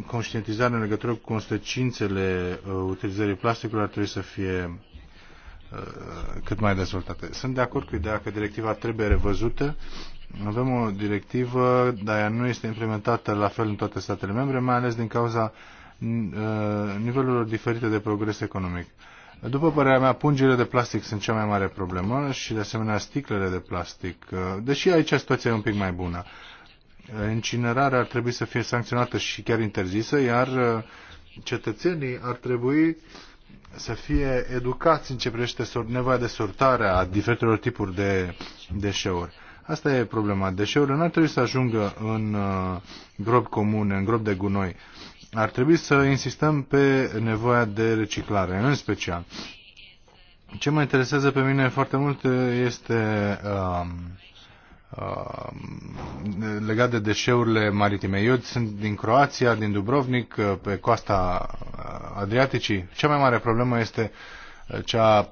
conștientizare în legătură cu consecințele uh, utilizării plasticului ar trebui să fie uh, cât mai dezvoltate. Sunt de acord cu ideea că directiva trebuie revăzută. Avem o directivă, dar ea nu este implementată la fel în toate statele membre, mai ales din cauza uh, nivelurilor diferite de progres economic. După părerea mea, pungile de plastic sunt cea mai mare problemă și, de asemenea, sticlele de plastic, deși aici situația e un pic mai bună incinerarea ar trebui să fie sancționată și chiar interzisă, iar uh, cetățenii ar trebui să fie educați în ce privește nevoia de sortare a diferitelor tipuri de deșeuri. Asta e problema. Deșeurile nu ar trebui să ajungă în uh, gropi comune, în gropi de gunoi. Ar trebui să insistăm pe nevoia de reciclare, în special. Ce mă interesează pe mine foarte mult uh, este uh, Uh, legat de deșeurile maritime. Eu sunt din Croația, din Dubrovnik, uh, pe coasta uh, Adriaticii. Cea mai mare problemă este cea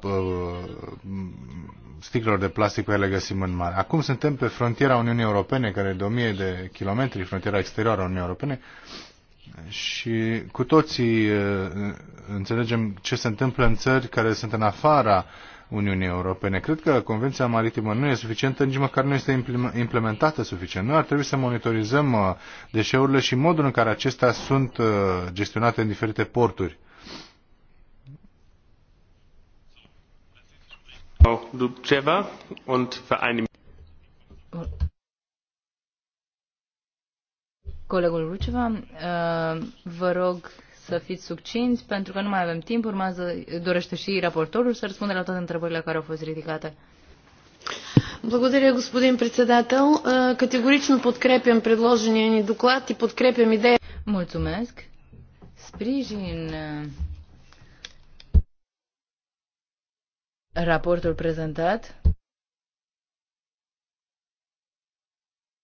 sticlelor de plastic pe care le găsim în mare. Acum suntem pe frontiera Uniunii Europene, care e de 1000 de kilometri, frontiera exterioară a Uniunii Europene, și cu toții înțelegem ce se întâmplă în țări care sunt în afara uh, Uniunii Europene. Cred că Convenția Maritimă nu e suficientă, nici măcar nu este implementată suficient. Noi ar trebui să monitorizăm uh, deșeurile și modul în care acestea sunt uh, gestionate în diferite porturi. Colegul Ruceva, uh, vă rog să fiți succinți, pentru că nu mai avem timp. Urmează, dorește și raportorul să răspundă la toate întrebările care au fost ridicate. Благодаря, господин председател. Категорично подкрепям предложения ни доклад и подкрепям идея. Mulțumesc. Sprijin raportul презентат.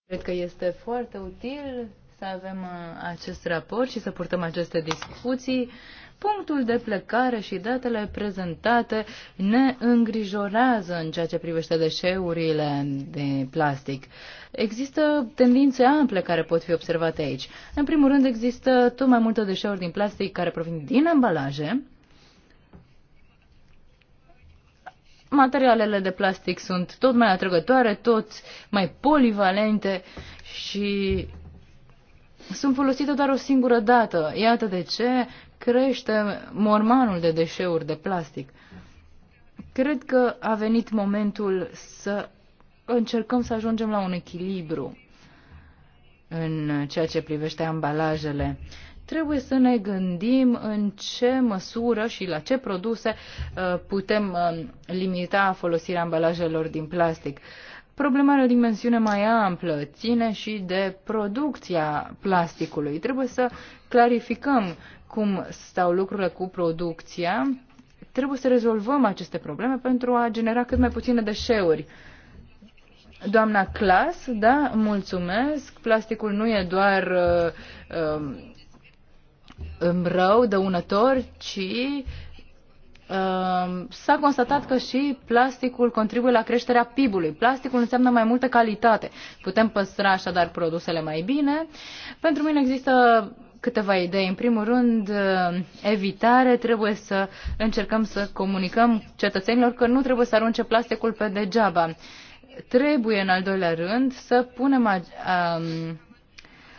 Cred că este foarte util să avem uh, acest raport și să purtăm aceste discuții. Punctul de plecare și datele prezentate ne îngrijorează în ceea ce privește deșeurile de plastic. Există tendințe ample care pot fi observate aici. În primul rând, există tot mai multe deșeuri din plastic care provin din ambalaje, materialele de plastic sunt tot mai atrăgătoare, tot mai polivalente și sunt folosite doar o singură dată. Iată de ce crește mormanul de deșeuri de plastic. Cred că a venit momentul să încercăm să ajungem la un echilibru în ceea ce privește ambalajele. Trebuie să ne gândim în ce măsură și la ce produse uh, putem uh, limita folosirea ambalajelor din plastic. Problema are o dimensiune mai amplă, ține și de producția plasticului. Trebuie să clarificăm cum stau lucrurile cu producția. Trebuie să rezolvăm aceste probleme pentru a genera cât mai puține deșeuri. Doamna Clas, da, mulțumesc. Plasticul nu e doar uh, um, rău, dăunător, ci Ehm, s-a constatat că și plasticul contribuie la creșterea PIB-ului. Plasticul înseamnă mai multă calitate. Putem păstra așadar produsele mai bine. Pentru mine există câteva idei. În primul rând, ehm, evitare. Trebuie să încercăm să comunicăm cetățenilor că nu trebuie să arunce plasticul pe degeaba. Trebuie, în al doilea rând, să punem ehm,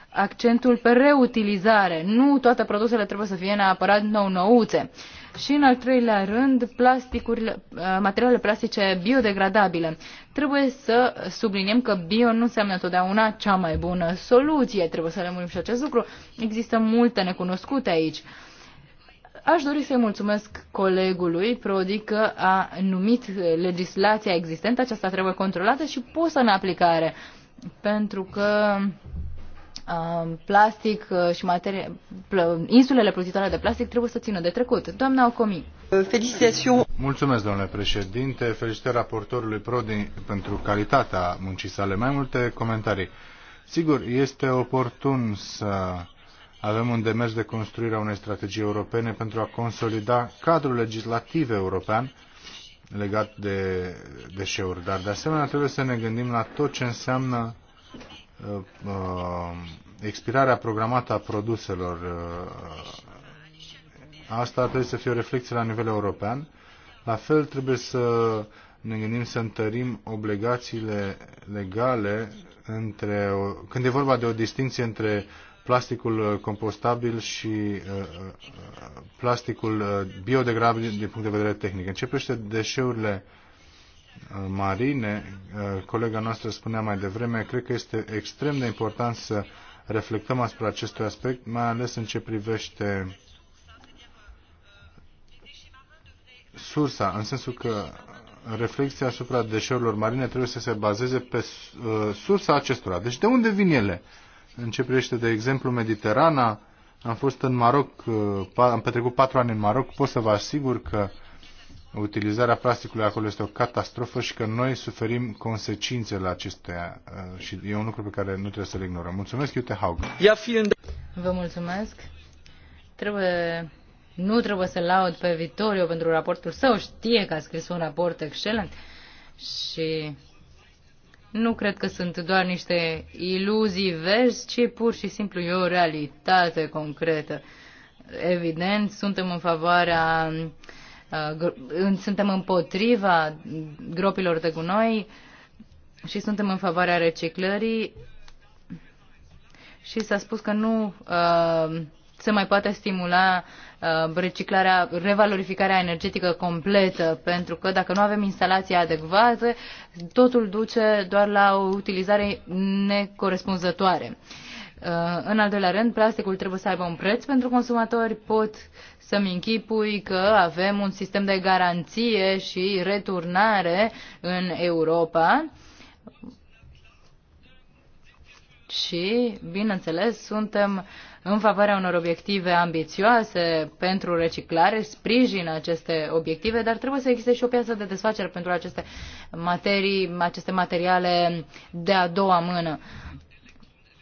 accentul pe reutilizare. Nu toate produsele trebuie să fie neapărat nou-nouțe. Și în al treilea rând, plasticurile, uh, materialele plastice biodegradabile. Trebuie să subliniem că bio nu înseamnă totdeauna cea mai bună soluție. Trebuie să lămurim și acest lucru. Există multe necunoscute aici. Aș dori să-i mulțumesc colegului Prodi că a numit legislația existentă, aceasta trebuie controlată și pusă în aplicare. Pentru că Um, plastic uh, și materie, insulele plutitoare de plastic trebuie să țină de trecut. Doamna Ocomi. Felicitări. Mulțumesc, domnule președinte. Felicitări raportorului Prodi pentru calitatea muncii sale. Mai multe comentarii. Sigur, este oportun să avem un demers de construire a unei strategii europene pentru a consolida cadrul legislativ european legat de deșeuri, dar de asemenea trebuie să ne gândim la tot ce înseamnă Uh, expirarea programată a produselor. Uh, asta trebuie să fie o reflexie la nivel european. La fel trebuie să ne gândim să întărim obligațiile legale între, când e vorba de o distinție între plasticul uh, compostabil și plasticul biodegradabil din punct de vedere tehnic. Începește deșeurile marine, eh, colega noastră spunea mai devreme, cred că este extrem de important să reflectăm asupra acestui aspect, mai ales în ce privește sursa, în sensul că reflexia asupra deșeurilor marine trebuie să se bazeze pe eh, sursa acestora. Deci de unde vin ele? În ce privește, de exemplu, Mediterana, am fost în Maroc, eh, am petrecut patru ani în Maroc, pot să vă asigur că uh, utilizarea plasticului acolo este o catastrofă și că noi suferim consecințele acestea uh, și e un lucru pe care nu trebuie să-l ignorăm. Mulțumesc, Iute Haug. Vă mulțumesc. Trebuie, nu trebuie să laud pe Vitorio pentru raportul său. Știe că a scris un raport excelent și nu cred că sunt doar niște iluzii verzi, ci pur și simplu e o realitate concretă. Evident, suntem în favoarea uh, Uh, suntem împotriva gropilor de gunoi și suntem în favoarea reciclării și s-a spus că nu uh, se mai poate stimula uh, reciclarea, revalorificarea energetică completă, pentru că dacă nu avem instalații adecvate, totul duce doar la o utilizare necorespunzătoare. Uh, Uh, în al doilea rând, plasticul trebuie să aibă un preț pentru consumatori. Pot să-mi închipui că avem un sistem de garanție și returnare în Europa. Și, bineînțeles, suntem în favoarea unor obiective ambițioase pentru reciclare, sprijină aceste obiective, dar trebuie să existe și o piață de desfacere pentru aceste materii, aceste materiale de a doua mână.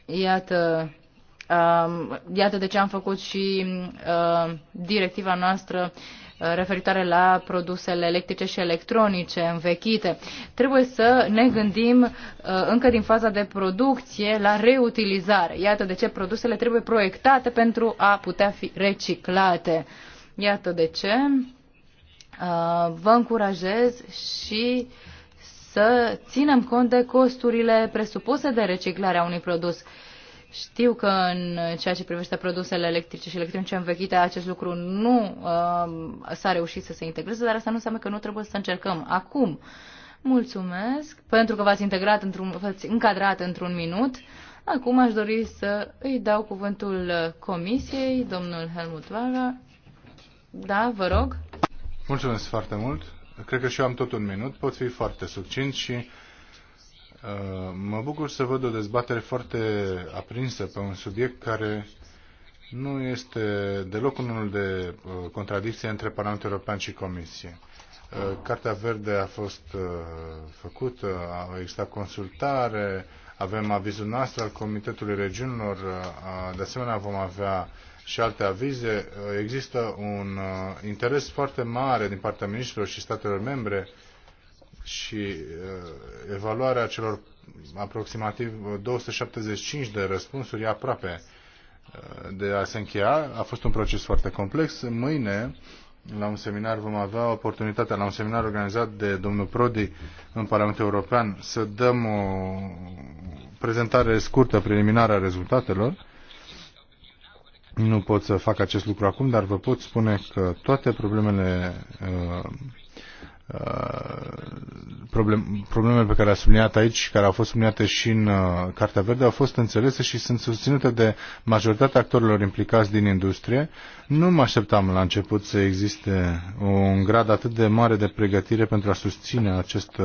Iată, uh, iată de ce am făcut și uh, directiva noastră uh, referitoare la produsele electrice și electronice învechite. Trebuie să ne gândim uh, încă din faza de producție la reutilizare. Iată de ce produsele trebuie proiectate pentru a putea fi reciclate. Iată de ce uh, vă încurajez și uh, să ținem cont de costurile presupuse de reciclarea unui produs. Știu că în ceea ce privește produsele electrice și electronice învechite, acest lucru nu uh, s-a reușit să se integreze, dar asta nu înseamnă că nu trebuie să încercăm acum. Mulțumesc pentru că v-ați integrat într-un, v-ați încadrat într-un minut. Acum aș dori să îi dau cuvântul comisiei, domnul Helmut Vaga. Da, vă rog. Mulțumesc foarte mult. Cred că și eu am tot un minut, pot fi foarte succint și uh, mă bucur să văd o dezbatere foarte aprinsă pe un subiect care nu este deloc unul de uh, contradicție între Parlamentul European și Comisie. Uh, Cartea verde a fost uh, făcută, a existat consultare, avem avizul noastră al Comitetului Regiunilor, uh, de asemenea vom avea și alte avize, uh, există un uh, interes foarte mare din partea ministrilor și statelor membre și uh, evaluarea celor aproximativ 275 de răspunsuri e aproape de a se încheia. A fost un proces foarte complex. Mâine, la un seminar, vom avea oportunitatea, la un seminar organizat de domnul Prodi în Parlamentul European, să dăm o prezentare scurtă preliminară a rezultatelor nu pot să fac acest lucru acum, dar vă pot spune că toate problemele uh, uh, problemele pe care le-a subliniat aici, care au fost subliniate și în uh, Cartea Verde, au fost înțelese și sunt susținute de majoritatea actorilor implicați din industrie. Nu mă așteptam la început să existe un grad atât de mare de pregătire pentru a susține acest,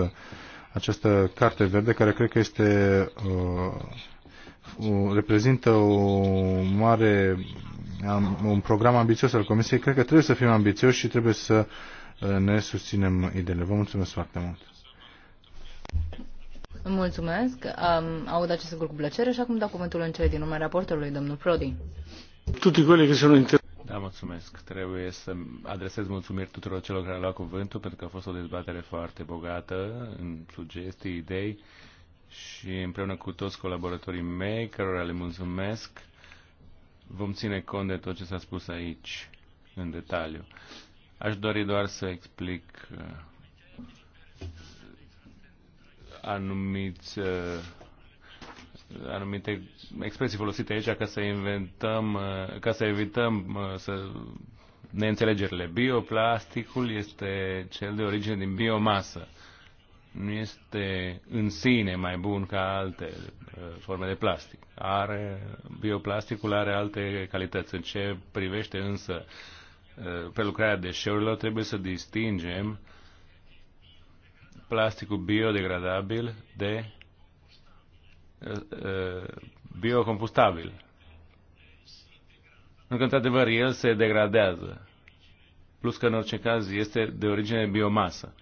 această Carte Verde, care cred că este uh, reprezintă o mare, un program ambițios al Comisiei. Cred că trebuie să fim ambițioși și trebuie să uh, ne susținem ideile. Vă mulțumesc foarte mult! Mulțumesc. Um, aud acest lucru cu plăcere și acum dau cuvântul în cele din urmă raportorului, domnul Prodi. Tutti quelli che sono inter... Da, mulțumesc. Trebuie să adresez mulțumiri tuturor celor care au luat cuvântul, pentru că a fost o dezbatere foarte bogată în sugestii, idei și împreună cu toți colaboratorii mei, cărora le mulțumesc, vom ține cont de tot ce s-a spus aici, în detaliu. Aș dori doar să explic uh, anumiți, uh, anumite expresii folosite aici ca să inventăm, uh, ca să evităm să neînțelegerile. Bioplasticul este cel de origine din biomasă nu este în sine mai bun ca alte uh, forme de plastic. Are, bioplasticul are alte calități. În ce privește însă uh, pe lucrarea deșeurilor, trebuie să distingem plasticul biodegradabil de uh, biocompostabil. Pentru că, într-adevăr, el se degradează. Plus că, în orice caz, este de origine biomasă.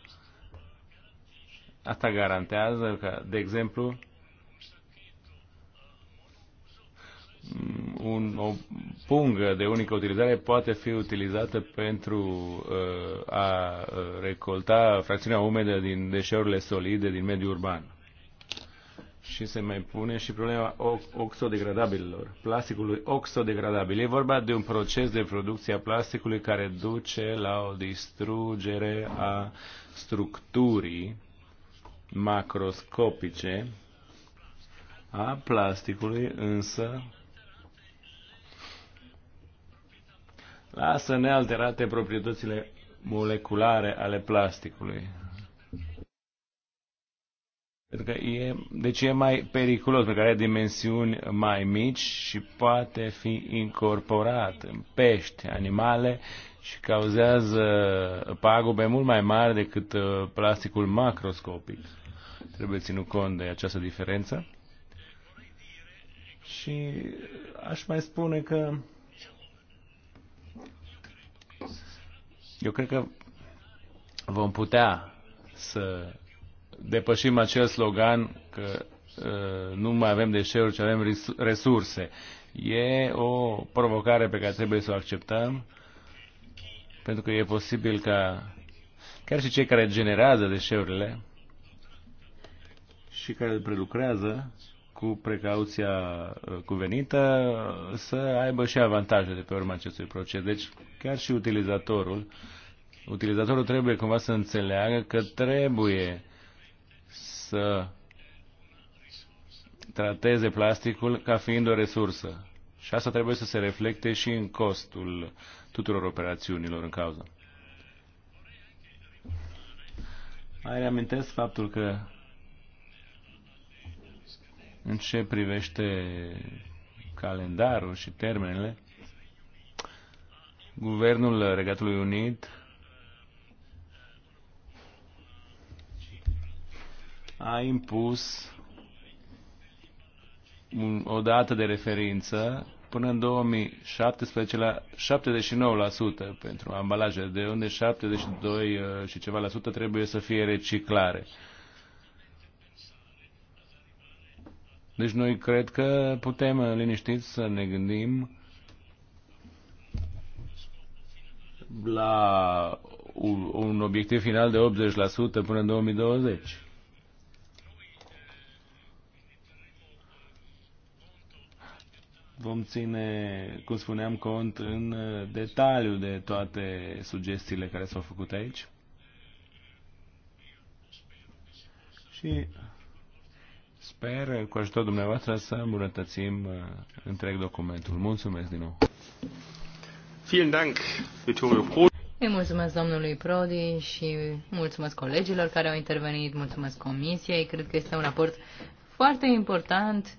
Asta garantează că, de exemplu, un, o pungă de unică utilizare poate fi utilizată pentru uh, a uh, recolta fracțiunea umedă din deșeurile solide din mediul urban. Și se mai pune și problema oxodegradabililor, plasticului oxodegradabil. E vorba de un proces de producție a plasticului care duce la o distrugere a structurii macroscopice a plasticului, însă lasă nealterate proprietățile moleculare ale plasticului. Pentru că e, deci e mai periculos, pentru că are dimensiuni mai mici și poate fi incorporat în pești, animale și cauzează pagube mult mai mari decât uh, plasticul macroscopic. Trebuie ținut cont de această diferență. Și aș mai spune că eu cred că vom putea să depășim acel slogan că uh, nu mai avem deșeuri, ci avem resurse. E o provocare pe care trebuie să o acceptăm, pentru că e posibil ca chiar și cei care generează deșeurile și care îl prelucrează cu precauția uh, cuvenită să aibă și avantaje de pe urma acestui proces. Deci chiar și utilizatorul, utilizatorul trebuie cumva să înțeleagă că trebuie să trateze plasticul ca fiind o resursă. Și asta trebuie să se reflecte și în costul tuturor operațiunilor în cauză. Mai reamintesc faptul că în ce privește calendarul și termenele, Guvernul Regatului Unit a impus o dată de referință până în 2017 la 79% pentru ambalaje, de unde 72 uh, și ceva la sută trebuie să fie reciclare. Deci noi cred că putem uh, liniștiți să ne gândim la un, obiectiv final de 80% până în 2020. Vom ține, cum spuneam, cont în uh, detaliu de toate sugestiile care s-au făcut aici. Și sper cu ajutorul dumneavoastră să îmbunătățim uh, întreg documentul. Mulțumesc din nou! Vielen Dank, Îi mulțumesc domnului Prodi și mulțumesc colegilor care au intervenit, mulțumesc comisiei. Cred că este un raport foarte important.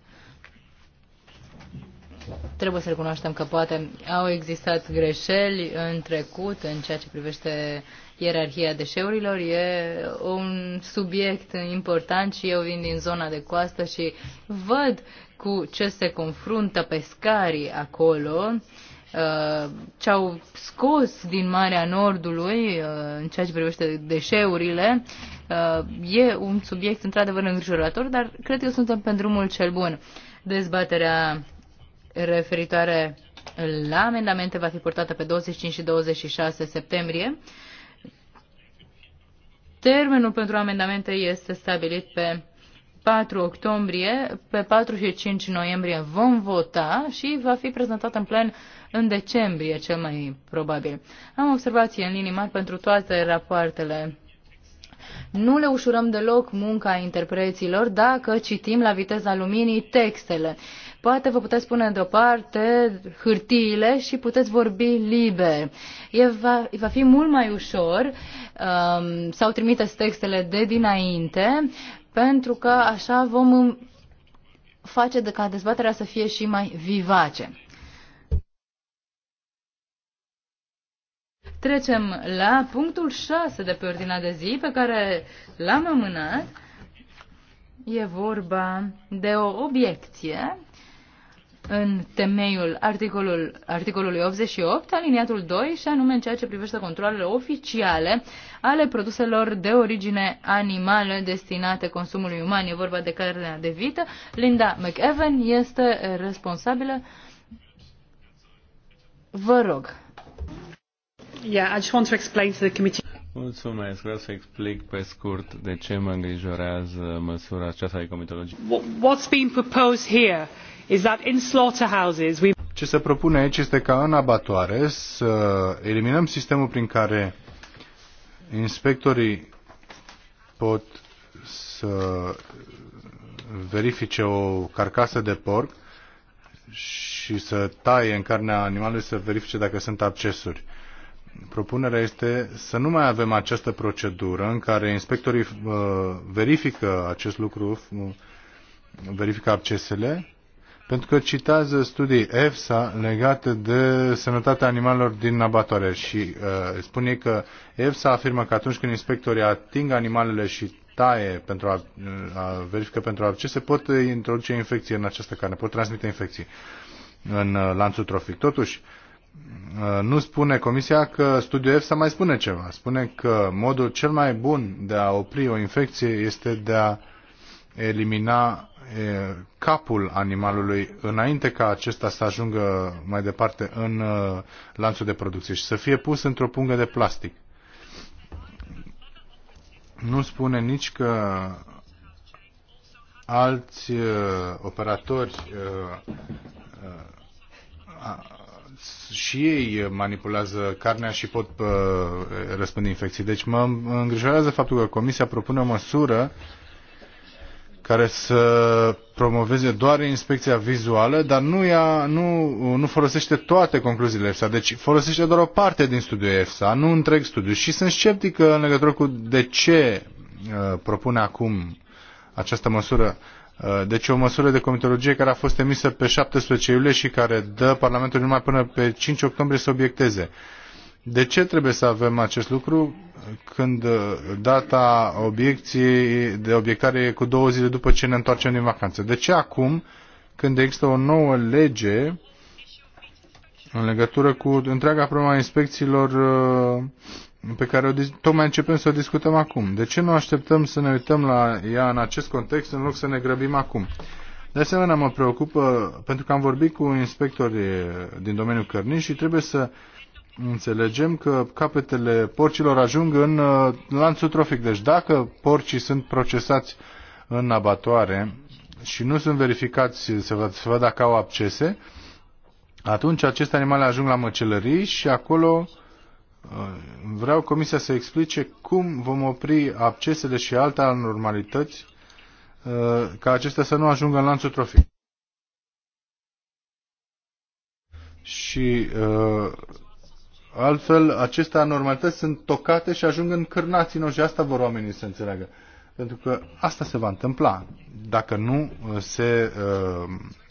Trebuie să recunoaștem că poate au existat greșeli în trecut în ceea ce privește Ierarhia deșeurilor e un subiect important și eu vin din zona de coastă și văd cu ce se confruntă pescarii acolo, uh, ce au scos din Marea Nordului uh, în ceea ce privește deșeurile. Uh, e un subiect într-adevăr îngrijorător, dar cred că suntem pe drumul cel bun. Dezbaterea referitoare la amendamente va fi portată pe 25 și 26 septembrie Termenul pentru amendamente este stabilit pe 4 octombrie, pe 4 și 5 noiembrie vom vota și va fi prezentat în plen în decembrie, cel mai probabil. Am observații în linii mari pentru toate rapoartele. Nu le ușurăm deloc munca interpreților dacă citim la viteza luminii textele. Poate vă puteți pune deoparte hârtiile și puteți vorbi liber. E va, va fi mult mai ușor um, sau trimiteți textele de dinainte, pentru că așa vom face de ca dezbaterea să fie și mai vivace. Trecem la punctul 6 de pe ordinea de zi pe care l-am amânat. E vorba de o obiecție în temeiul articolul, articolului 88, aliniatul 2, și anume în ceea ce privește controlele oficiale ale produselor de origine animală destinate consumului uman. E vorba de carnea de vită. Linda McEwen este responsabilă. Vă rog. Yeah, I just want to explain to the committee. Mulțumesc. Vreau să explic pe scurt de ce mă îngrijorează măsura aceasta de comitologie. What's been proposed here ce se propune aici este ca în abatoare să eliminăm sistemul prin care inspectorii pot să verifice o carcasă de porc și să taie în carnea animalului să verifice dacă sunt abcesuri. Propunerea este să nu mai avem această procedură în care inspectorii uh, verifică acest lucru, uh, verifică abcesele pentru că citează studii EFSA legate de sănătatea animalelor din abatoare și uh, spune că EFSA afirmă că atunci când inspectorii ating animalele și taie pentru a, uh, a verifică pentru a ce se pot introduce infecții în această carne, pot transmite infecții în uh, lanțul trofic. Totuși, uh, nu spune Comisia că studiul EFSA mai spune ceva. Spune că modul cel mai bun de a opri o infecție este de a elimina capul animalului înainte ca acesta să ajungă mai departe în uh, lanțul de producție și să fie pus într-o pungă de plastic. Nu spune nici că alți uh, operatori uh, și ei manipulează carnea și pot răspunde răspândi infecții. Deci mă îngrijorează faptul că Comisia propune o măsură care să promoveze doar inspecția vizuală, dar nu, ia, nu, nu folosește toate concluziile EFSA. Deci folosește doar o parte din studiul EFSA, nu întreg studiu. Și sunt sceptic în legătură cu de ce uh, propune acum această măsură. Uh, deci o măsură de comitologie care a fost emisă pe 17 iulie și care dă Parlamentului numai până pe 5 octombrie să obiecteze. Uh, de ce trebuie să avem acest lucru când uh, data obiecției de obiectare e cu două zile după ce ne întoarcem din vacanță? De ce acum, când există o nouă lege în legătură cu întreaga problema inspecțiilor uh, pe care o, tocmai începem să o discutăm acum. De ce nu așteptăm să ne uităm la ea în acest context în loc să ne grăbim acum? De asemenea, mă preocupă pentru că am vorbit cu inspectori din domeniul cărnii și trebuie să uh, înțelegem că capetele porcilor ajung în uh, lanțul trofic. Deci dacă porcii sunt procesați în abatoare și nu sunt verificați să vadă dacă au abcese, atunci aceste animale ajung la măcelării și acolo uh, vreau Comisia să explice cum vom opri abcesele și alte anormalități uh, ca acestea să nu ajungă în lanțul trofic. Și uh, Altfel, aceste anormalități sunt tocate și ajung în cârnații noștri. Asta vor oamenii să înțeleagă. Pentru că asta se va întâmpla dacă nu uh, se uh,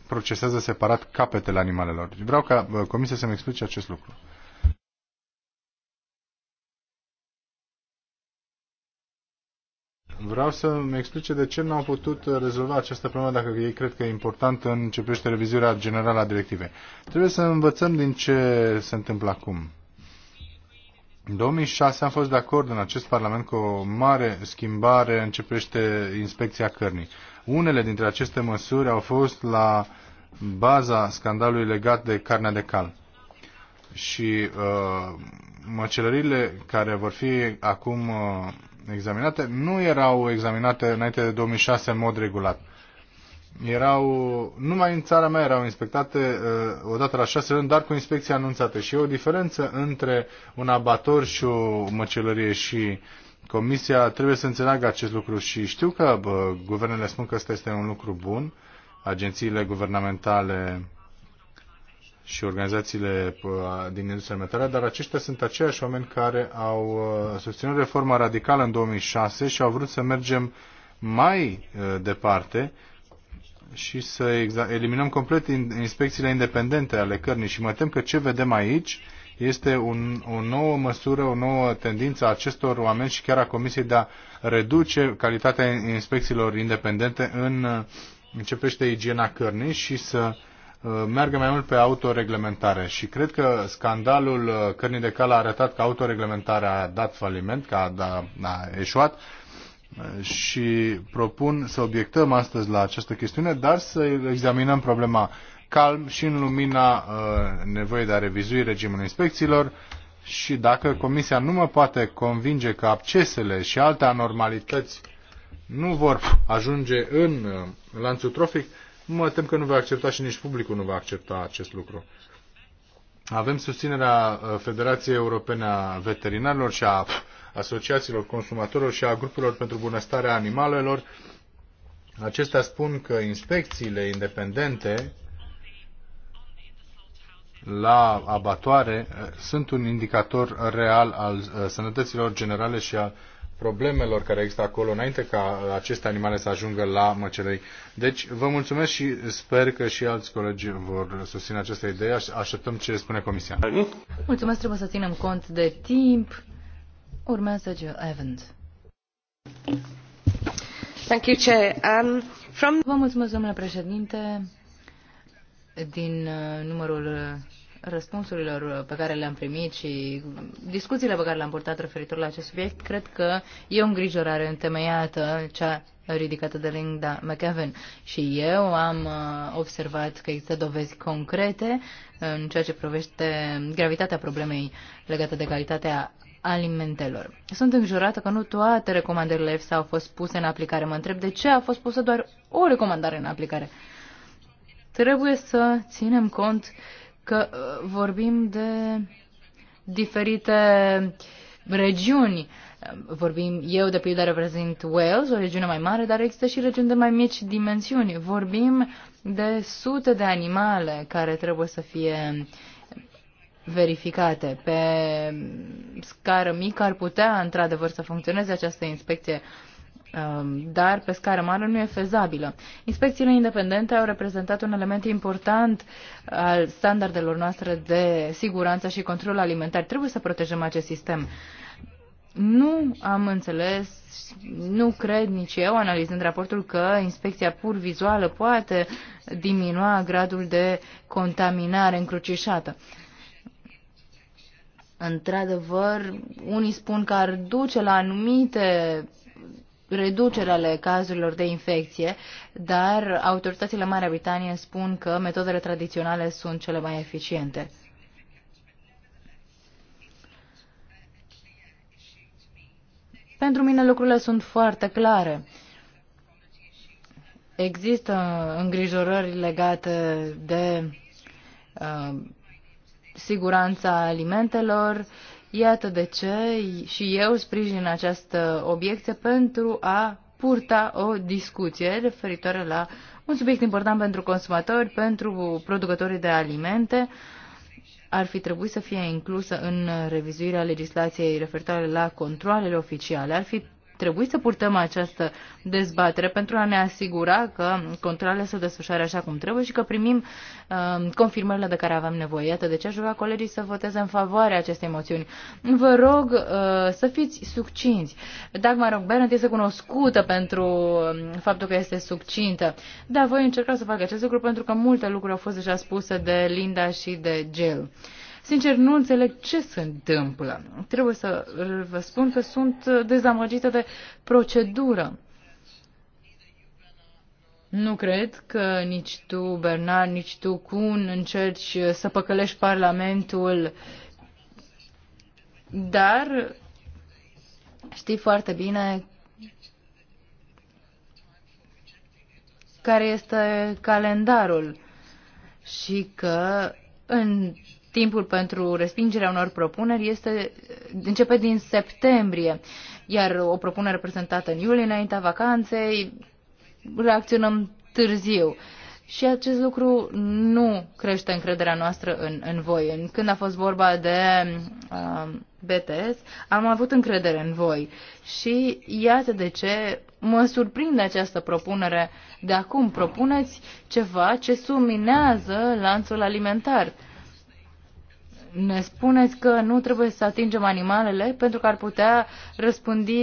procesează separat capetele animalelor. Deci vreau ca uh, Comisia să-mi explice acest lucru. Vreau să-mi explice de ce n-au putut uh, rezolva această problemă dacă ei cred că e important în ce privește revizuirea generală a directivei. Trebuie să învățăm din ce se întâmplă acum. În 2006 am fost de acord în acest Parlament cu o mare schimbare în ce privește inspecția cărnii. Unele dintre aceste măsuri au fost la baza scandalului legat de carnea de cal. Și uh, măcelările care vor fi acum uh, examinate nu erau examinate înainte de 2006 în mod regulat erau, numai în țara mea erau inspectate uh, odată la șase luni, dar cu inspecție anunțată. Și e o diferență între un abator și o măcelărie și comisia trebuie să înțeleagă acest lucru și știu că bă, guvernele spun că ăsta este un lucru bun, agențiile guvernamentale și organizațiile din industria alimentară, dar aceștia sunt aceiași oameni care au uh, susținut reforma radicală în 2006 și au vrut să mergem mai uh, departe și să eliminăm complet inspecțiile independente ale cărnii și mă tem că ce vedem aici este un, o nouă măsură, o nouă tendință a acestor oameni și chiar a Comisiei de a reduce calitatea inspecțiilor independente în uh, începește igiena cărnii și să uh, meargă mai mult pe autoreglementare. Și cred că scandalul uh, cărnii de cal a arătat că autoreglementarea a dat faliment, că a, a, da, a eșuat și propun să obiectăm astăzi la această chestiune, dar să examinăm problema calm și în lumina uh, nevoii de a revizui regimul inspecțiilor și dacă Comisia nu mă poate convinge că abcesele și alte anormalități nu vor ajunge în uh, lanțul trofic, mă tem că nu va accepta și nici publicul nu va accepta acest lucru. Avem susținerea uh, Federației Europene a Veterinarilor și a asociațiilor consumatorilor și a grupurilor pentru bunăstarea animalelor. Acestea spun că inspecțiile independente la abatoare eh, sunt un indicator real al eh, sănătăților generale și a problemelor care există acolo înainte ca aceste animale să ajungă la măcelei. Deci vă mulțumesc și sper că și alți colegi vor susține această idee. Așteptăm ce spune Comisia. Mulțumesc, trebuie să ținem cont de timp. Urmează Jill Evans. Thank you, Chair. Um, from... Vă mulțumesc, domnule președinte. Din uh, numărul uh, răspunsurilor uh, pe care le-am primit și discuțiile pe care le-am purtat referitor la acest subiect, cred că e o îngrijorare întemeiată, cea ridicată de Linda McEwen. Și eu am observat că există dovezi concrete în ceea ce privește gravitatea problemei legată de calitatea alimentelor. Sunt înjurată că nu toate recomandările EFSA au fost puse în aplicare. Mă întreb de ce a fost pusă doar o recomandare în aplicare. Trebuie să ținem cont că uh, vorbim de diferite regiuni. Uh, vorbim, eu de pildă reprezint Wales, o regiune mai mare, dar există și regiuni de mai mici dimensiuni. Vorbim de sute de animale care trebuie să fie verificate. Pe scară mică ar putea, într-adevăr, să funcționeze această inspecție um, dar pe scară mare nu e fezabilă. Inspecțiile independente au reprezentat un element important al standardelor noastre de siguranță și control alimentar. Trebuie să protejăm acest sistem. Nu am înțeles, nu cred nici eu, analizând raportul, că inspecția pur vizuală poate diminua gradul de contaminare încrucișată. Într-adevăr, unii spun că ar duce la anumite reduceri ale cazurilor de infecție, dar autoritățile Marea Britanie spun că metodele tradiționale sunt cele mai eficiente. Pentru mine lucrurile sunt foarte clare. Există îngrijorări legate de uh, siguranța alimentelor. Iată de ce și eu sprijin această obiecție pentru a purta o discuție referitoare la un subiect important pentru consumatori, pentru producătorii de alimente. Ar fi trebuit să fie inclusă în revizuirea legislației referitoare la controlele oficiale. Ar fi trebui să purtăm această dezbatere pentru a ne asigura că controlele se desfășoară așa cum trebuie și că primim uh, confirmările de care avem nevoie. Iată de ce aș vrea colegii să voteze în favoarea acestei moțiuni. Vă rog uh, să fiți succinți. Dagmar Bernard este cunoscută pentru um, faptul că este succintă, dar voi încerca să fac acest lucru pentru că multe lucruri au fost deja spuse de Linda și de Jill. Uh, Sincer, nu înțeleg ce se întâmplă. Trebuie să vă spun că sunt dezamăgită de procedură. Nu cred că nici tu, Bernard, nici tu, Kun, încerci să păcălești Parlamentul, dar știi foarte bine care este calendarul și că în Timpul pentru respingerea unor propuneri este, începe din septembrie, iar o propunere prezentată în iulie, înaintea vacanței, reacționăm târziu. Și acest lucru nu crește încrederea noastră în, în voi. Când a fost vorba de uh, BTS, am avut încredere în voi. Și iată de ce mă surprinde această propunere de acum. Propuneți ceva ce suminează lanțul alimentar. Uh, ne spuneți că nu trebuie să atingem animalele pentru că ar putea răspândi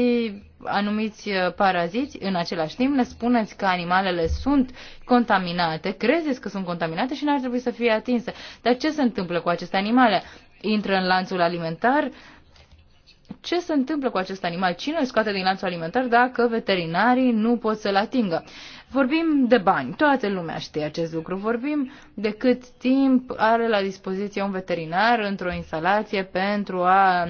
anumiți uh, paraziți. În același timp ne spuneți că animalele sunt contaminate, credeți că sunt contaminate și n-ar trebui să fie atinse. Dar ce se întâmplă cu aceste animale? Intră în lanțul alimentar? Ce se întâmplă cu acest animal? Cine îl scoate din lanțul alimentar dacă veterinarii nu pot să-l atingă? Uh, Vorbim de bani, toată lumea știe acest lucru. Vorbim de cât timp are la dispoziție un veterinar într-o instalație pentru a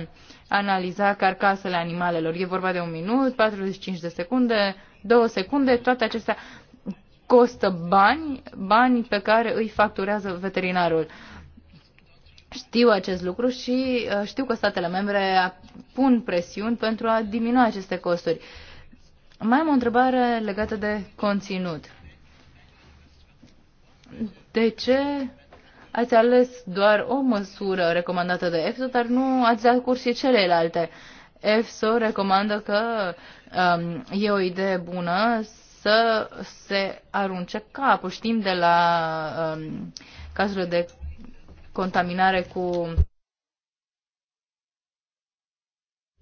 analiza carcasele animalelor. E vorba de un minut, 45 de secunde, două secunde, toate acestea costă bani, bani pe care îi facturează veterinarul. Știu acest lucru și uh, știu că statele membre pun presiuni pentru a diminua aceste costuri. Uh, mai am o întrebare legată de conținut. De ce ați ales doar o măsură recomandată de EFSO, dar nu ați dat curs și celelalte? EFSO recomandă că um, e o idee bună să se arunce capul. Știm de la um, cazurile de contaminare cu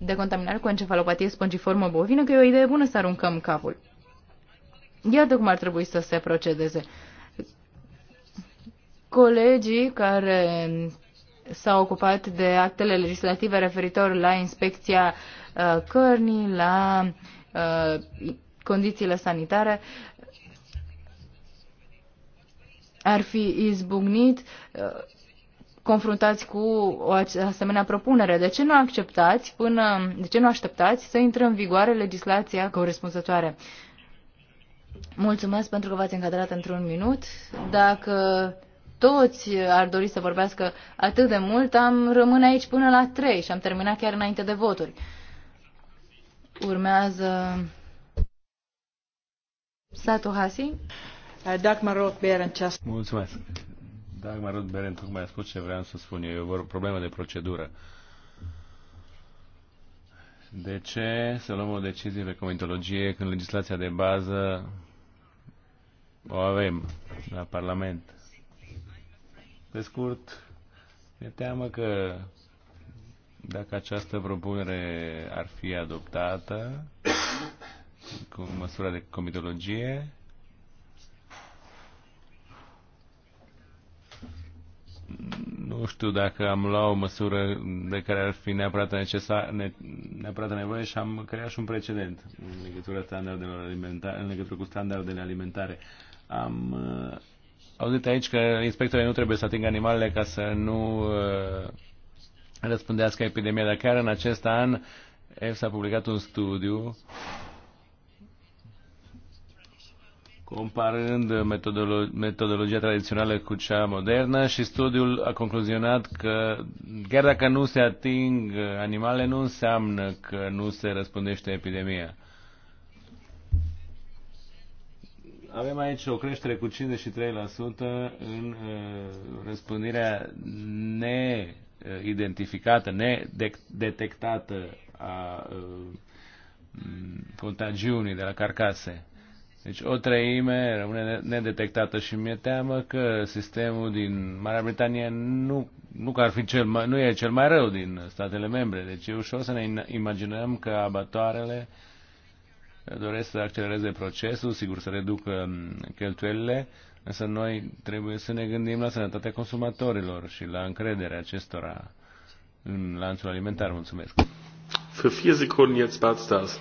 de contaminare cu encefalopatie spongiformă bovină, că e o idee bună să aruncăm capul. Iată cum ar trebui să se procedeze. Colegii care s-au ocupat de actele legislative referitor la inspecția uh, cărnii, la uh, condițiile sanitare, ar fi izbucnit uh, confruntați cu o asemenea propunere? De ce nu acceptați până, de ce nu așteptați să intre în vigoare legislația corespunzătoare? Mulțumesc pentru că v-ați încadrat într-un minut. Dacă toți ar dori să vorbească atât de mult, am rămâne aici până la 3 și am terminat chiar înainte de voturi. Urmează Satu Hasi. Dagmar Roth Mulțumesc. Dagmar Rudberen tocmai a spus ce vreau să spun eu. E o problemă de procedură. De ce să luăm o decizie pe comitologie când legislația de bază o avem la Parlament? Pe scurt, mi teamă că dacă această propunere ar fi adoptată cu măsura de comitologie, nu știu dacă am luat o măsură de care ar fi neapărat, necesar, ne, neapărat nevoie și am creat și un precedent în legătură, standardelor alimentare, în legătură cu standardele alimentare. Am uh, auzit aici că inspectorii nu trebuie să atingă animalele ca să nu uh, răspundească epidemia, dar chiar în acest an EFSA a publicat un studiu comparând metodolo- metodologia tradițională cu cea modernă și studiul a concluzionat că chiar dacă nu se ating animale, nu înseamnă că nu se răspundește epidemia. Avem aici o creștere cu 53% în uh, răspândirea neidentificată, nedetectată a uh, contagiunii de la carcase. Deci o treime rămâne nedetectată și mi-e teamă că sistemul din Marea Britanie nu, nu, că ar fi cel mai, nu e cel mai rău din statele membre. Deci e ușor să ne imaginăm că abatoarele doresc să accelereze procesul, sigur să reducă mm, cheltuielile, însă noi trebuie să ne gândim la sănătatea consumatorilor și la încrederea acestora în lanțul alimentar. Mulțumesc! Für vier Sekunden jetzt Bart Stars.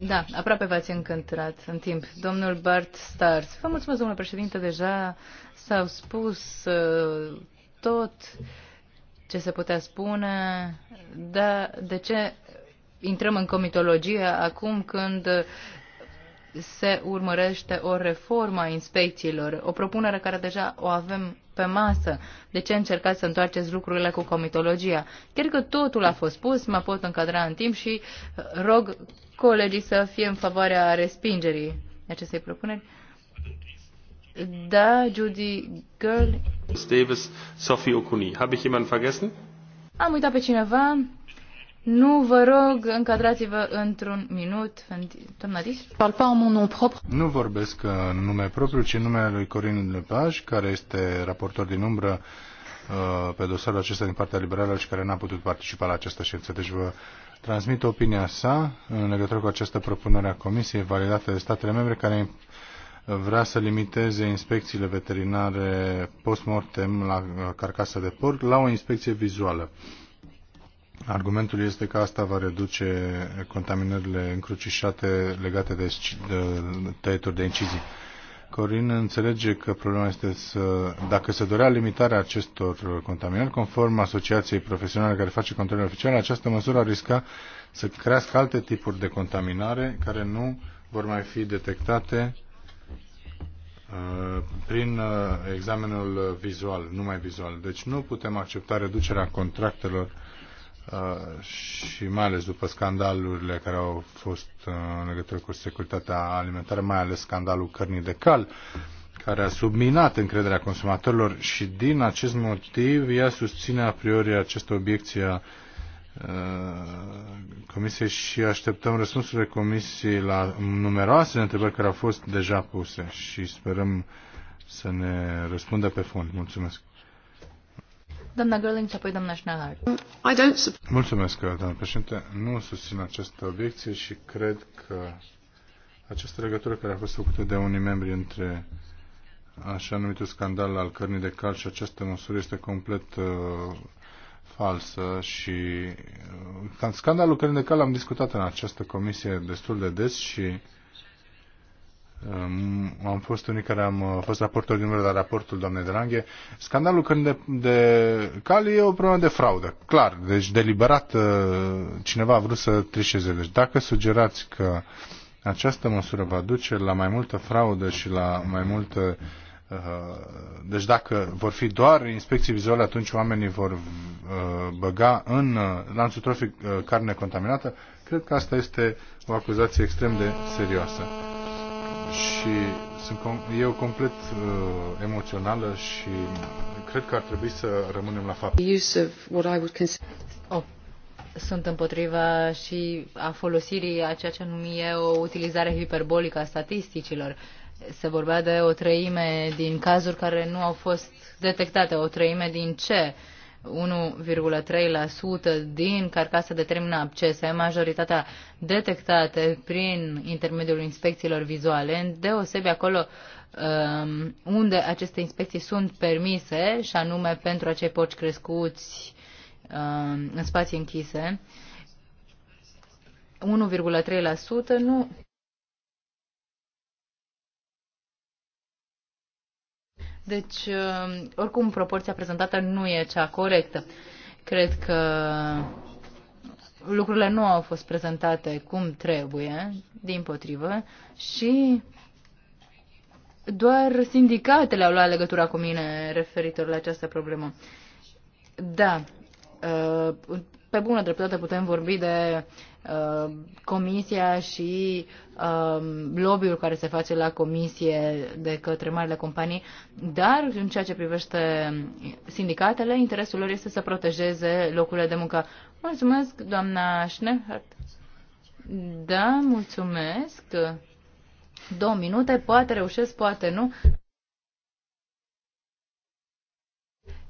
Da, aproape v-ați încântrat în timp. Domnul Bart Stars. Vă mulțumesc, domnule președinte, deja s-au spus uh, tot ce se putea spune, dar de ce intrăm în comitologie acum când se urmărește o reformă a inspecțiilor, o propunere care deja o avem pe masă. De ce încercați să întoarceți lucrurile cu comitologia? Cred că totul a fost spus, mă pot încadra în timp și uh, rog colegii să fie în favoarea respingerii acestei propuneri. Da, Judy Girl. Davis, Sophie Okuni. Habe ich jemanden vergessen? Am uitat pe cineva. Nu vă rog, încadrați-vă într-un minut, doamna propriu. Nu vorbesc în nume propriu, ci în numele lui Corin Lepaj, care este raportor din umbră uh, pe dosarul acesta din partea liberală și care n-a putut participa la această ședință. Deci vă transmit opinia sa în legătură cu această propunere a Comisiei validată de statele membre care uh, vrea să limiteze inspecțiile veterinare post-mortem la carcasa de porc la o inspecție vizuală. Argumentul este că asta va reduce contaminările încrucișate legate de, de tăieturi de incizii. Corin înțelege că problema este să, dacă se dorea limitarea acestor contaminări, conform asociației profesionale care face controlul oficial, această măsură ar risca să crească alte tipuri de contaminare care nu vor mai fi detectate uh, prin uh, examenul vizual, numai vizual. Deci nu putem accepta reducerea contractelor Uh, și mai ales după scandalurile care au fost uh, în legătură cu securitatea alimentară, mai ales scandalul cărnii de cal, care a subminat încrederea consumatorilor și din acest motiv ea susține a priori această obiecție a uh, Comisiei și așteptăm răspunsurile Comisiei la numeroase întrebări care au fost deja puse și sperăm să ne răspundă pe fond. Mulțumesc. Doamna Gerling apoi doamna Mulțumesc, doamna președinte. Nu susțin această obiecție și cred că această legătură care a fost făcută de unii membri între așa numitul scandal al cărnii de cal și această măsură este complet uh, falsă și uh, scandalul cărnii de cal am discutat în această comisie destul de des și am fost unii care am uh, fost raportor din la raportul doamnei de Scandalul când de, de cali e o problemă de fraudă, clar. Deci deliberat uh, cineva a vrut să trișeze. Deci dacă sugerați că această măsură va duce la mai multă fraudă și la mai multă uh, deci dacă vor fi doar inspecții vizuale, atunci oamenii vor băga în lanțul trofic carne contaminată. Cred că asta este o acuzație extrem de serioasă și sunt, eu complet uh, emoțională și cred că ar trebui să rămânem la fapt. Oh, sunt împotriva și a folosirii a ceea ce numi eu o utilizare hiperbolică a statisticilor. Se vorbea de o treime din cazuri care nu au fost detectate, o treime din ce? 1,3% din carcasă determină abcese, majoritatea detectate prin intermediul inspecțiilor vizuale, deosebi acolo um, unde aceste inspecții sunt permise, și anume pentru acei porci crescuți um, în spații închise. 1,3% nu Deci, um, oricum, proporția prezentată nu e cea corectă. Cred că lucrurile nu au fost prezentate cum trebuie, din potrivă, și doar sindicatele au luat legătura cu mine referitor la această problemă. Da, uh, pe bună dreptate putem vorbi de Uh, comisia și um, lobby-ul care se face la comisie de către marile companii, dar în ceea ce privește sindicatele, interesul lor este să protejeze locurile de muncă. Mulțumesc, doamna Schneehart. Da, mulțumesc. Două minute, poate reușesc, poate nu.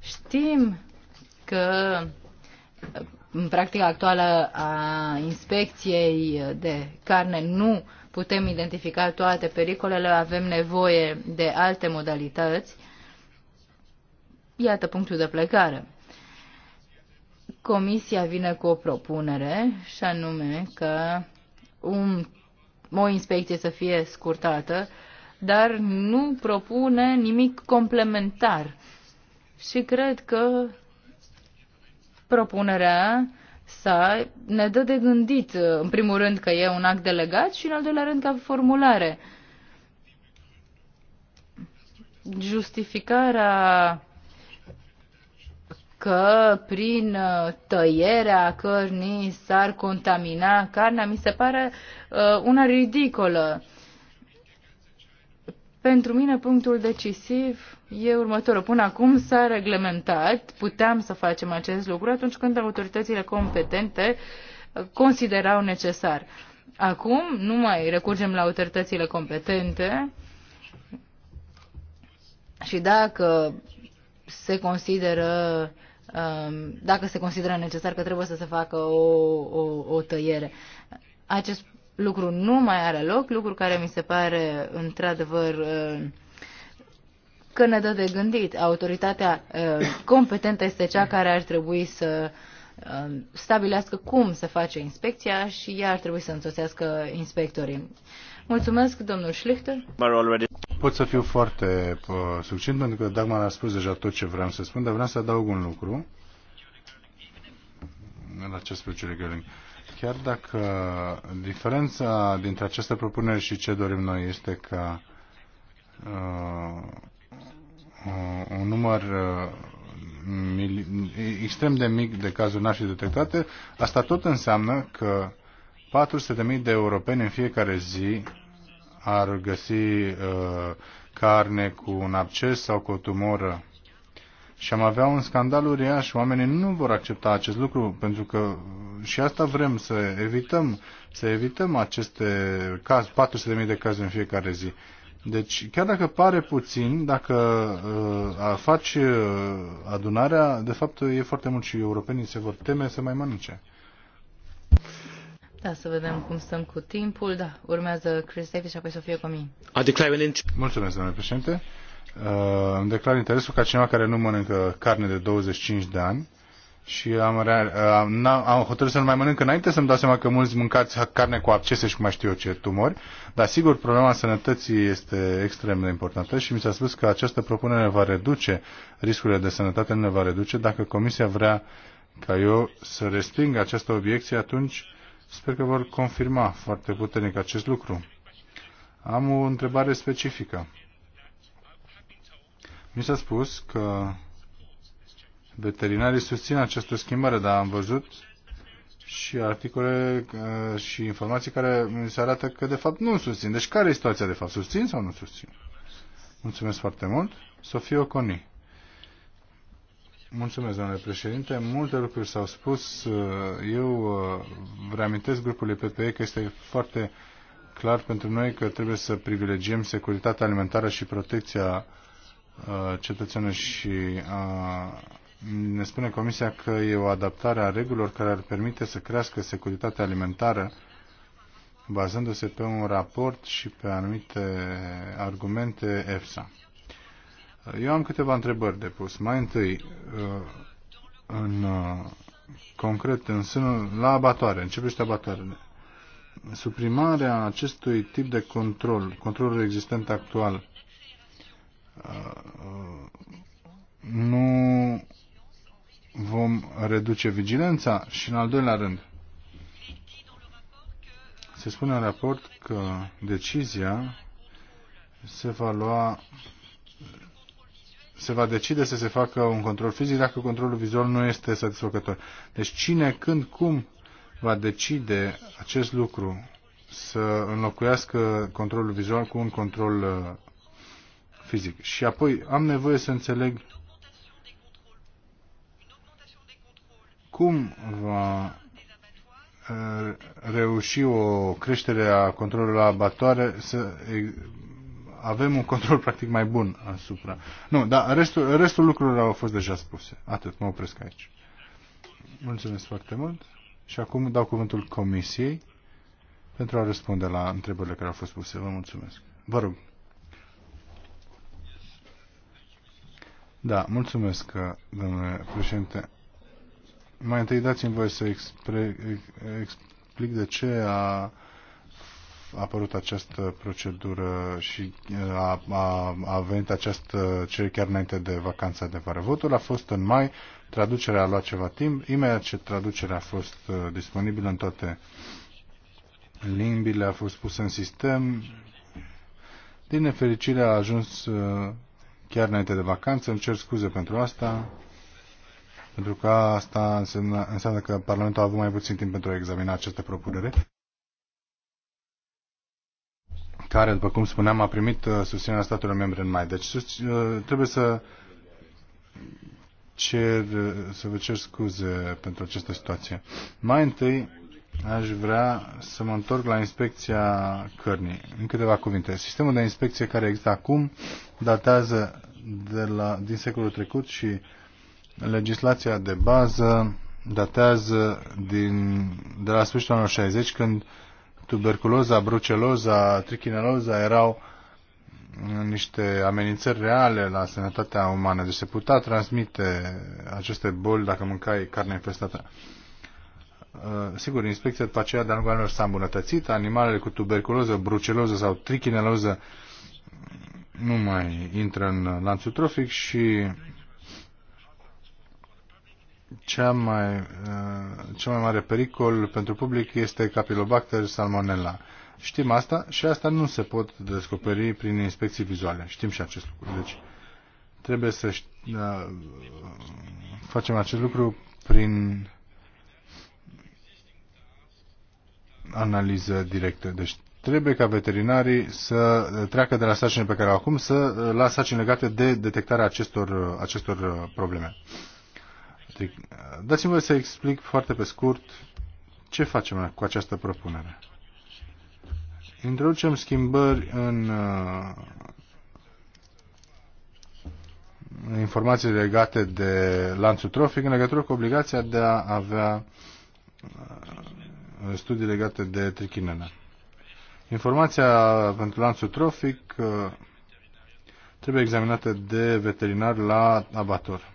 Știm că în practica actuală a inspecției de carne nu putem identifica toate pericolele, avem nevoie de alte modalități. Iată punctul de plecare. Comisia vine cu o propunere și anume că un, o inspecție să fie scurtată, dar nu propune nimic complementar. Și cred că propunerea să ne dă de gândit, în primul rând, că e un act delegat și, în al doilea rând, ca formulare. Justificarea că prin uh, tăierea cărnii s-ar contamina carnea, mi se pare uh, una ridicolă. Uh, pentru mine punctul decisiv e următorul. Până acum s-a reglementat, puteam să facem acest lucru atunci când autoritățile competente uh, considerau necesar. Acum nu mai recurgem la autoritățile competente și dacă se consideră um, dacă se consideră necesar că trebuie să se facă o, o, o tăiere. Acest lucru nu mai are loc, lucru care mi se pare într-adevăr uh, că ne dă de gândit. Autoritatea uh, competentă este cea care ar trebui să uh, stabilească cum se face inspecția și ea ar trebui să însoțească inspectorii. Mulțumesc, domnul Schlichter. Pot să fiu foarte succint pentru că Dagmar a spus deja tot ce vreau să spun, dar vreau să adaug un lucru la acest procedură. Chiar dacă diferența dintre aceste propuneri și ce dorim noi este că uh, uh, un număr uh, extrem de mic de cazuri n-ar fi detectate, asta tot înseamnă că 400.000 de europeni în fiecare zi ar găsi uh, carne cu un abces sau cu o tumoră și am avea un scandal uriaș. Oamenii nu vor accepta acest lucru pentru că uh, și asta vrem să evităm, să evităm aceste caz, 400.000 de cazuri în fiecare zi. Deci, chiar dacă pare puțin, dacă uh, faci uh, adunarea, de fapt e foarte mult și europenii se vor teme să mai mănânce. Da, să vedem cum stăm cu timpul. Da, urmează Chris Davis și apoi Sofia Comin. Mulțumesc, domnule președinte îmi declar interesul ca cineva care nu mănâncă carne de 25 de ani și am, am, am hotărât să nu mai mănânc înainte să-mi dau seama că mulți mâncați carne cu abcese și cum mai știu eu ce tumori, dar sigur problema sănătății este extrem de importantă și mi s-a spus că această propunere va reduce riscurile de sănătate, nu le va reduce. Dacă Comisia vrea ca eu să resping această obiecție, atunci sper că vor confirma foarte puternic acest lucru. Am o întrebare specifică. Mi s-a spus că veterinarii susțin această schimbare, dar am văzut și articole uh, și informații care mi se arată că de fapt nu susțin. Deci care e situația de fapt? Susțin sau nu susțin? Mulțumesc foarte mult. Sofia Oconi. Mulțumesc, domnule președinte. Multe lucruri s-au spus. Uh, eu uh, reamintesc grupului PPE că este foarte clar pentru noi că trebuie să privilegiem securitatea alimentară și protecția Uh, cetățenă și uh, ne spune Comisia că e o adaptare a regulilor care ar permite să crească securitatea alimentară bazându-se pe un raport și pe anumite argumente EFSA. Uh, eu am câteva întrebări de pus. Mai întâi, în concret, în sânul, la abatoare, începește abatoarele. Suprimarea acestui tip de control, controlul existent actual, nu vom reduce vigilența și în al doilea rând se spune în raport că decizia se va lua se va decide să se facă un control fizic dacă controlul vizual nu este satisfăcător. Deci cine, când, cum va decide acest lucru să înlocuiască controlul vizual cu un control uh, fizic. Și apoi am nevoie să înțeleg cum va uh, reuși o creștere a controlului la abatoare să avem un control practic mai bun asupra. Nu, dar restul, restul lucrurilor au fost deja spuse. Atât, mă opresc aici. Mulțumesc foarte mult. Și acum dau cuvântul Comisiei pentru a răspunde la întrebările care au fost puse. Vă mulțumesc. Vă rog. Da, mulțumesc, domnule președinte. Mai întâi dați-mi voie să expre, explic de ce a apărut această procedură și a, a, a venit această cerere chiar înainte de vacanța de vară. Votul a fost în mai, traducerea a luat ceva timp, imediat ce traducerea a fost uh, disponibilă în toate limbile, a fost pusă în sistem. Din nefericire a ajuns uh, chiar înainte de vacanță. Îmi cer scuze pentru asta, pentru că asta înseamnă, înseamnă că Parlamentul a avut mai puțin timp pentru a examina această propunere care, după cum spuneam, a primit uh, susținerea statelor membre în mai. Deci uh, trebuie să cer, uh, să vă cer scuze pentru această situație. Mai întâi, aș vrea să mă întorc la inspecția cărnii. În câteva cuvinte. Sistemul de inspecție care există acum datează de la, din secolul trecut și legislația de bază datează din, de la sfârșitul anului 60 când tuberculoza, bruceloza, trichineloza erau niște amenințări reale la sănătatea umană. Deci se putea transmite aceste boli dacă mâncai carne infestată. Uh, sigur, inspecția după aceea de anul s-a îmbunătățit, animalele cu tuberculoză, bruceloză sau trichineloză nu mai intră în lanțul trofic și cea mai, uh, cea mai mare pericol pentru public este capilobacter salmonella. Știm asta și asta nu se pot descoperi prin inspecții vizuale. Știm și acest lucru. Deci trebuie să uh, facem acest lucru prin analiză directă. Deci trebuie ca veterinarii să treacă de la sarcini pe care au acum să la sarcini legate de detectarea acestor, acestor probleme. Dați-mi voi să explic foarte pe scurt ce facem cu această propunere. Introducem schimbări în informații legate de lanțul trofic în legătură cu obligația de a avea studii legate de trichinele. Informația pentru lanțul trofic uh, trebuie examinată de veterinar la abator.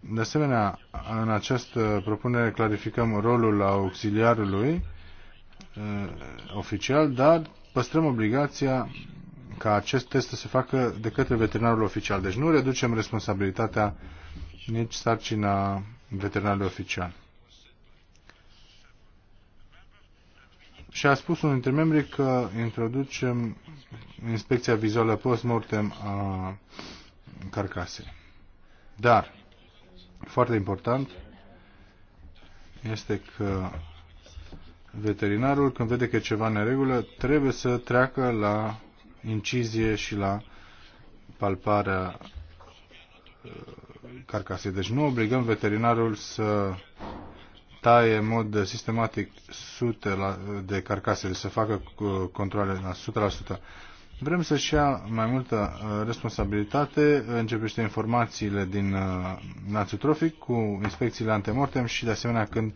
De asemenea, în această propunere clarificăm rolul auxiliarului uh, oficial, dar păstrăm obligația ca acest test să se facă de către veterinarul oficial. Deci nu reducem responsabilitatea nici sarcina veterinarului oficial. și a spus unul dintre membrii că introducem inspecția vizuală post-mortem a carcasei. Dar, foarte important, este că veterinarul, când vede că e ceva neregulă, trebuie să treacă la incizie și la palparea uh, carcasei. Deci nu obligăm veterinarul să taie în mod sistematic sute de carcase, să facă uh, controle la 100%. Vrem să-și ia mai multă uh, responsabilitate, începește informațiile din lanțul uh, trofic cu inspecțiile antemortem și de asemenea când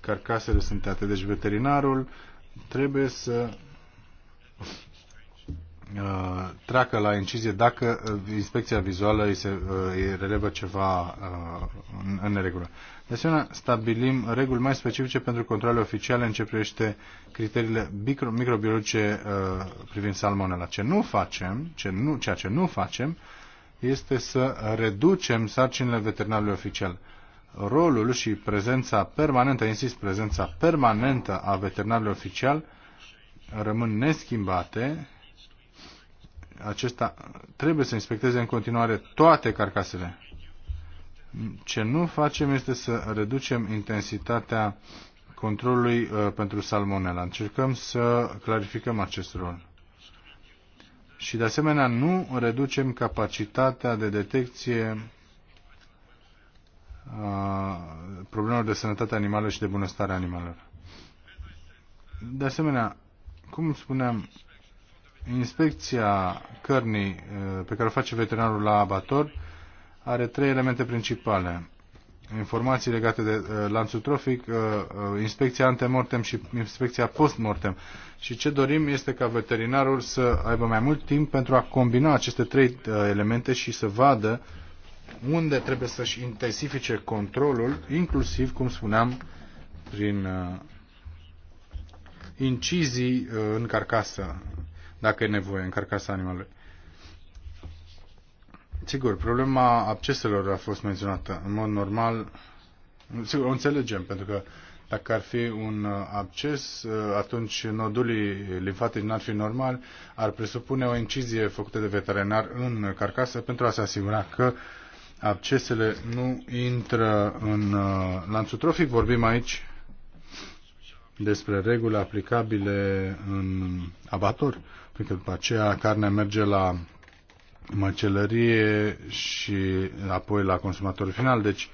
carcasele sunt tate. Deci veterinarul trebuie să Uh, treacă la incizie dacă uh, inspecția vizuală îi, se, uh, îi relevă ceva uh, în neregulă. De asemenea, stabilim reguli mai specifice pentru controle oficiale în ce privește criteriile micro, microbiologice privind salmonella. Ce nu facem, ce nu, ceea ce nu facem, este să reducem sarcinile veterinarului oficial. Rolul și prezența permanentă, insist, prezența permanentă a veterinarului oficial rămân neschimbate acesta trebuie să inspecteze în continuare toate carcasele. Ce nu facem este să reducem intensitatea controlului uh, pentru salmonela. Încercăm să clarificăm acest rol. Și de asemenea nu reducem capacitatea de detecție a uh, problemelor de sănătate animală și de bunăstare animalelor. De asemenea, cum spuneam, Inspecția cărnii eh, pe care o face veterinarul la abator are trei elemente principale. Informații legate de eh, lanțul trofic, eh, inspecția antemortem și inspecția postmortem. Și ce dorim este ca veterinarul să aibă mai mult timp pentru a combina aceste trei elemente și să vadă unde trebuie să-și intensifice controlul, inclusiv, cum spuneam, prin incizii în carcasă dacă e nevoie, în carcasa animalului. Sigur, problema abceselor a fost menționată. În mod normal, sigur, o înțelegem, pentru că dacă ar fi un uh, abces, uh, atunci nodulii limfatici n-ar fi normal, ar presupune o incizie făcută de veterinar în carcasă pentru a se asigura că abcesele nu intră în uh, lanțul trofic. Vorbim aici despre reguli aplicabile în abator pentru că după aceea carnea merge la măcelărie și apoi la consumatorul final. Deci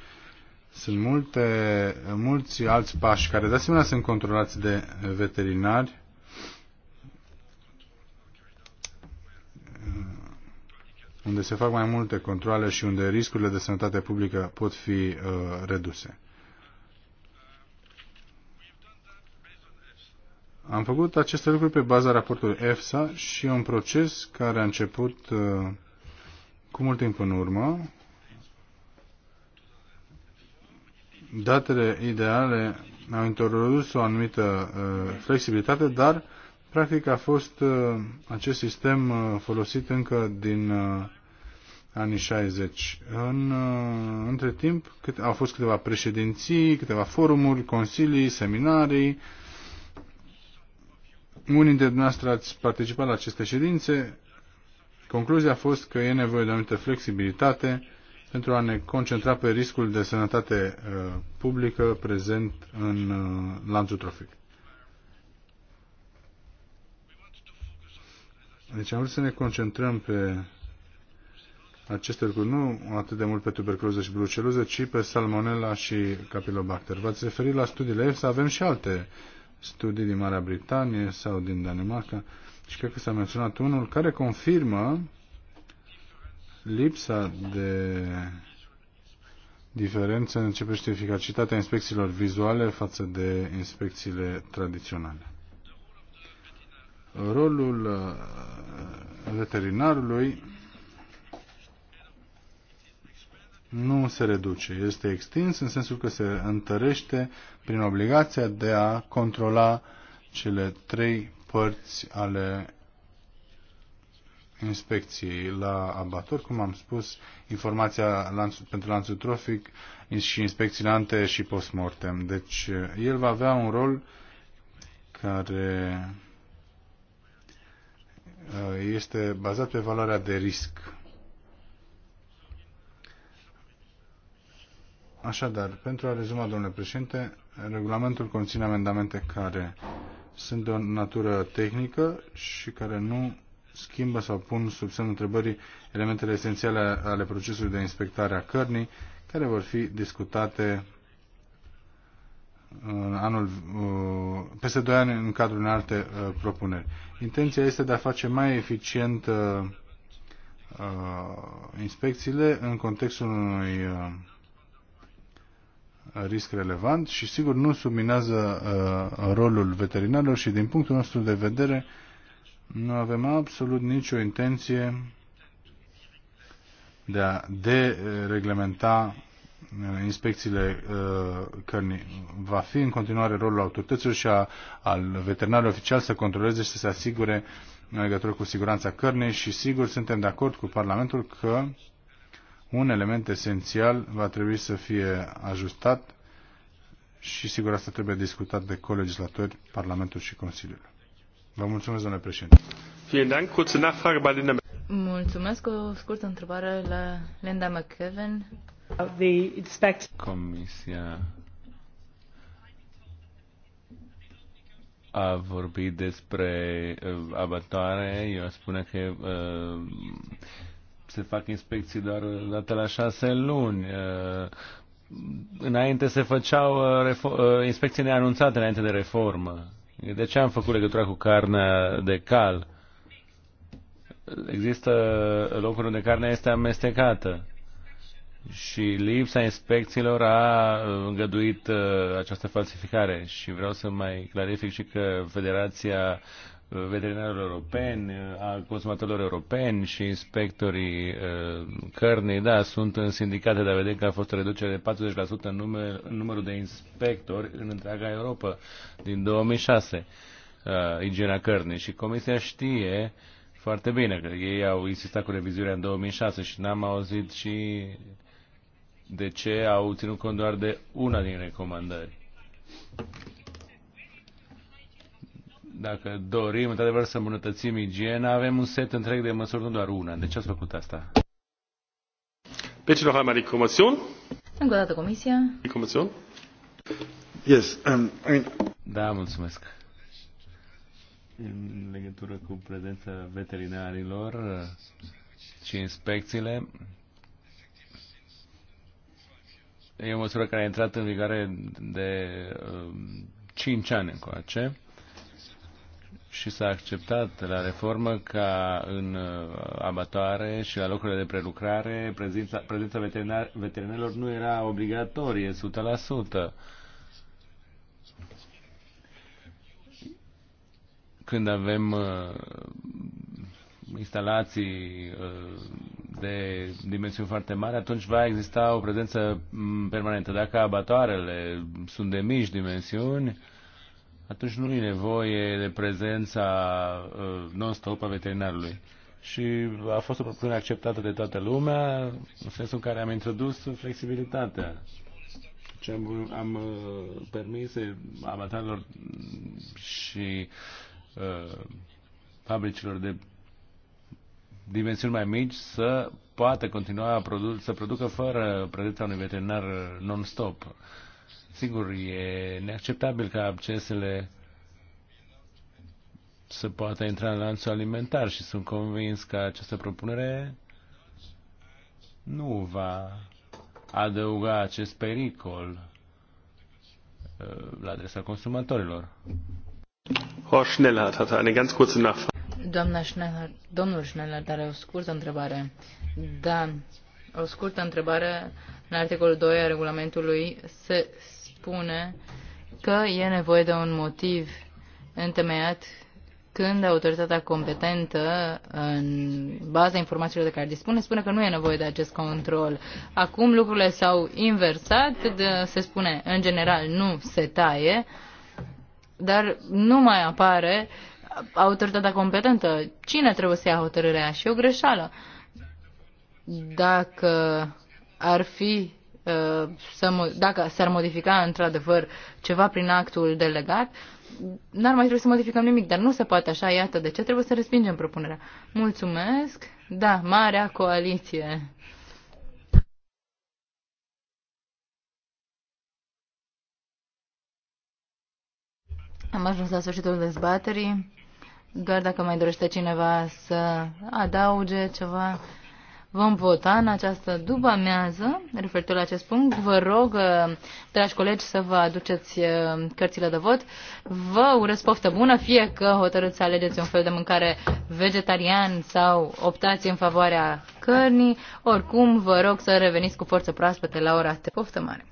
sunt multe, mulți alți pași care de asemenea sunt controlați de veterinari. unde se fac mai multe controle și unde riscurile de sănătate publică pot fi uh, reduse. Am făcut aceste lucruri pe baza raportului EFSA și un proces care a început uh, cu mult timp în urmă. Datele ideale au introdus o anumită uh, flexibilitate, dar practic a fost uh, acest sistem folosit încă din anii 60. În, între timp, au fost câteva președinții, câteva forumuri, consilii, seminarii, unii dintre dumneavoastră ați participat la aceste ședințe. Concluzia a fost că e nevoie de anumită flexibilitate pentru a ne concentra pe riscul de sănătate uh, publică prezent în uh, lanțul trofic. Deci am vrut să ne concentrăm pe aceste lucruri, nu atât de mult pe tuberculoză și bruceloză, ci pe salmonella și capilobacter. V-ați referit la studiile EFSA, avem și alte uh, studii din Marea Britanie sau din Danemarca și cred că s-a menționat unul care confirmă lipsa de diferență în ce privește eficacitatea inspecțiilor vizuale față de inspecțiile tradiționale. Rolul uh, veterinarului nu se reduce, este extins în sensul că se întărește prin obligația de a controla cele trei părți ale inspecției la abator, cum am spus, informația pentru lanțul trofic și inspecțiile ante și postmortem. Deci el va avea un rol care uh, este bazat pe valoarea de risc Așadar, pentru a rezuma, domnule președinte, regulamentul conține amendamente care sunt de o natură tehnică și care nu schimbă sau pun sub semnul întrebării elementele esențiale ale procesului de inspectare a cărnii, care vor fi discutate în anul, uh, peste doi ani în cadrul unei alte uh, propuneri. Intenția este de a face mai eficient uh, inspecțiile în contextul unui Uh, risc relevant și sigur nu subminează uh, rolul veterinarilor și din punctul nostru de vedere nu avem absolut nicio intenție de a dereglementa uh, inspecțiile uh, cărnii. Va fi în continuare rolul autorităților și a, al veterinarului oficial să controleze și să se asigure în legătură cu siguranța cărnii și sigur suntem de acord cu Parlamentul că uh, un element esențial va trebui să fie ajustat și sigur asta trebuie discutat de colegislatori, Parlamentul și Consiliul. Vă mulțumesc, domnule președinte. Mulțumesc. O scurtă întrebare la Linda McKevin. Comisia a vorbit despre uh, abatoare. Eu spune că uh, se fac inspecții doar dată la șase luni. Uh, înainte se făceau uh, uh, inspecții neanunțate înainte de reformă. De ce am făcut legătura cu carnea de cal? Există locuri unde carnea este amestecată și lipsa inspecțiilor a îngăduit această falsificare. Și vreau să mai clarific și că Federația veterinarilor europeni, a consumatorilor europeni și inspectorii cărnii, da, sunt în sindicate, dar vedem că a fost o reducere de 40% în în numărul de inspectori în întreaga Europa din 2006, igiena cărnii. Și Comisia știe foarte bine că ei au insistat cu revizuirea în 2006 și n-am auzit și de ce au ținut cont doar de una din recomandări dacă dorim într-adevăr să îmbunătățim igiena, avem un set întreg de măsuri, nu doar una. De ce ați făcut asta? Pe ce noi mai Kommission. Încă o dată Comisia. Die Yes, um, I mean... Da, mulțumesc. În legătură cu prezența veterinarilor și inspecțiile, e o măsură care a intrat în vigoare de um, 5 ani încoace și s-a acceptat la reformă ca în uh, abatoare și la locurile de prelucrare prezența, prezența veterinar, veterinarilor nu era obligatorie 100%. Când avem uh, instalații uh, de dimensiuni foarte mari, atunci va exista o prezență permanentă. Dacă abatoarele sunt de mici dimensiuni, atunci nu e nevoie de prezența uh, non-stop a veterinarului. Și a fost o propunere acceptată de toată lumea, în sensul în care am introdus flexibilitatea. Ce am, am uh, permis abatarilor și uh, fabricilor de dimensiuni mai mici să poată continua produ- să producă fără prezența unui veterinar non-stop. Uh, Sigur, e neacceptabil ca abcesele să poată intra în lanțul alimentar și sunt convins că această propunere nu va adăuga acest pericol uh, la adresa consumatorilor. Doamna Schnellhardt, domnul Schneller, are o scurtă întrebare. Da, o scurtă întrebare. În articolul 2 a regulamentului se spune că e nevoie de un motiv întemeiat când autoritatea competentă, în baza informațiilor de care dispune, spune că nu e nevoie de acest control. Acum lucrurile s-au inversat, de, se spune în general nu se taie, dar nu mai apare autoritatea competentă. Cine trebuie să ia hotărârea? Și o greșeală. Dacă ar fi Uh, să, dacă s-ar modifica într-adevăr ceva prin actul delegat, n-ar mai trebui să modificăm nimic, dar nu se poate așa, iată de ce trebuie să respingem propunerea. Mulțumesc! Da, Marea Coaliție! Am ajuns la sfârșitul dezbaterii. Doar dacă mai dorește cineva să adauge ceva, Vom vota în această după-amiază, referitor la acest punct. Vă rog, uh, dragi colegi, să vă aduceți uh, cărțile de vot. Vă urez poftă bună, fie că hotărâți să alegeți un fel de mâncare vegetarian sau optați în favoarea cărnii. Oricum, vă rog să reveniți cu forță proaspete la ora 3. Poftă mare!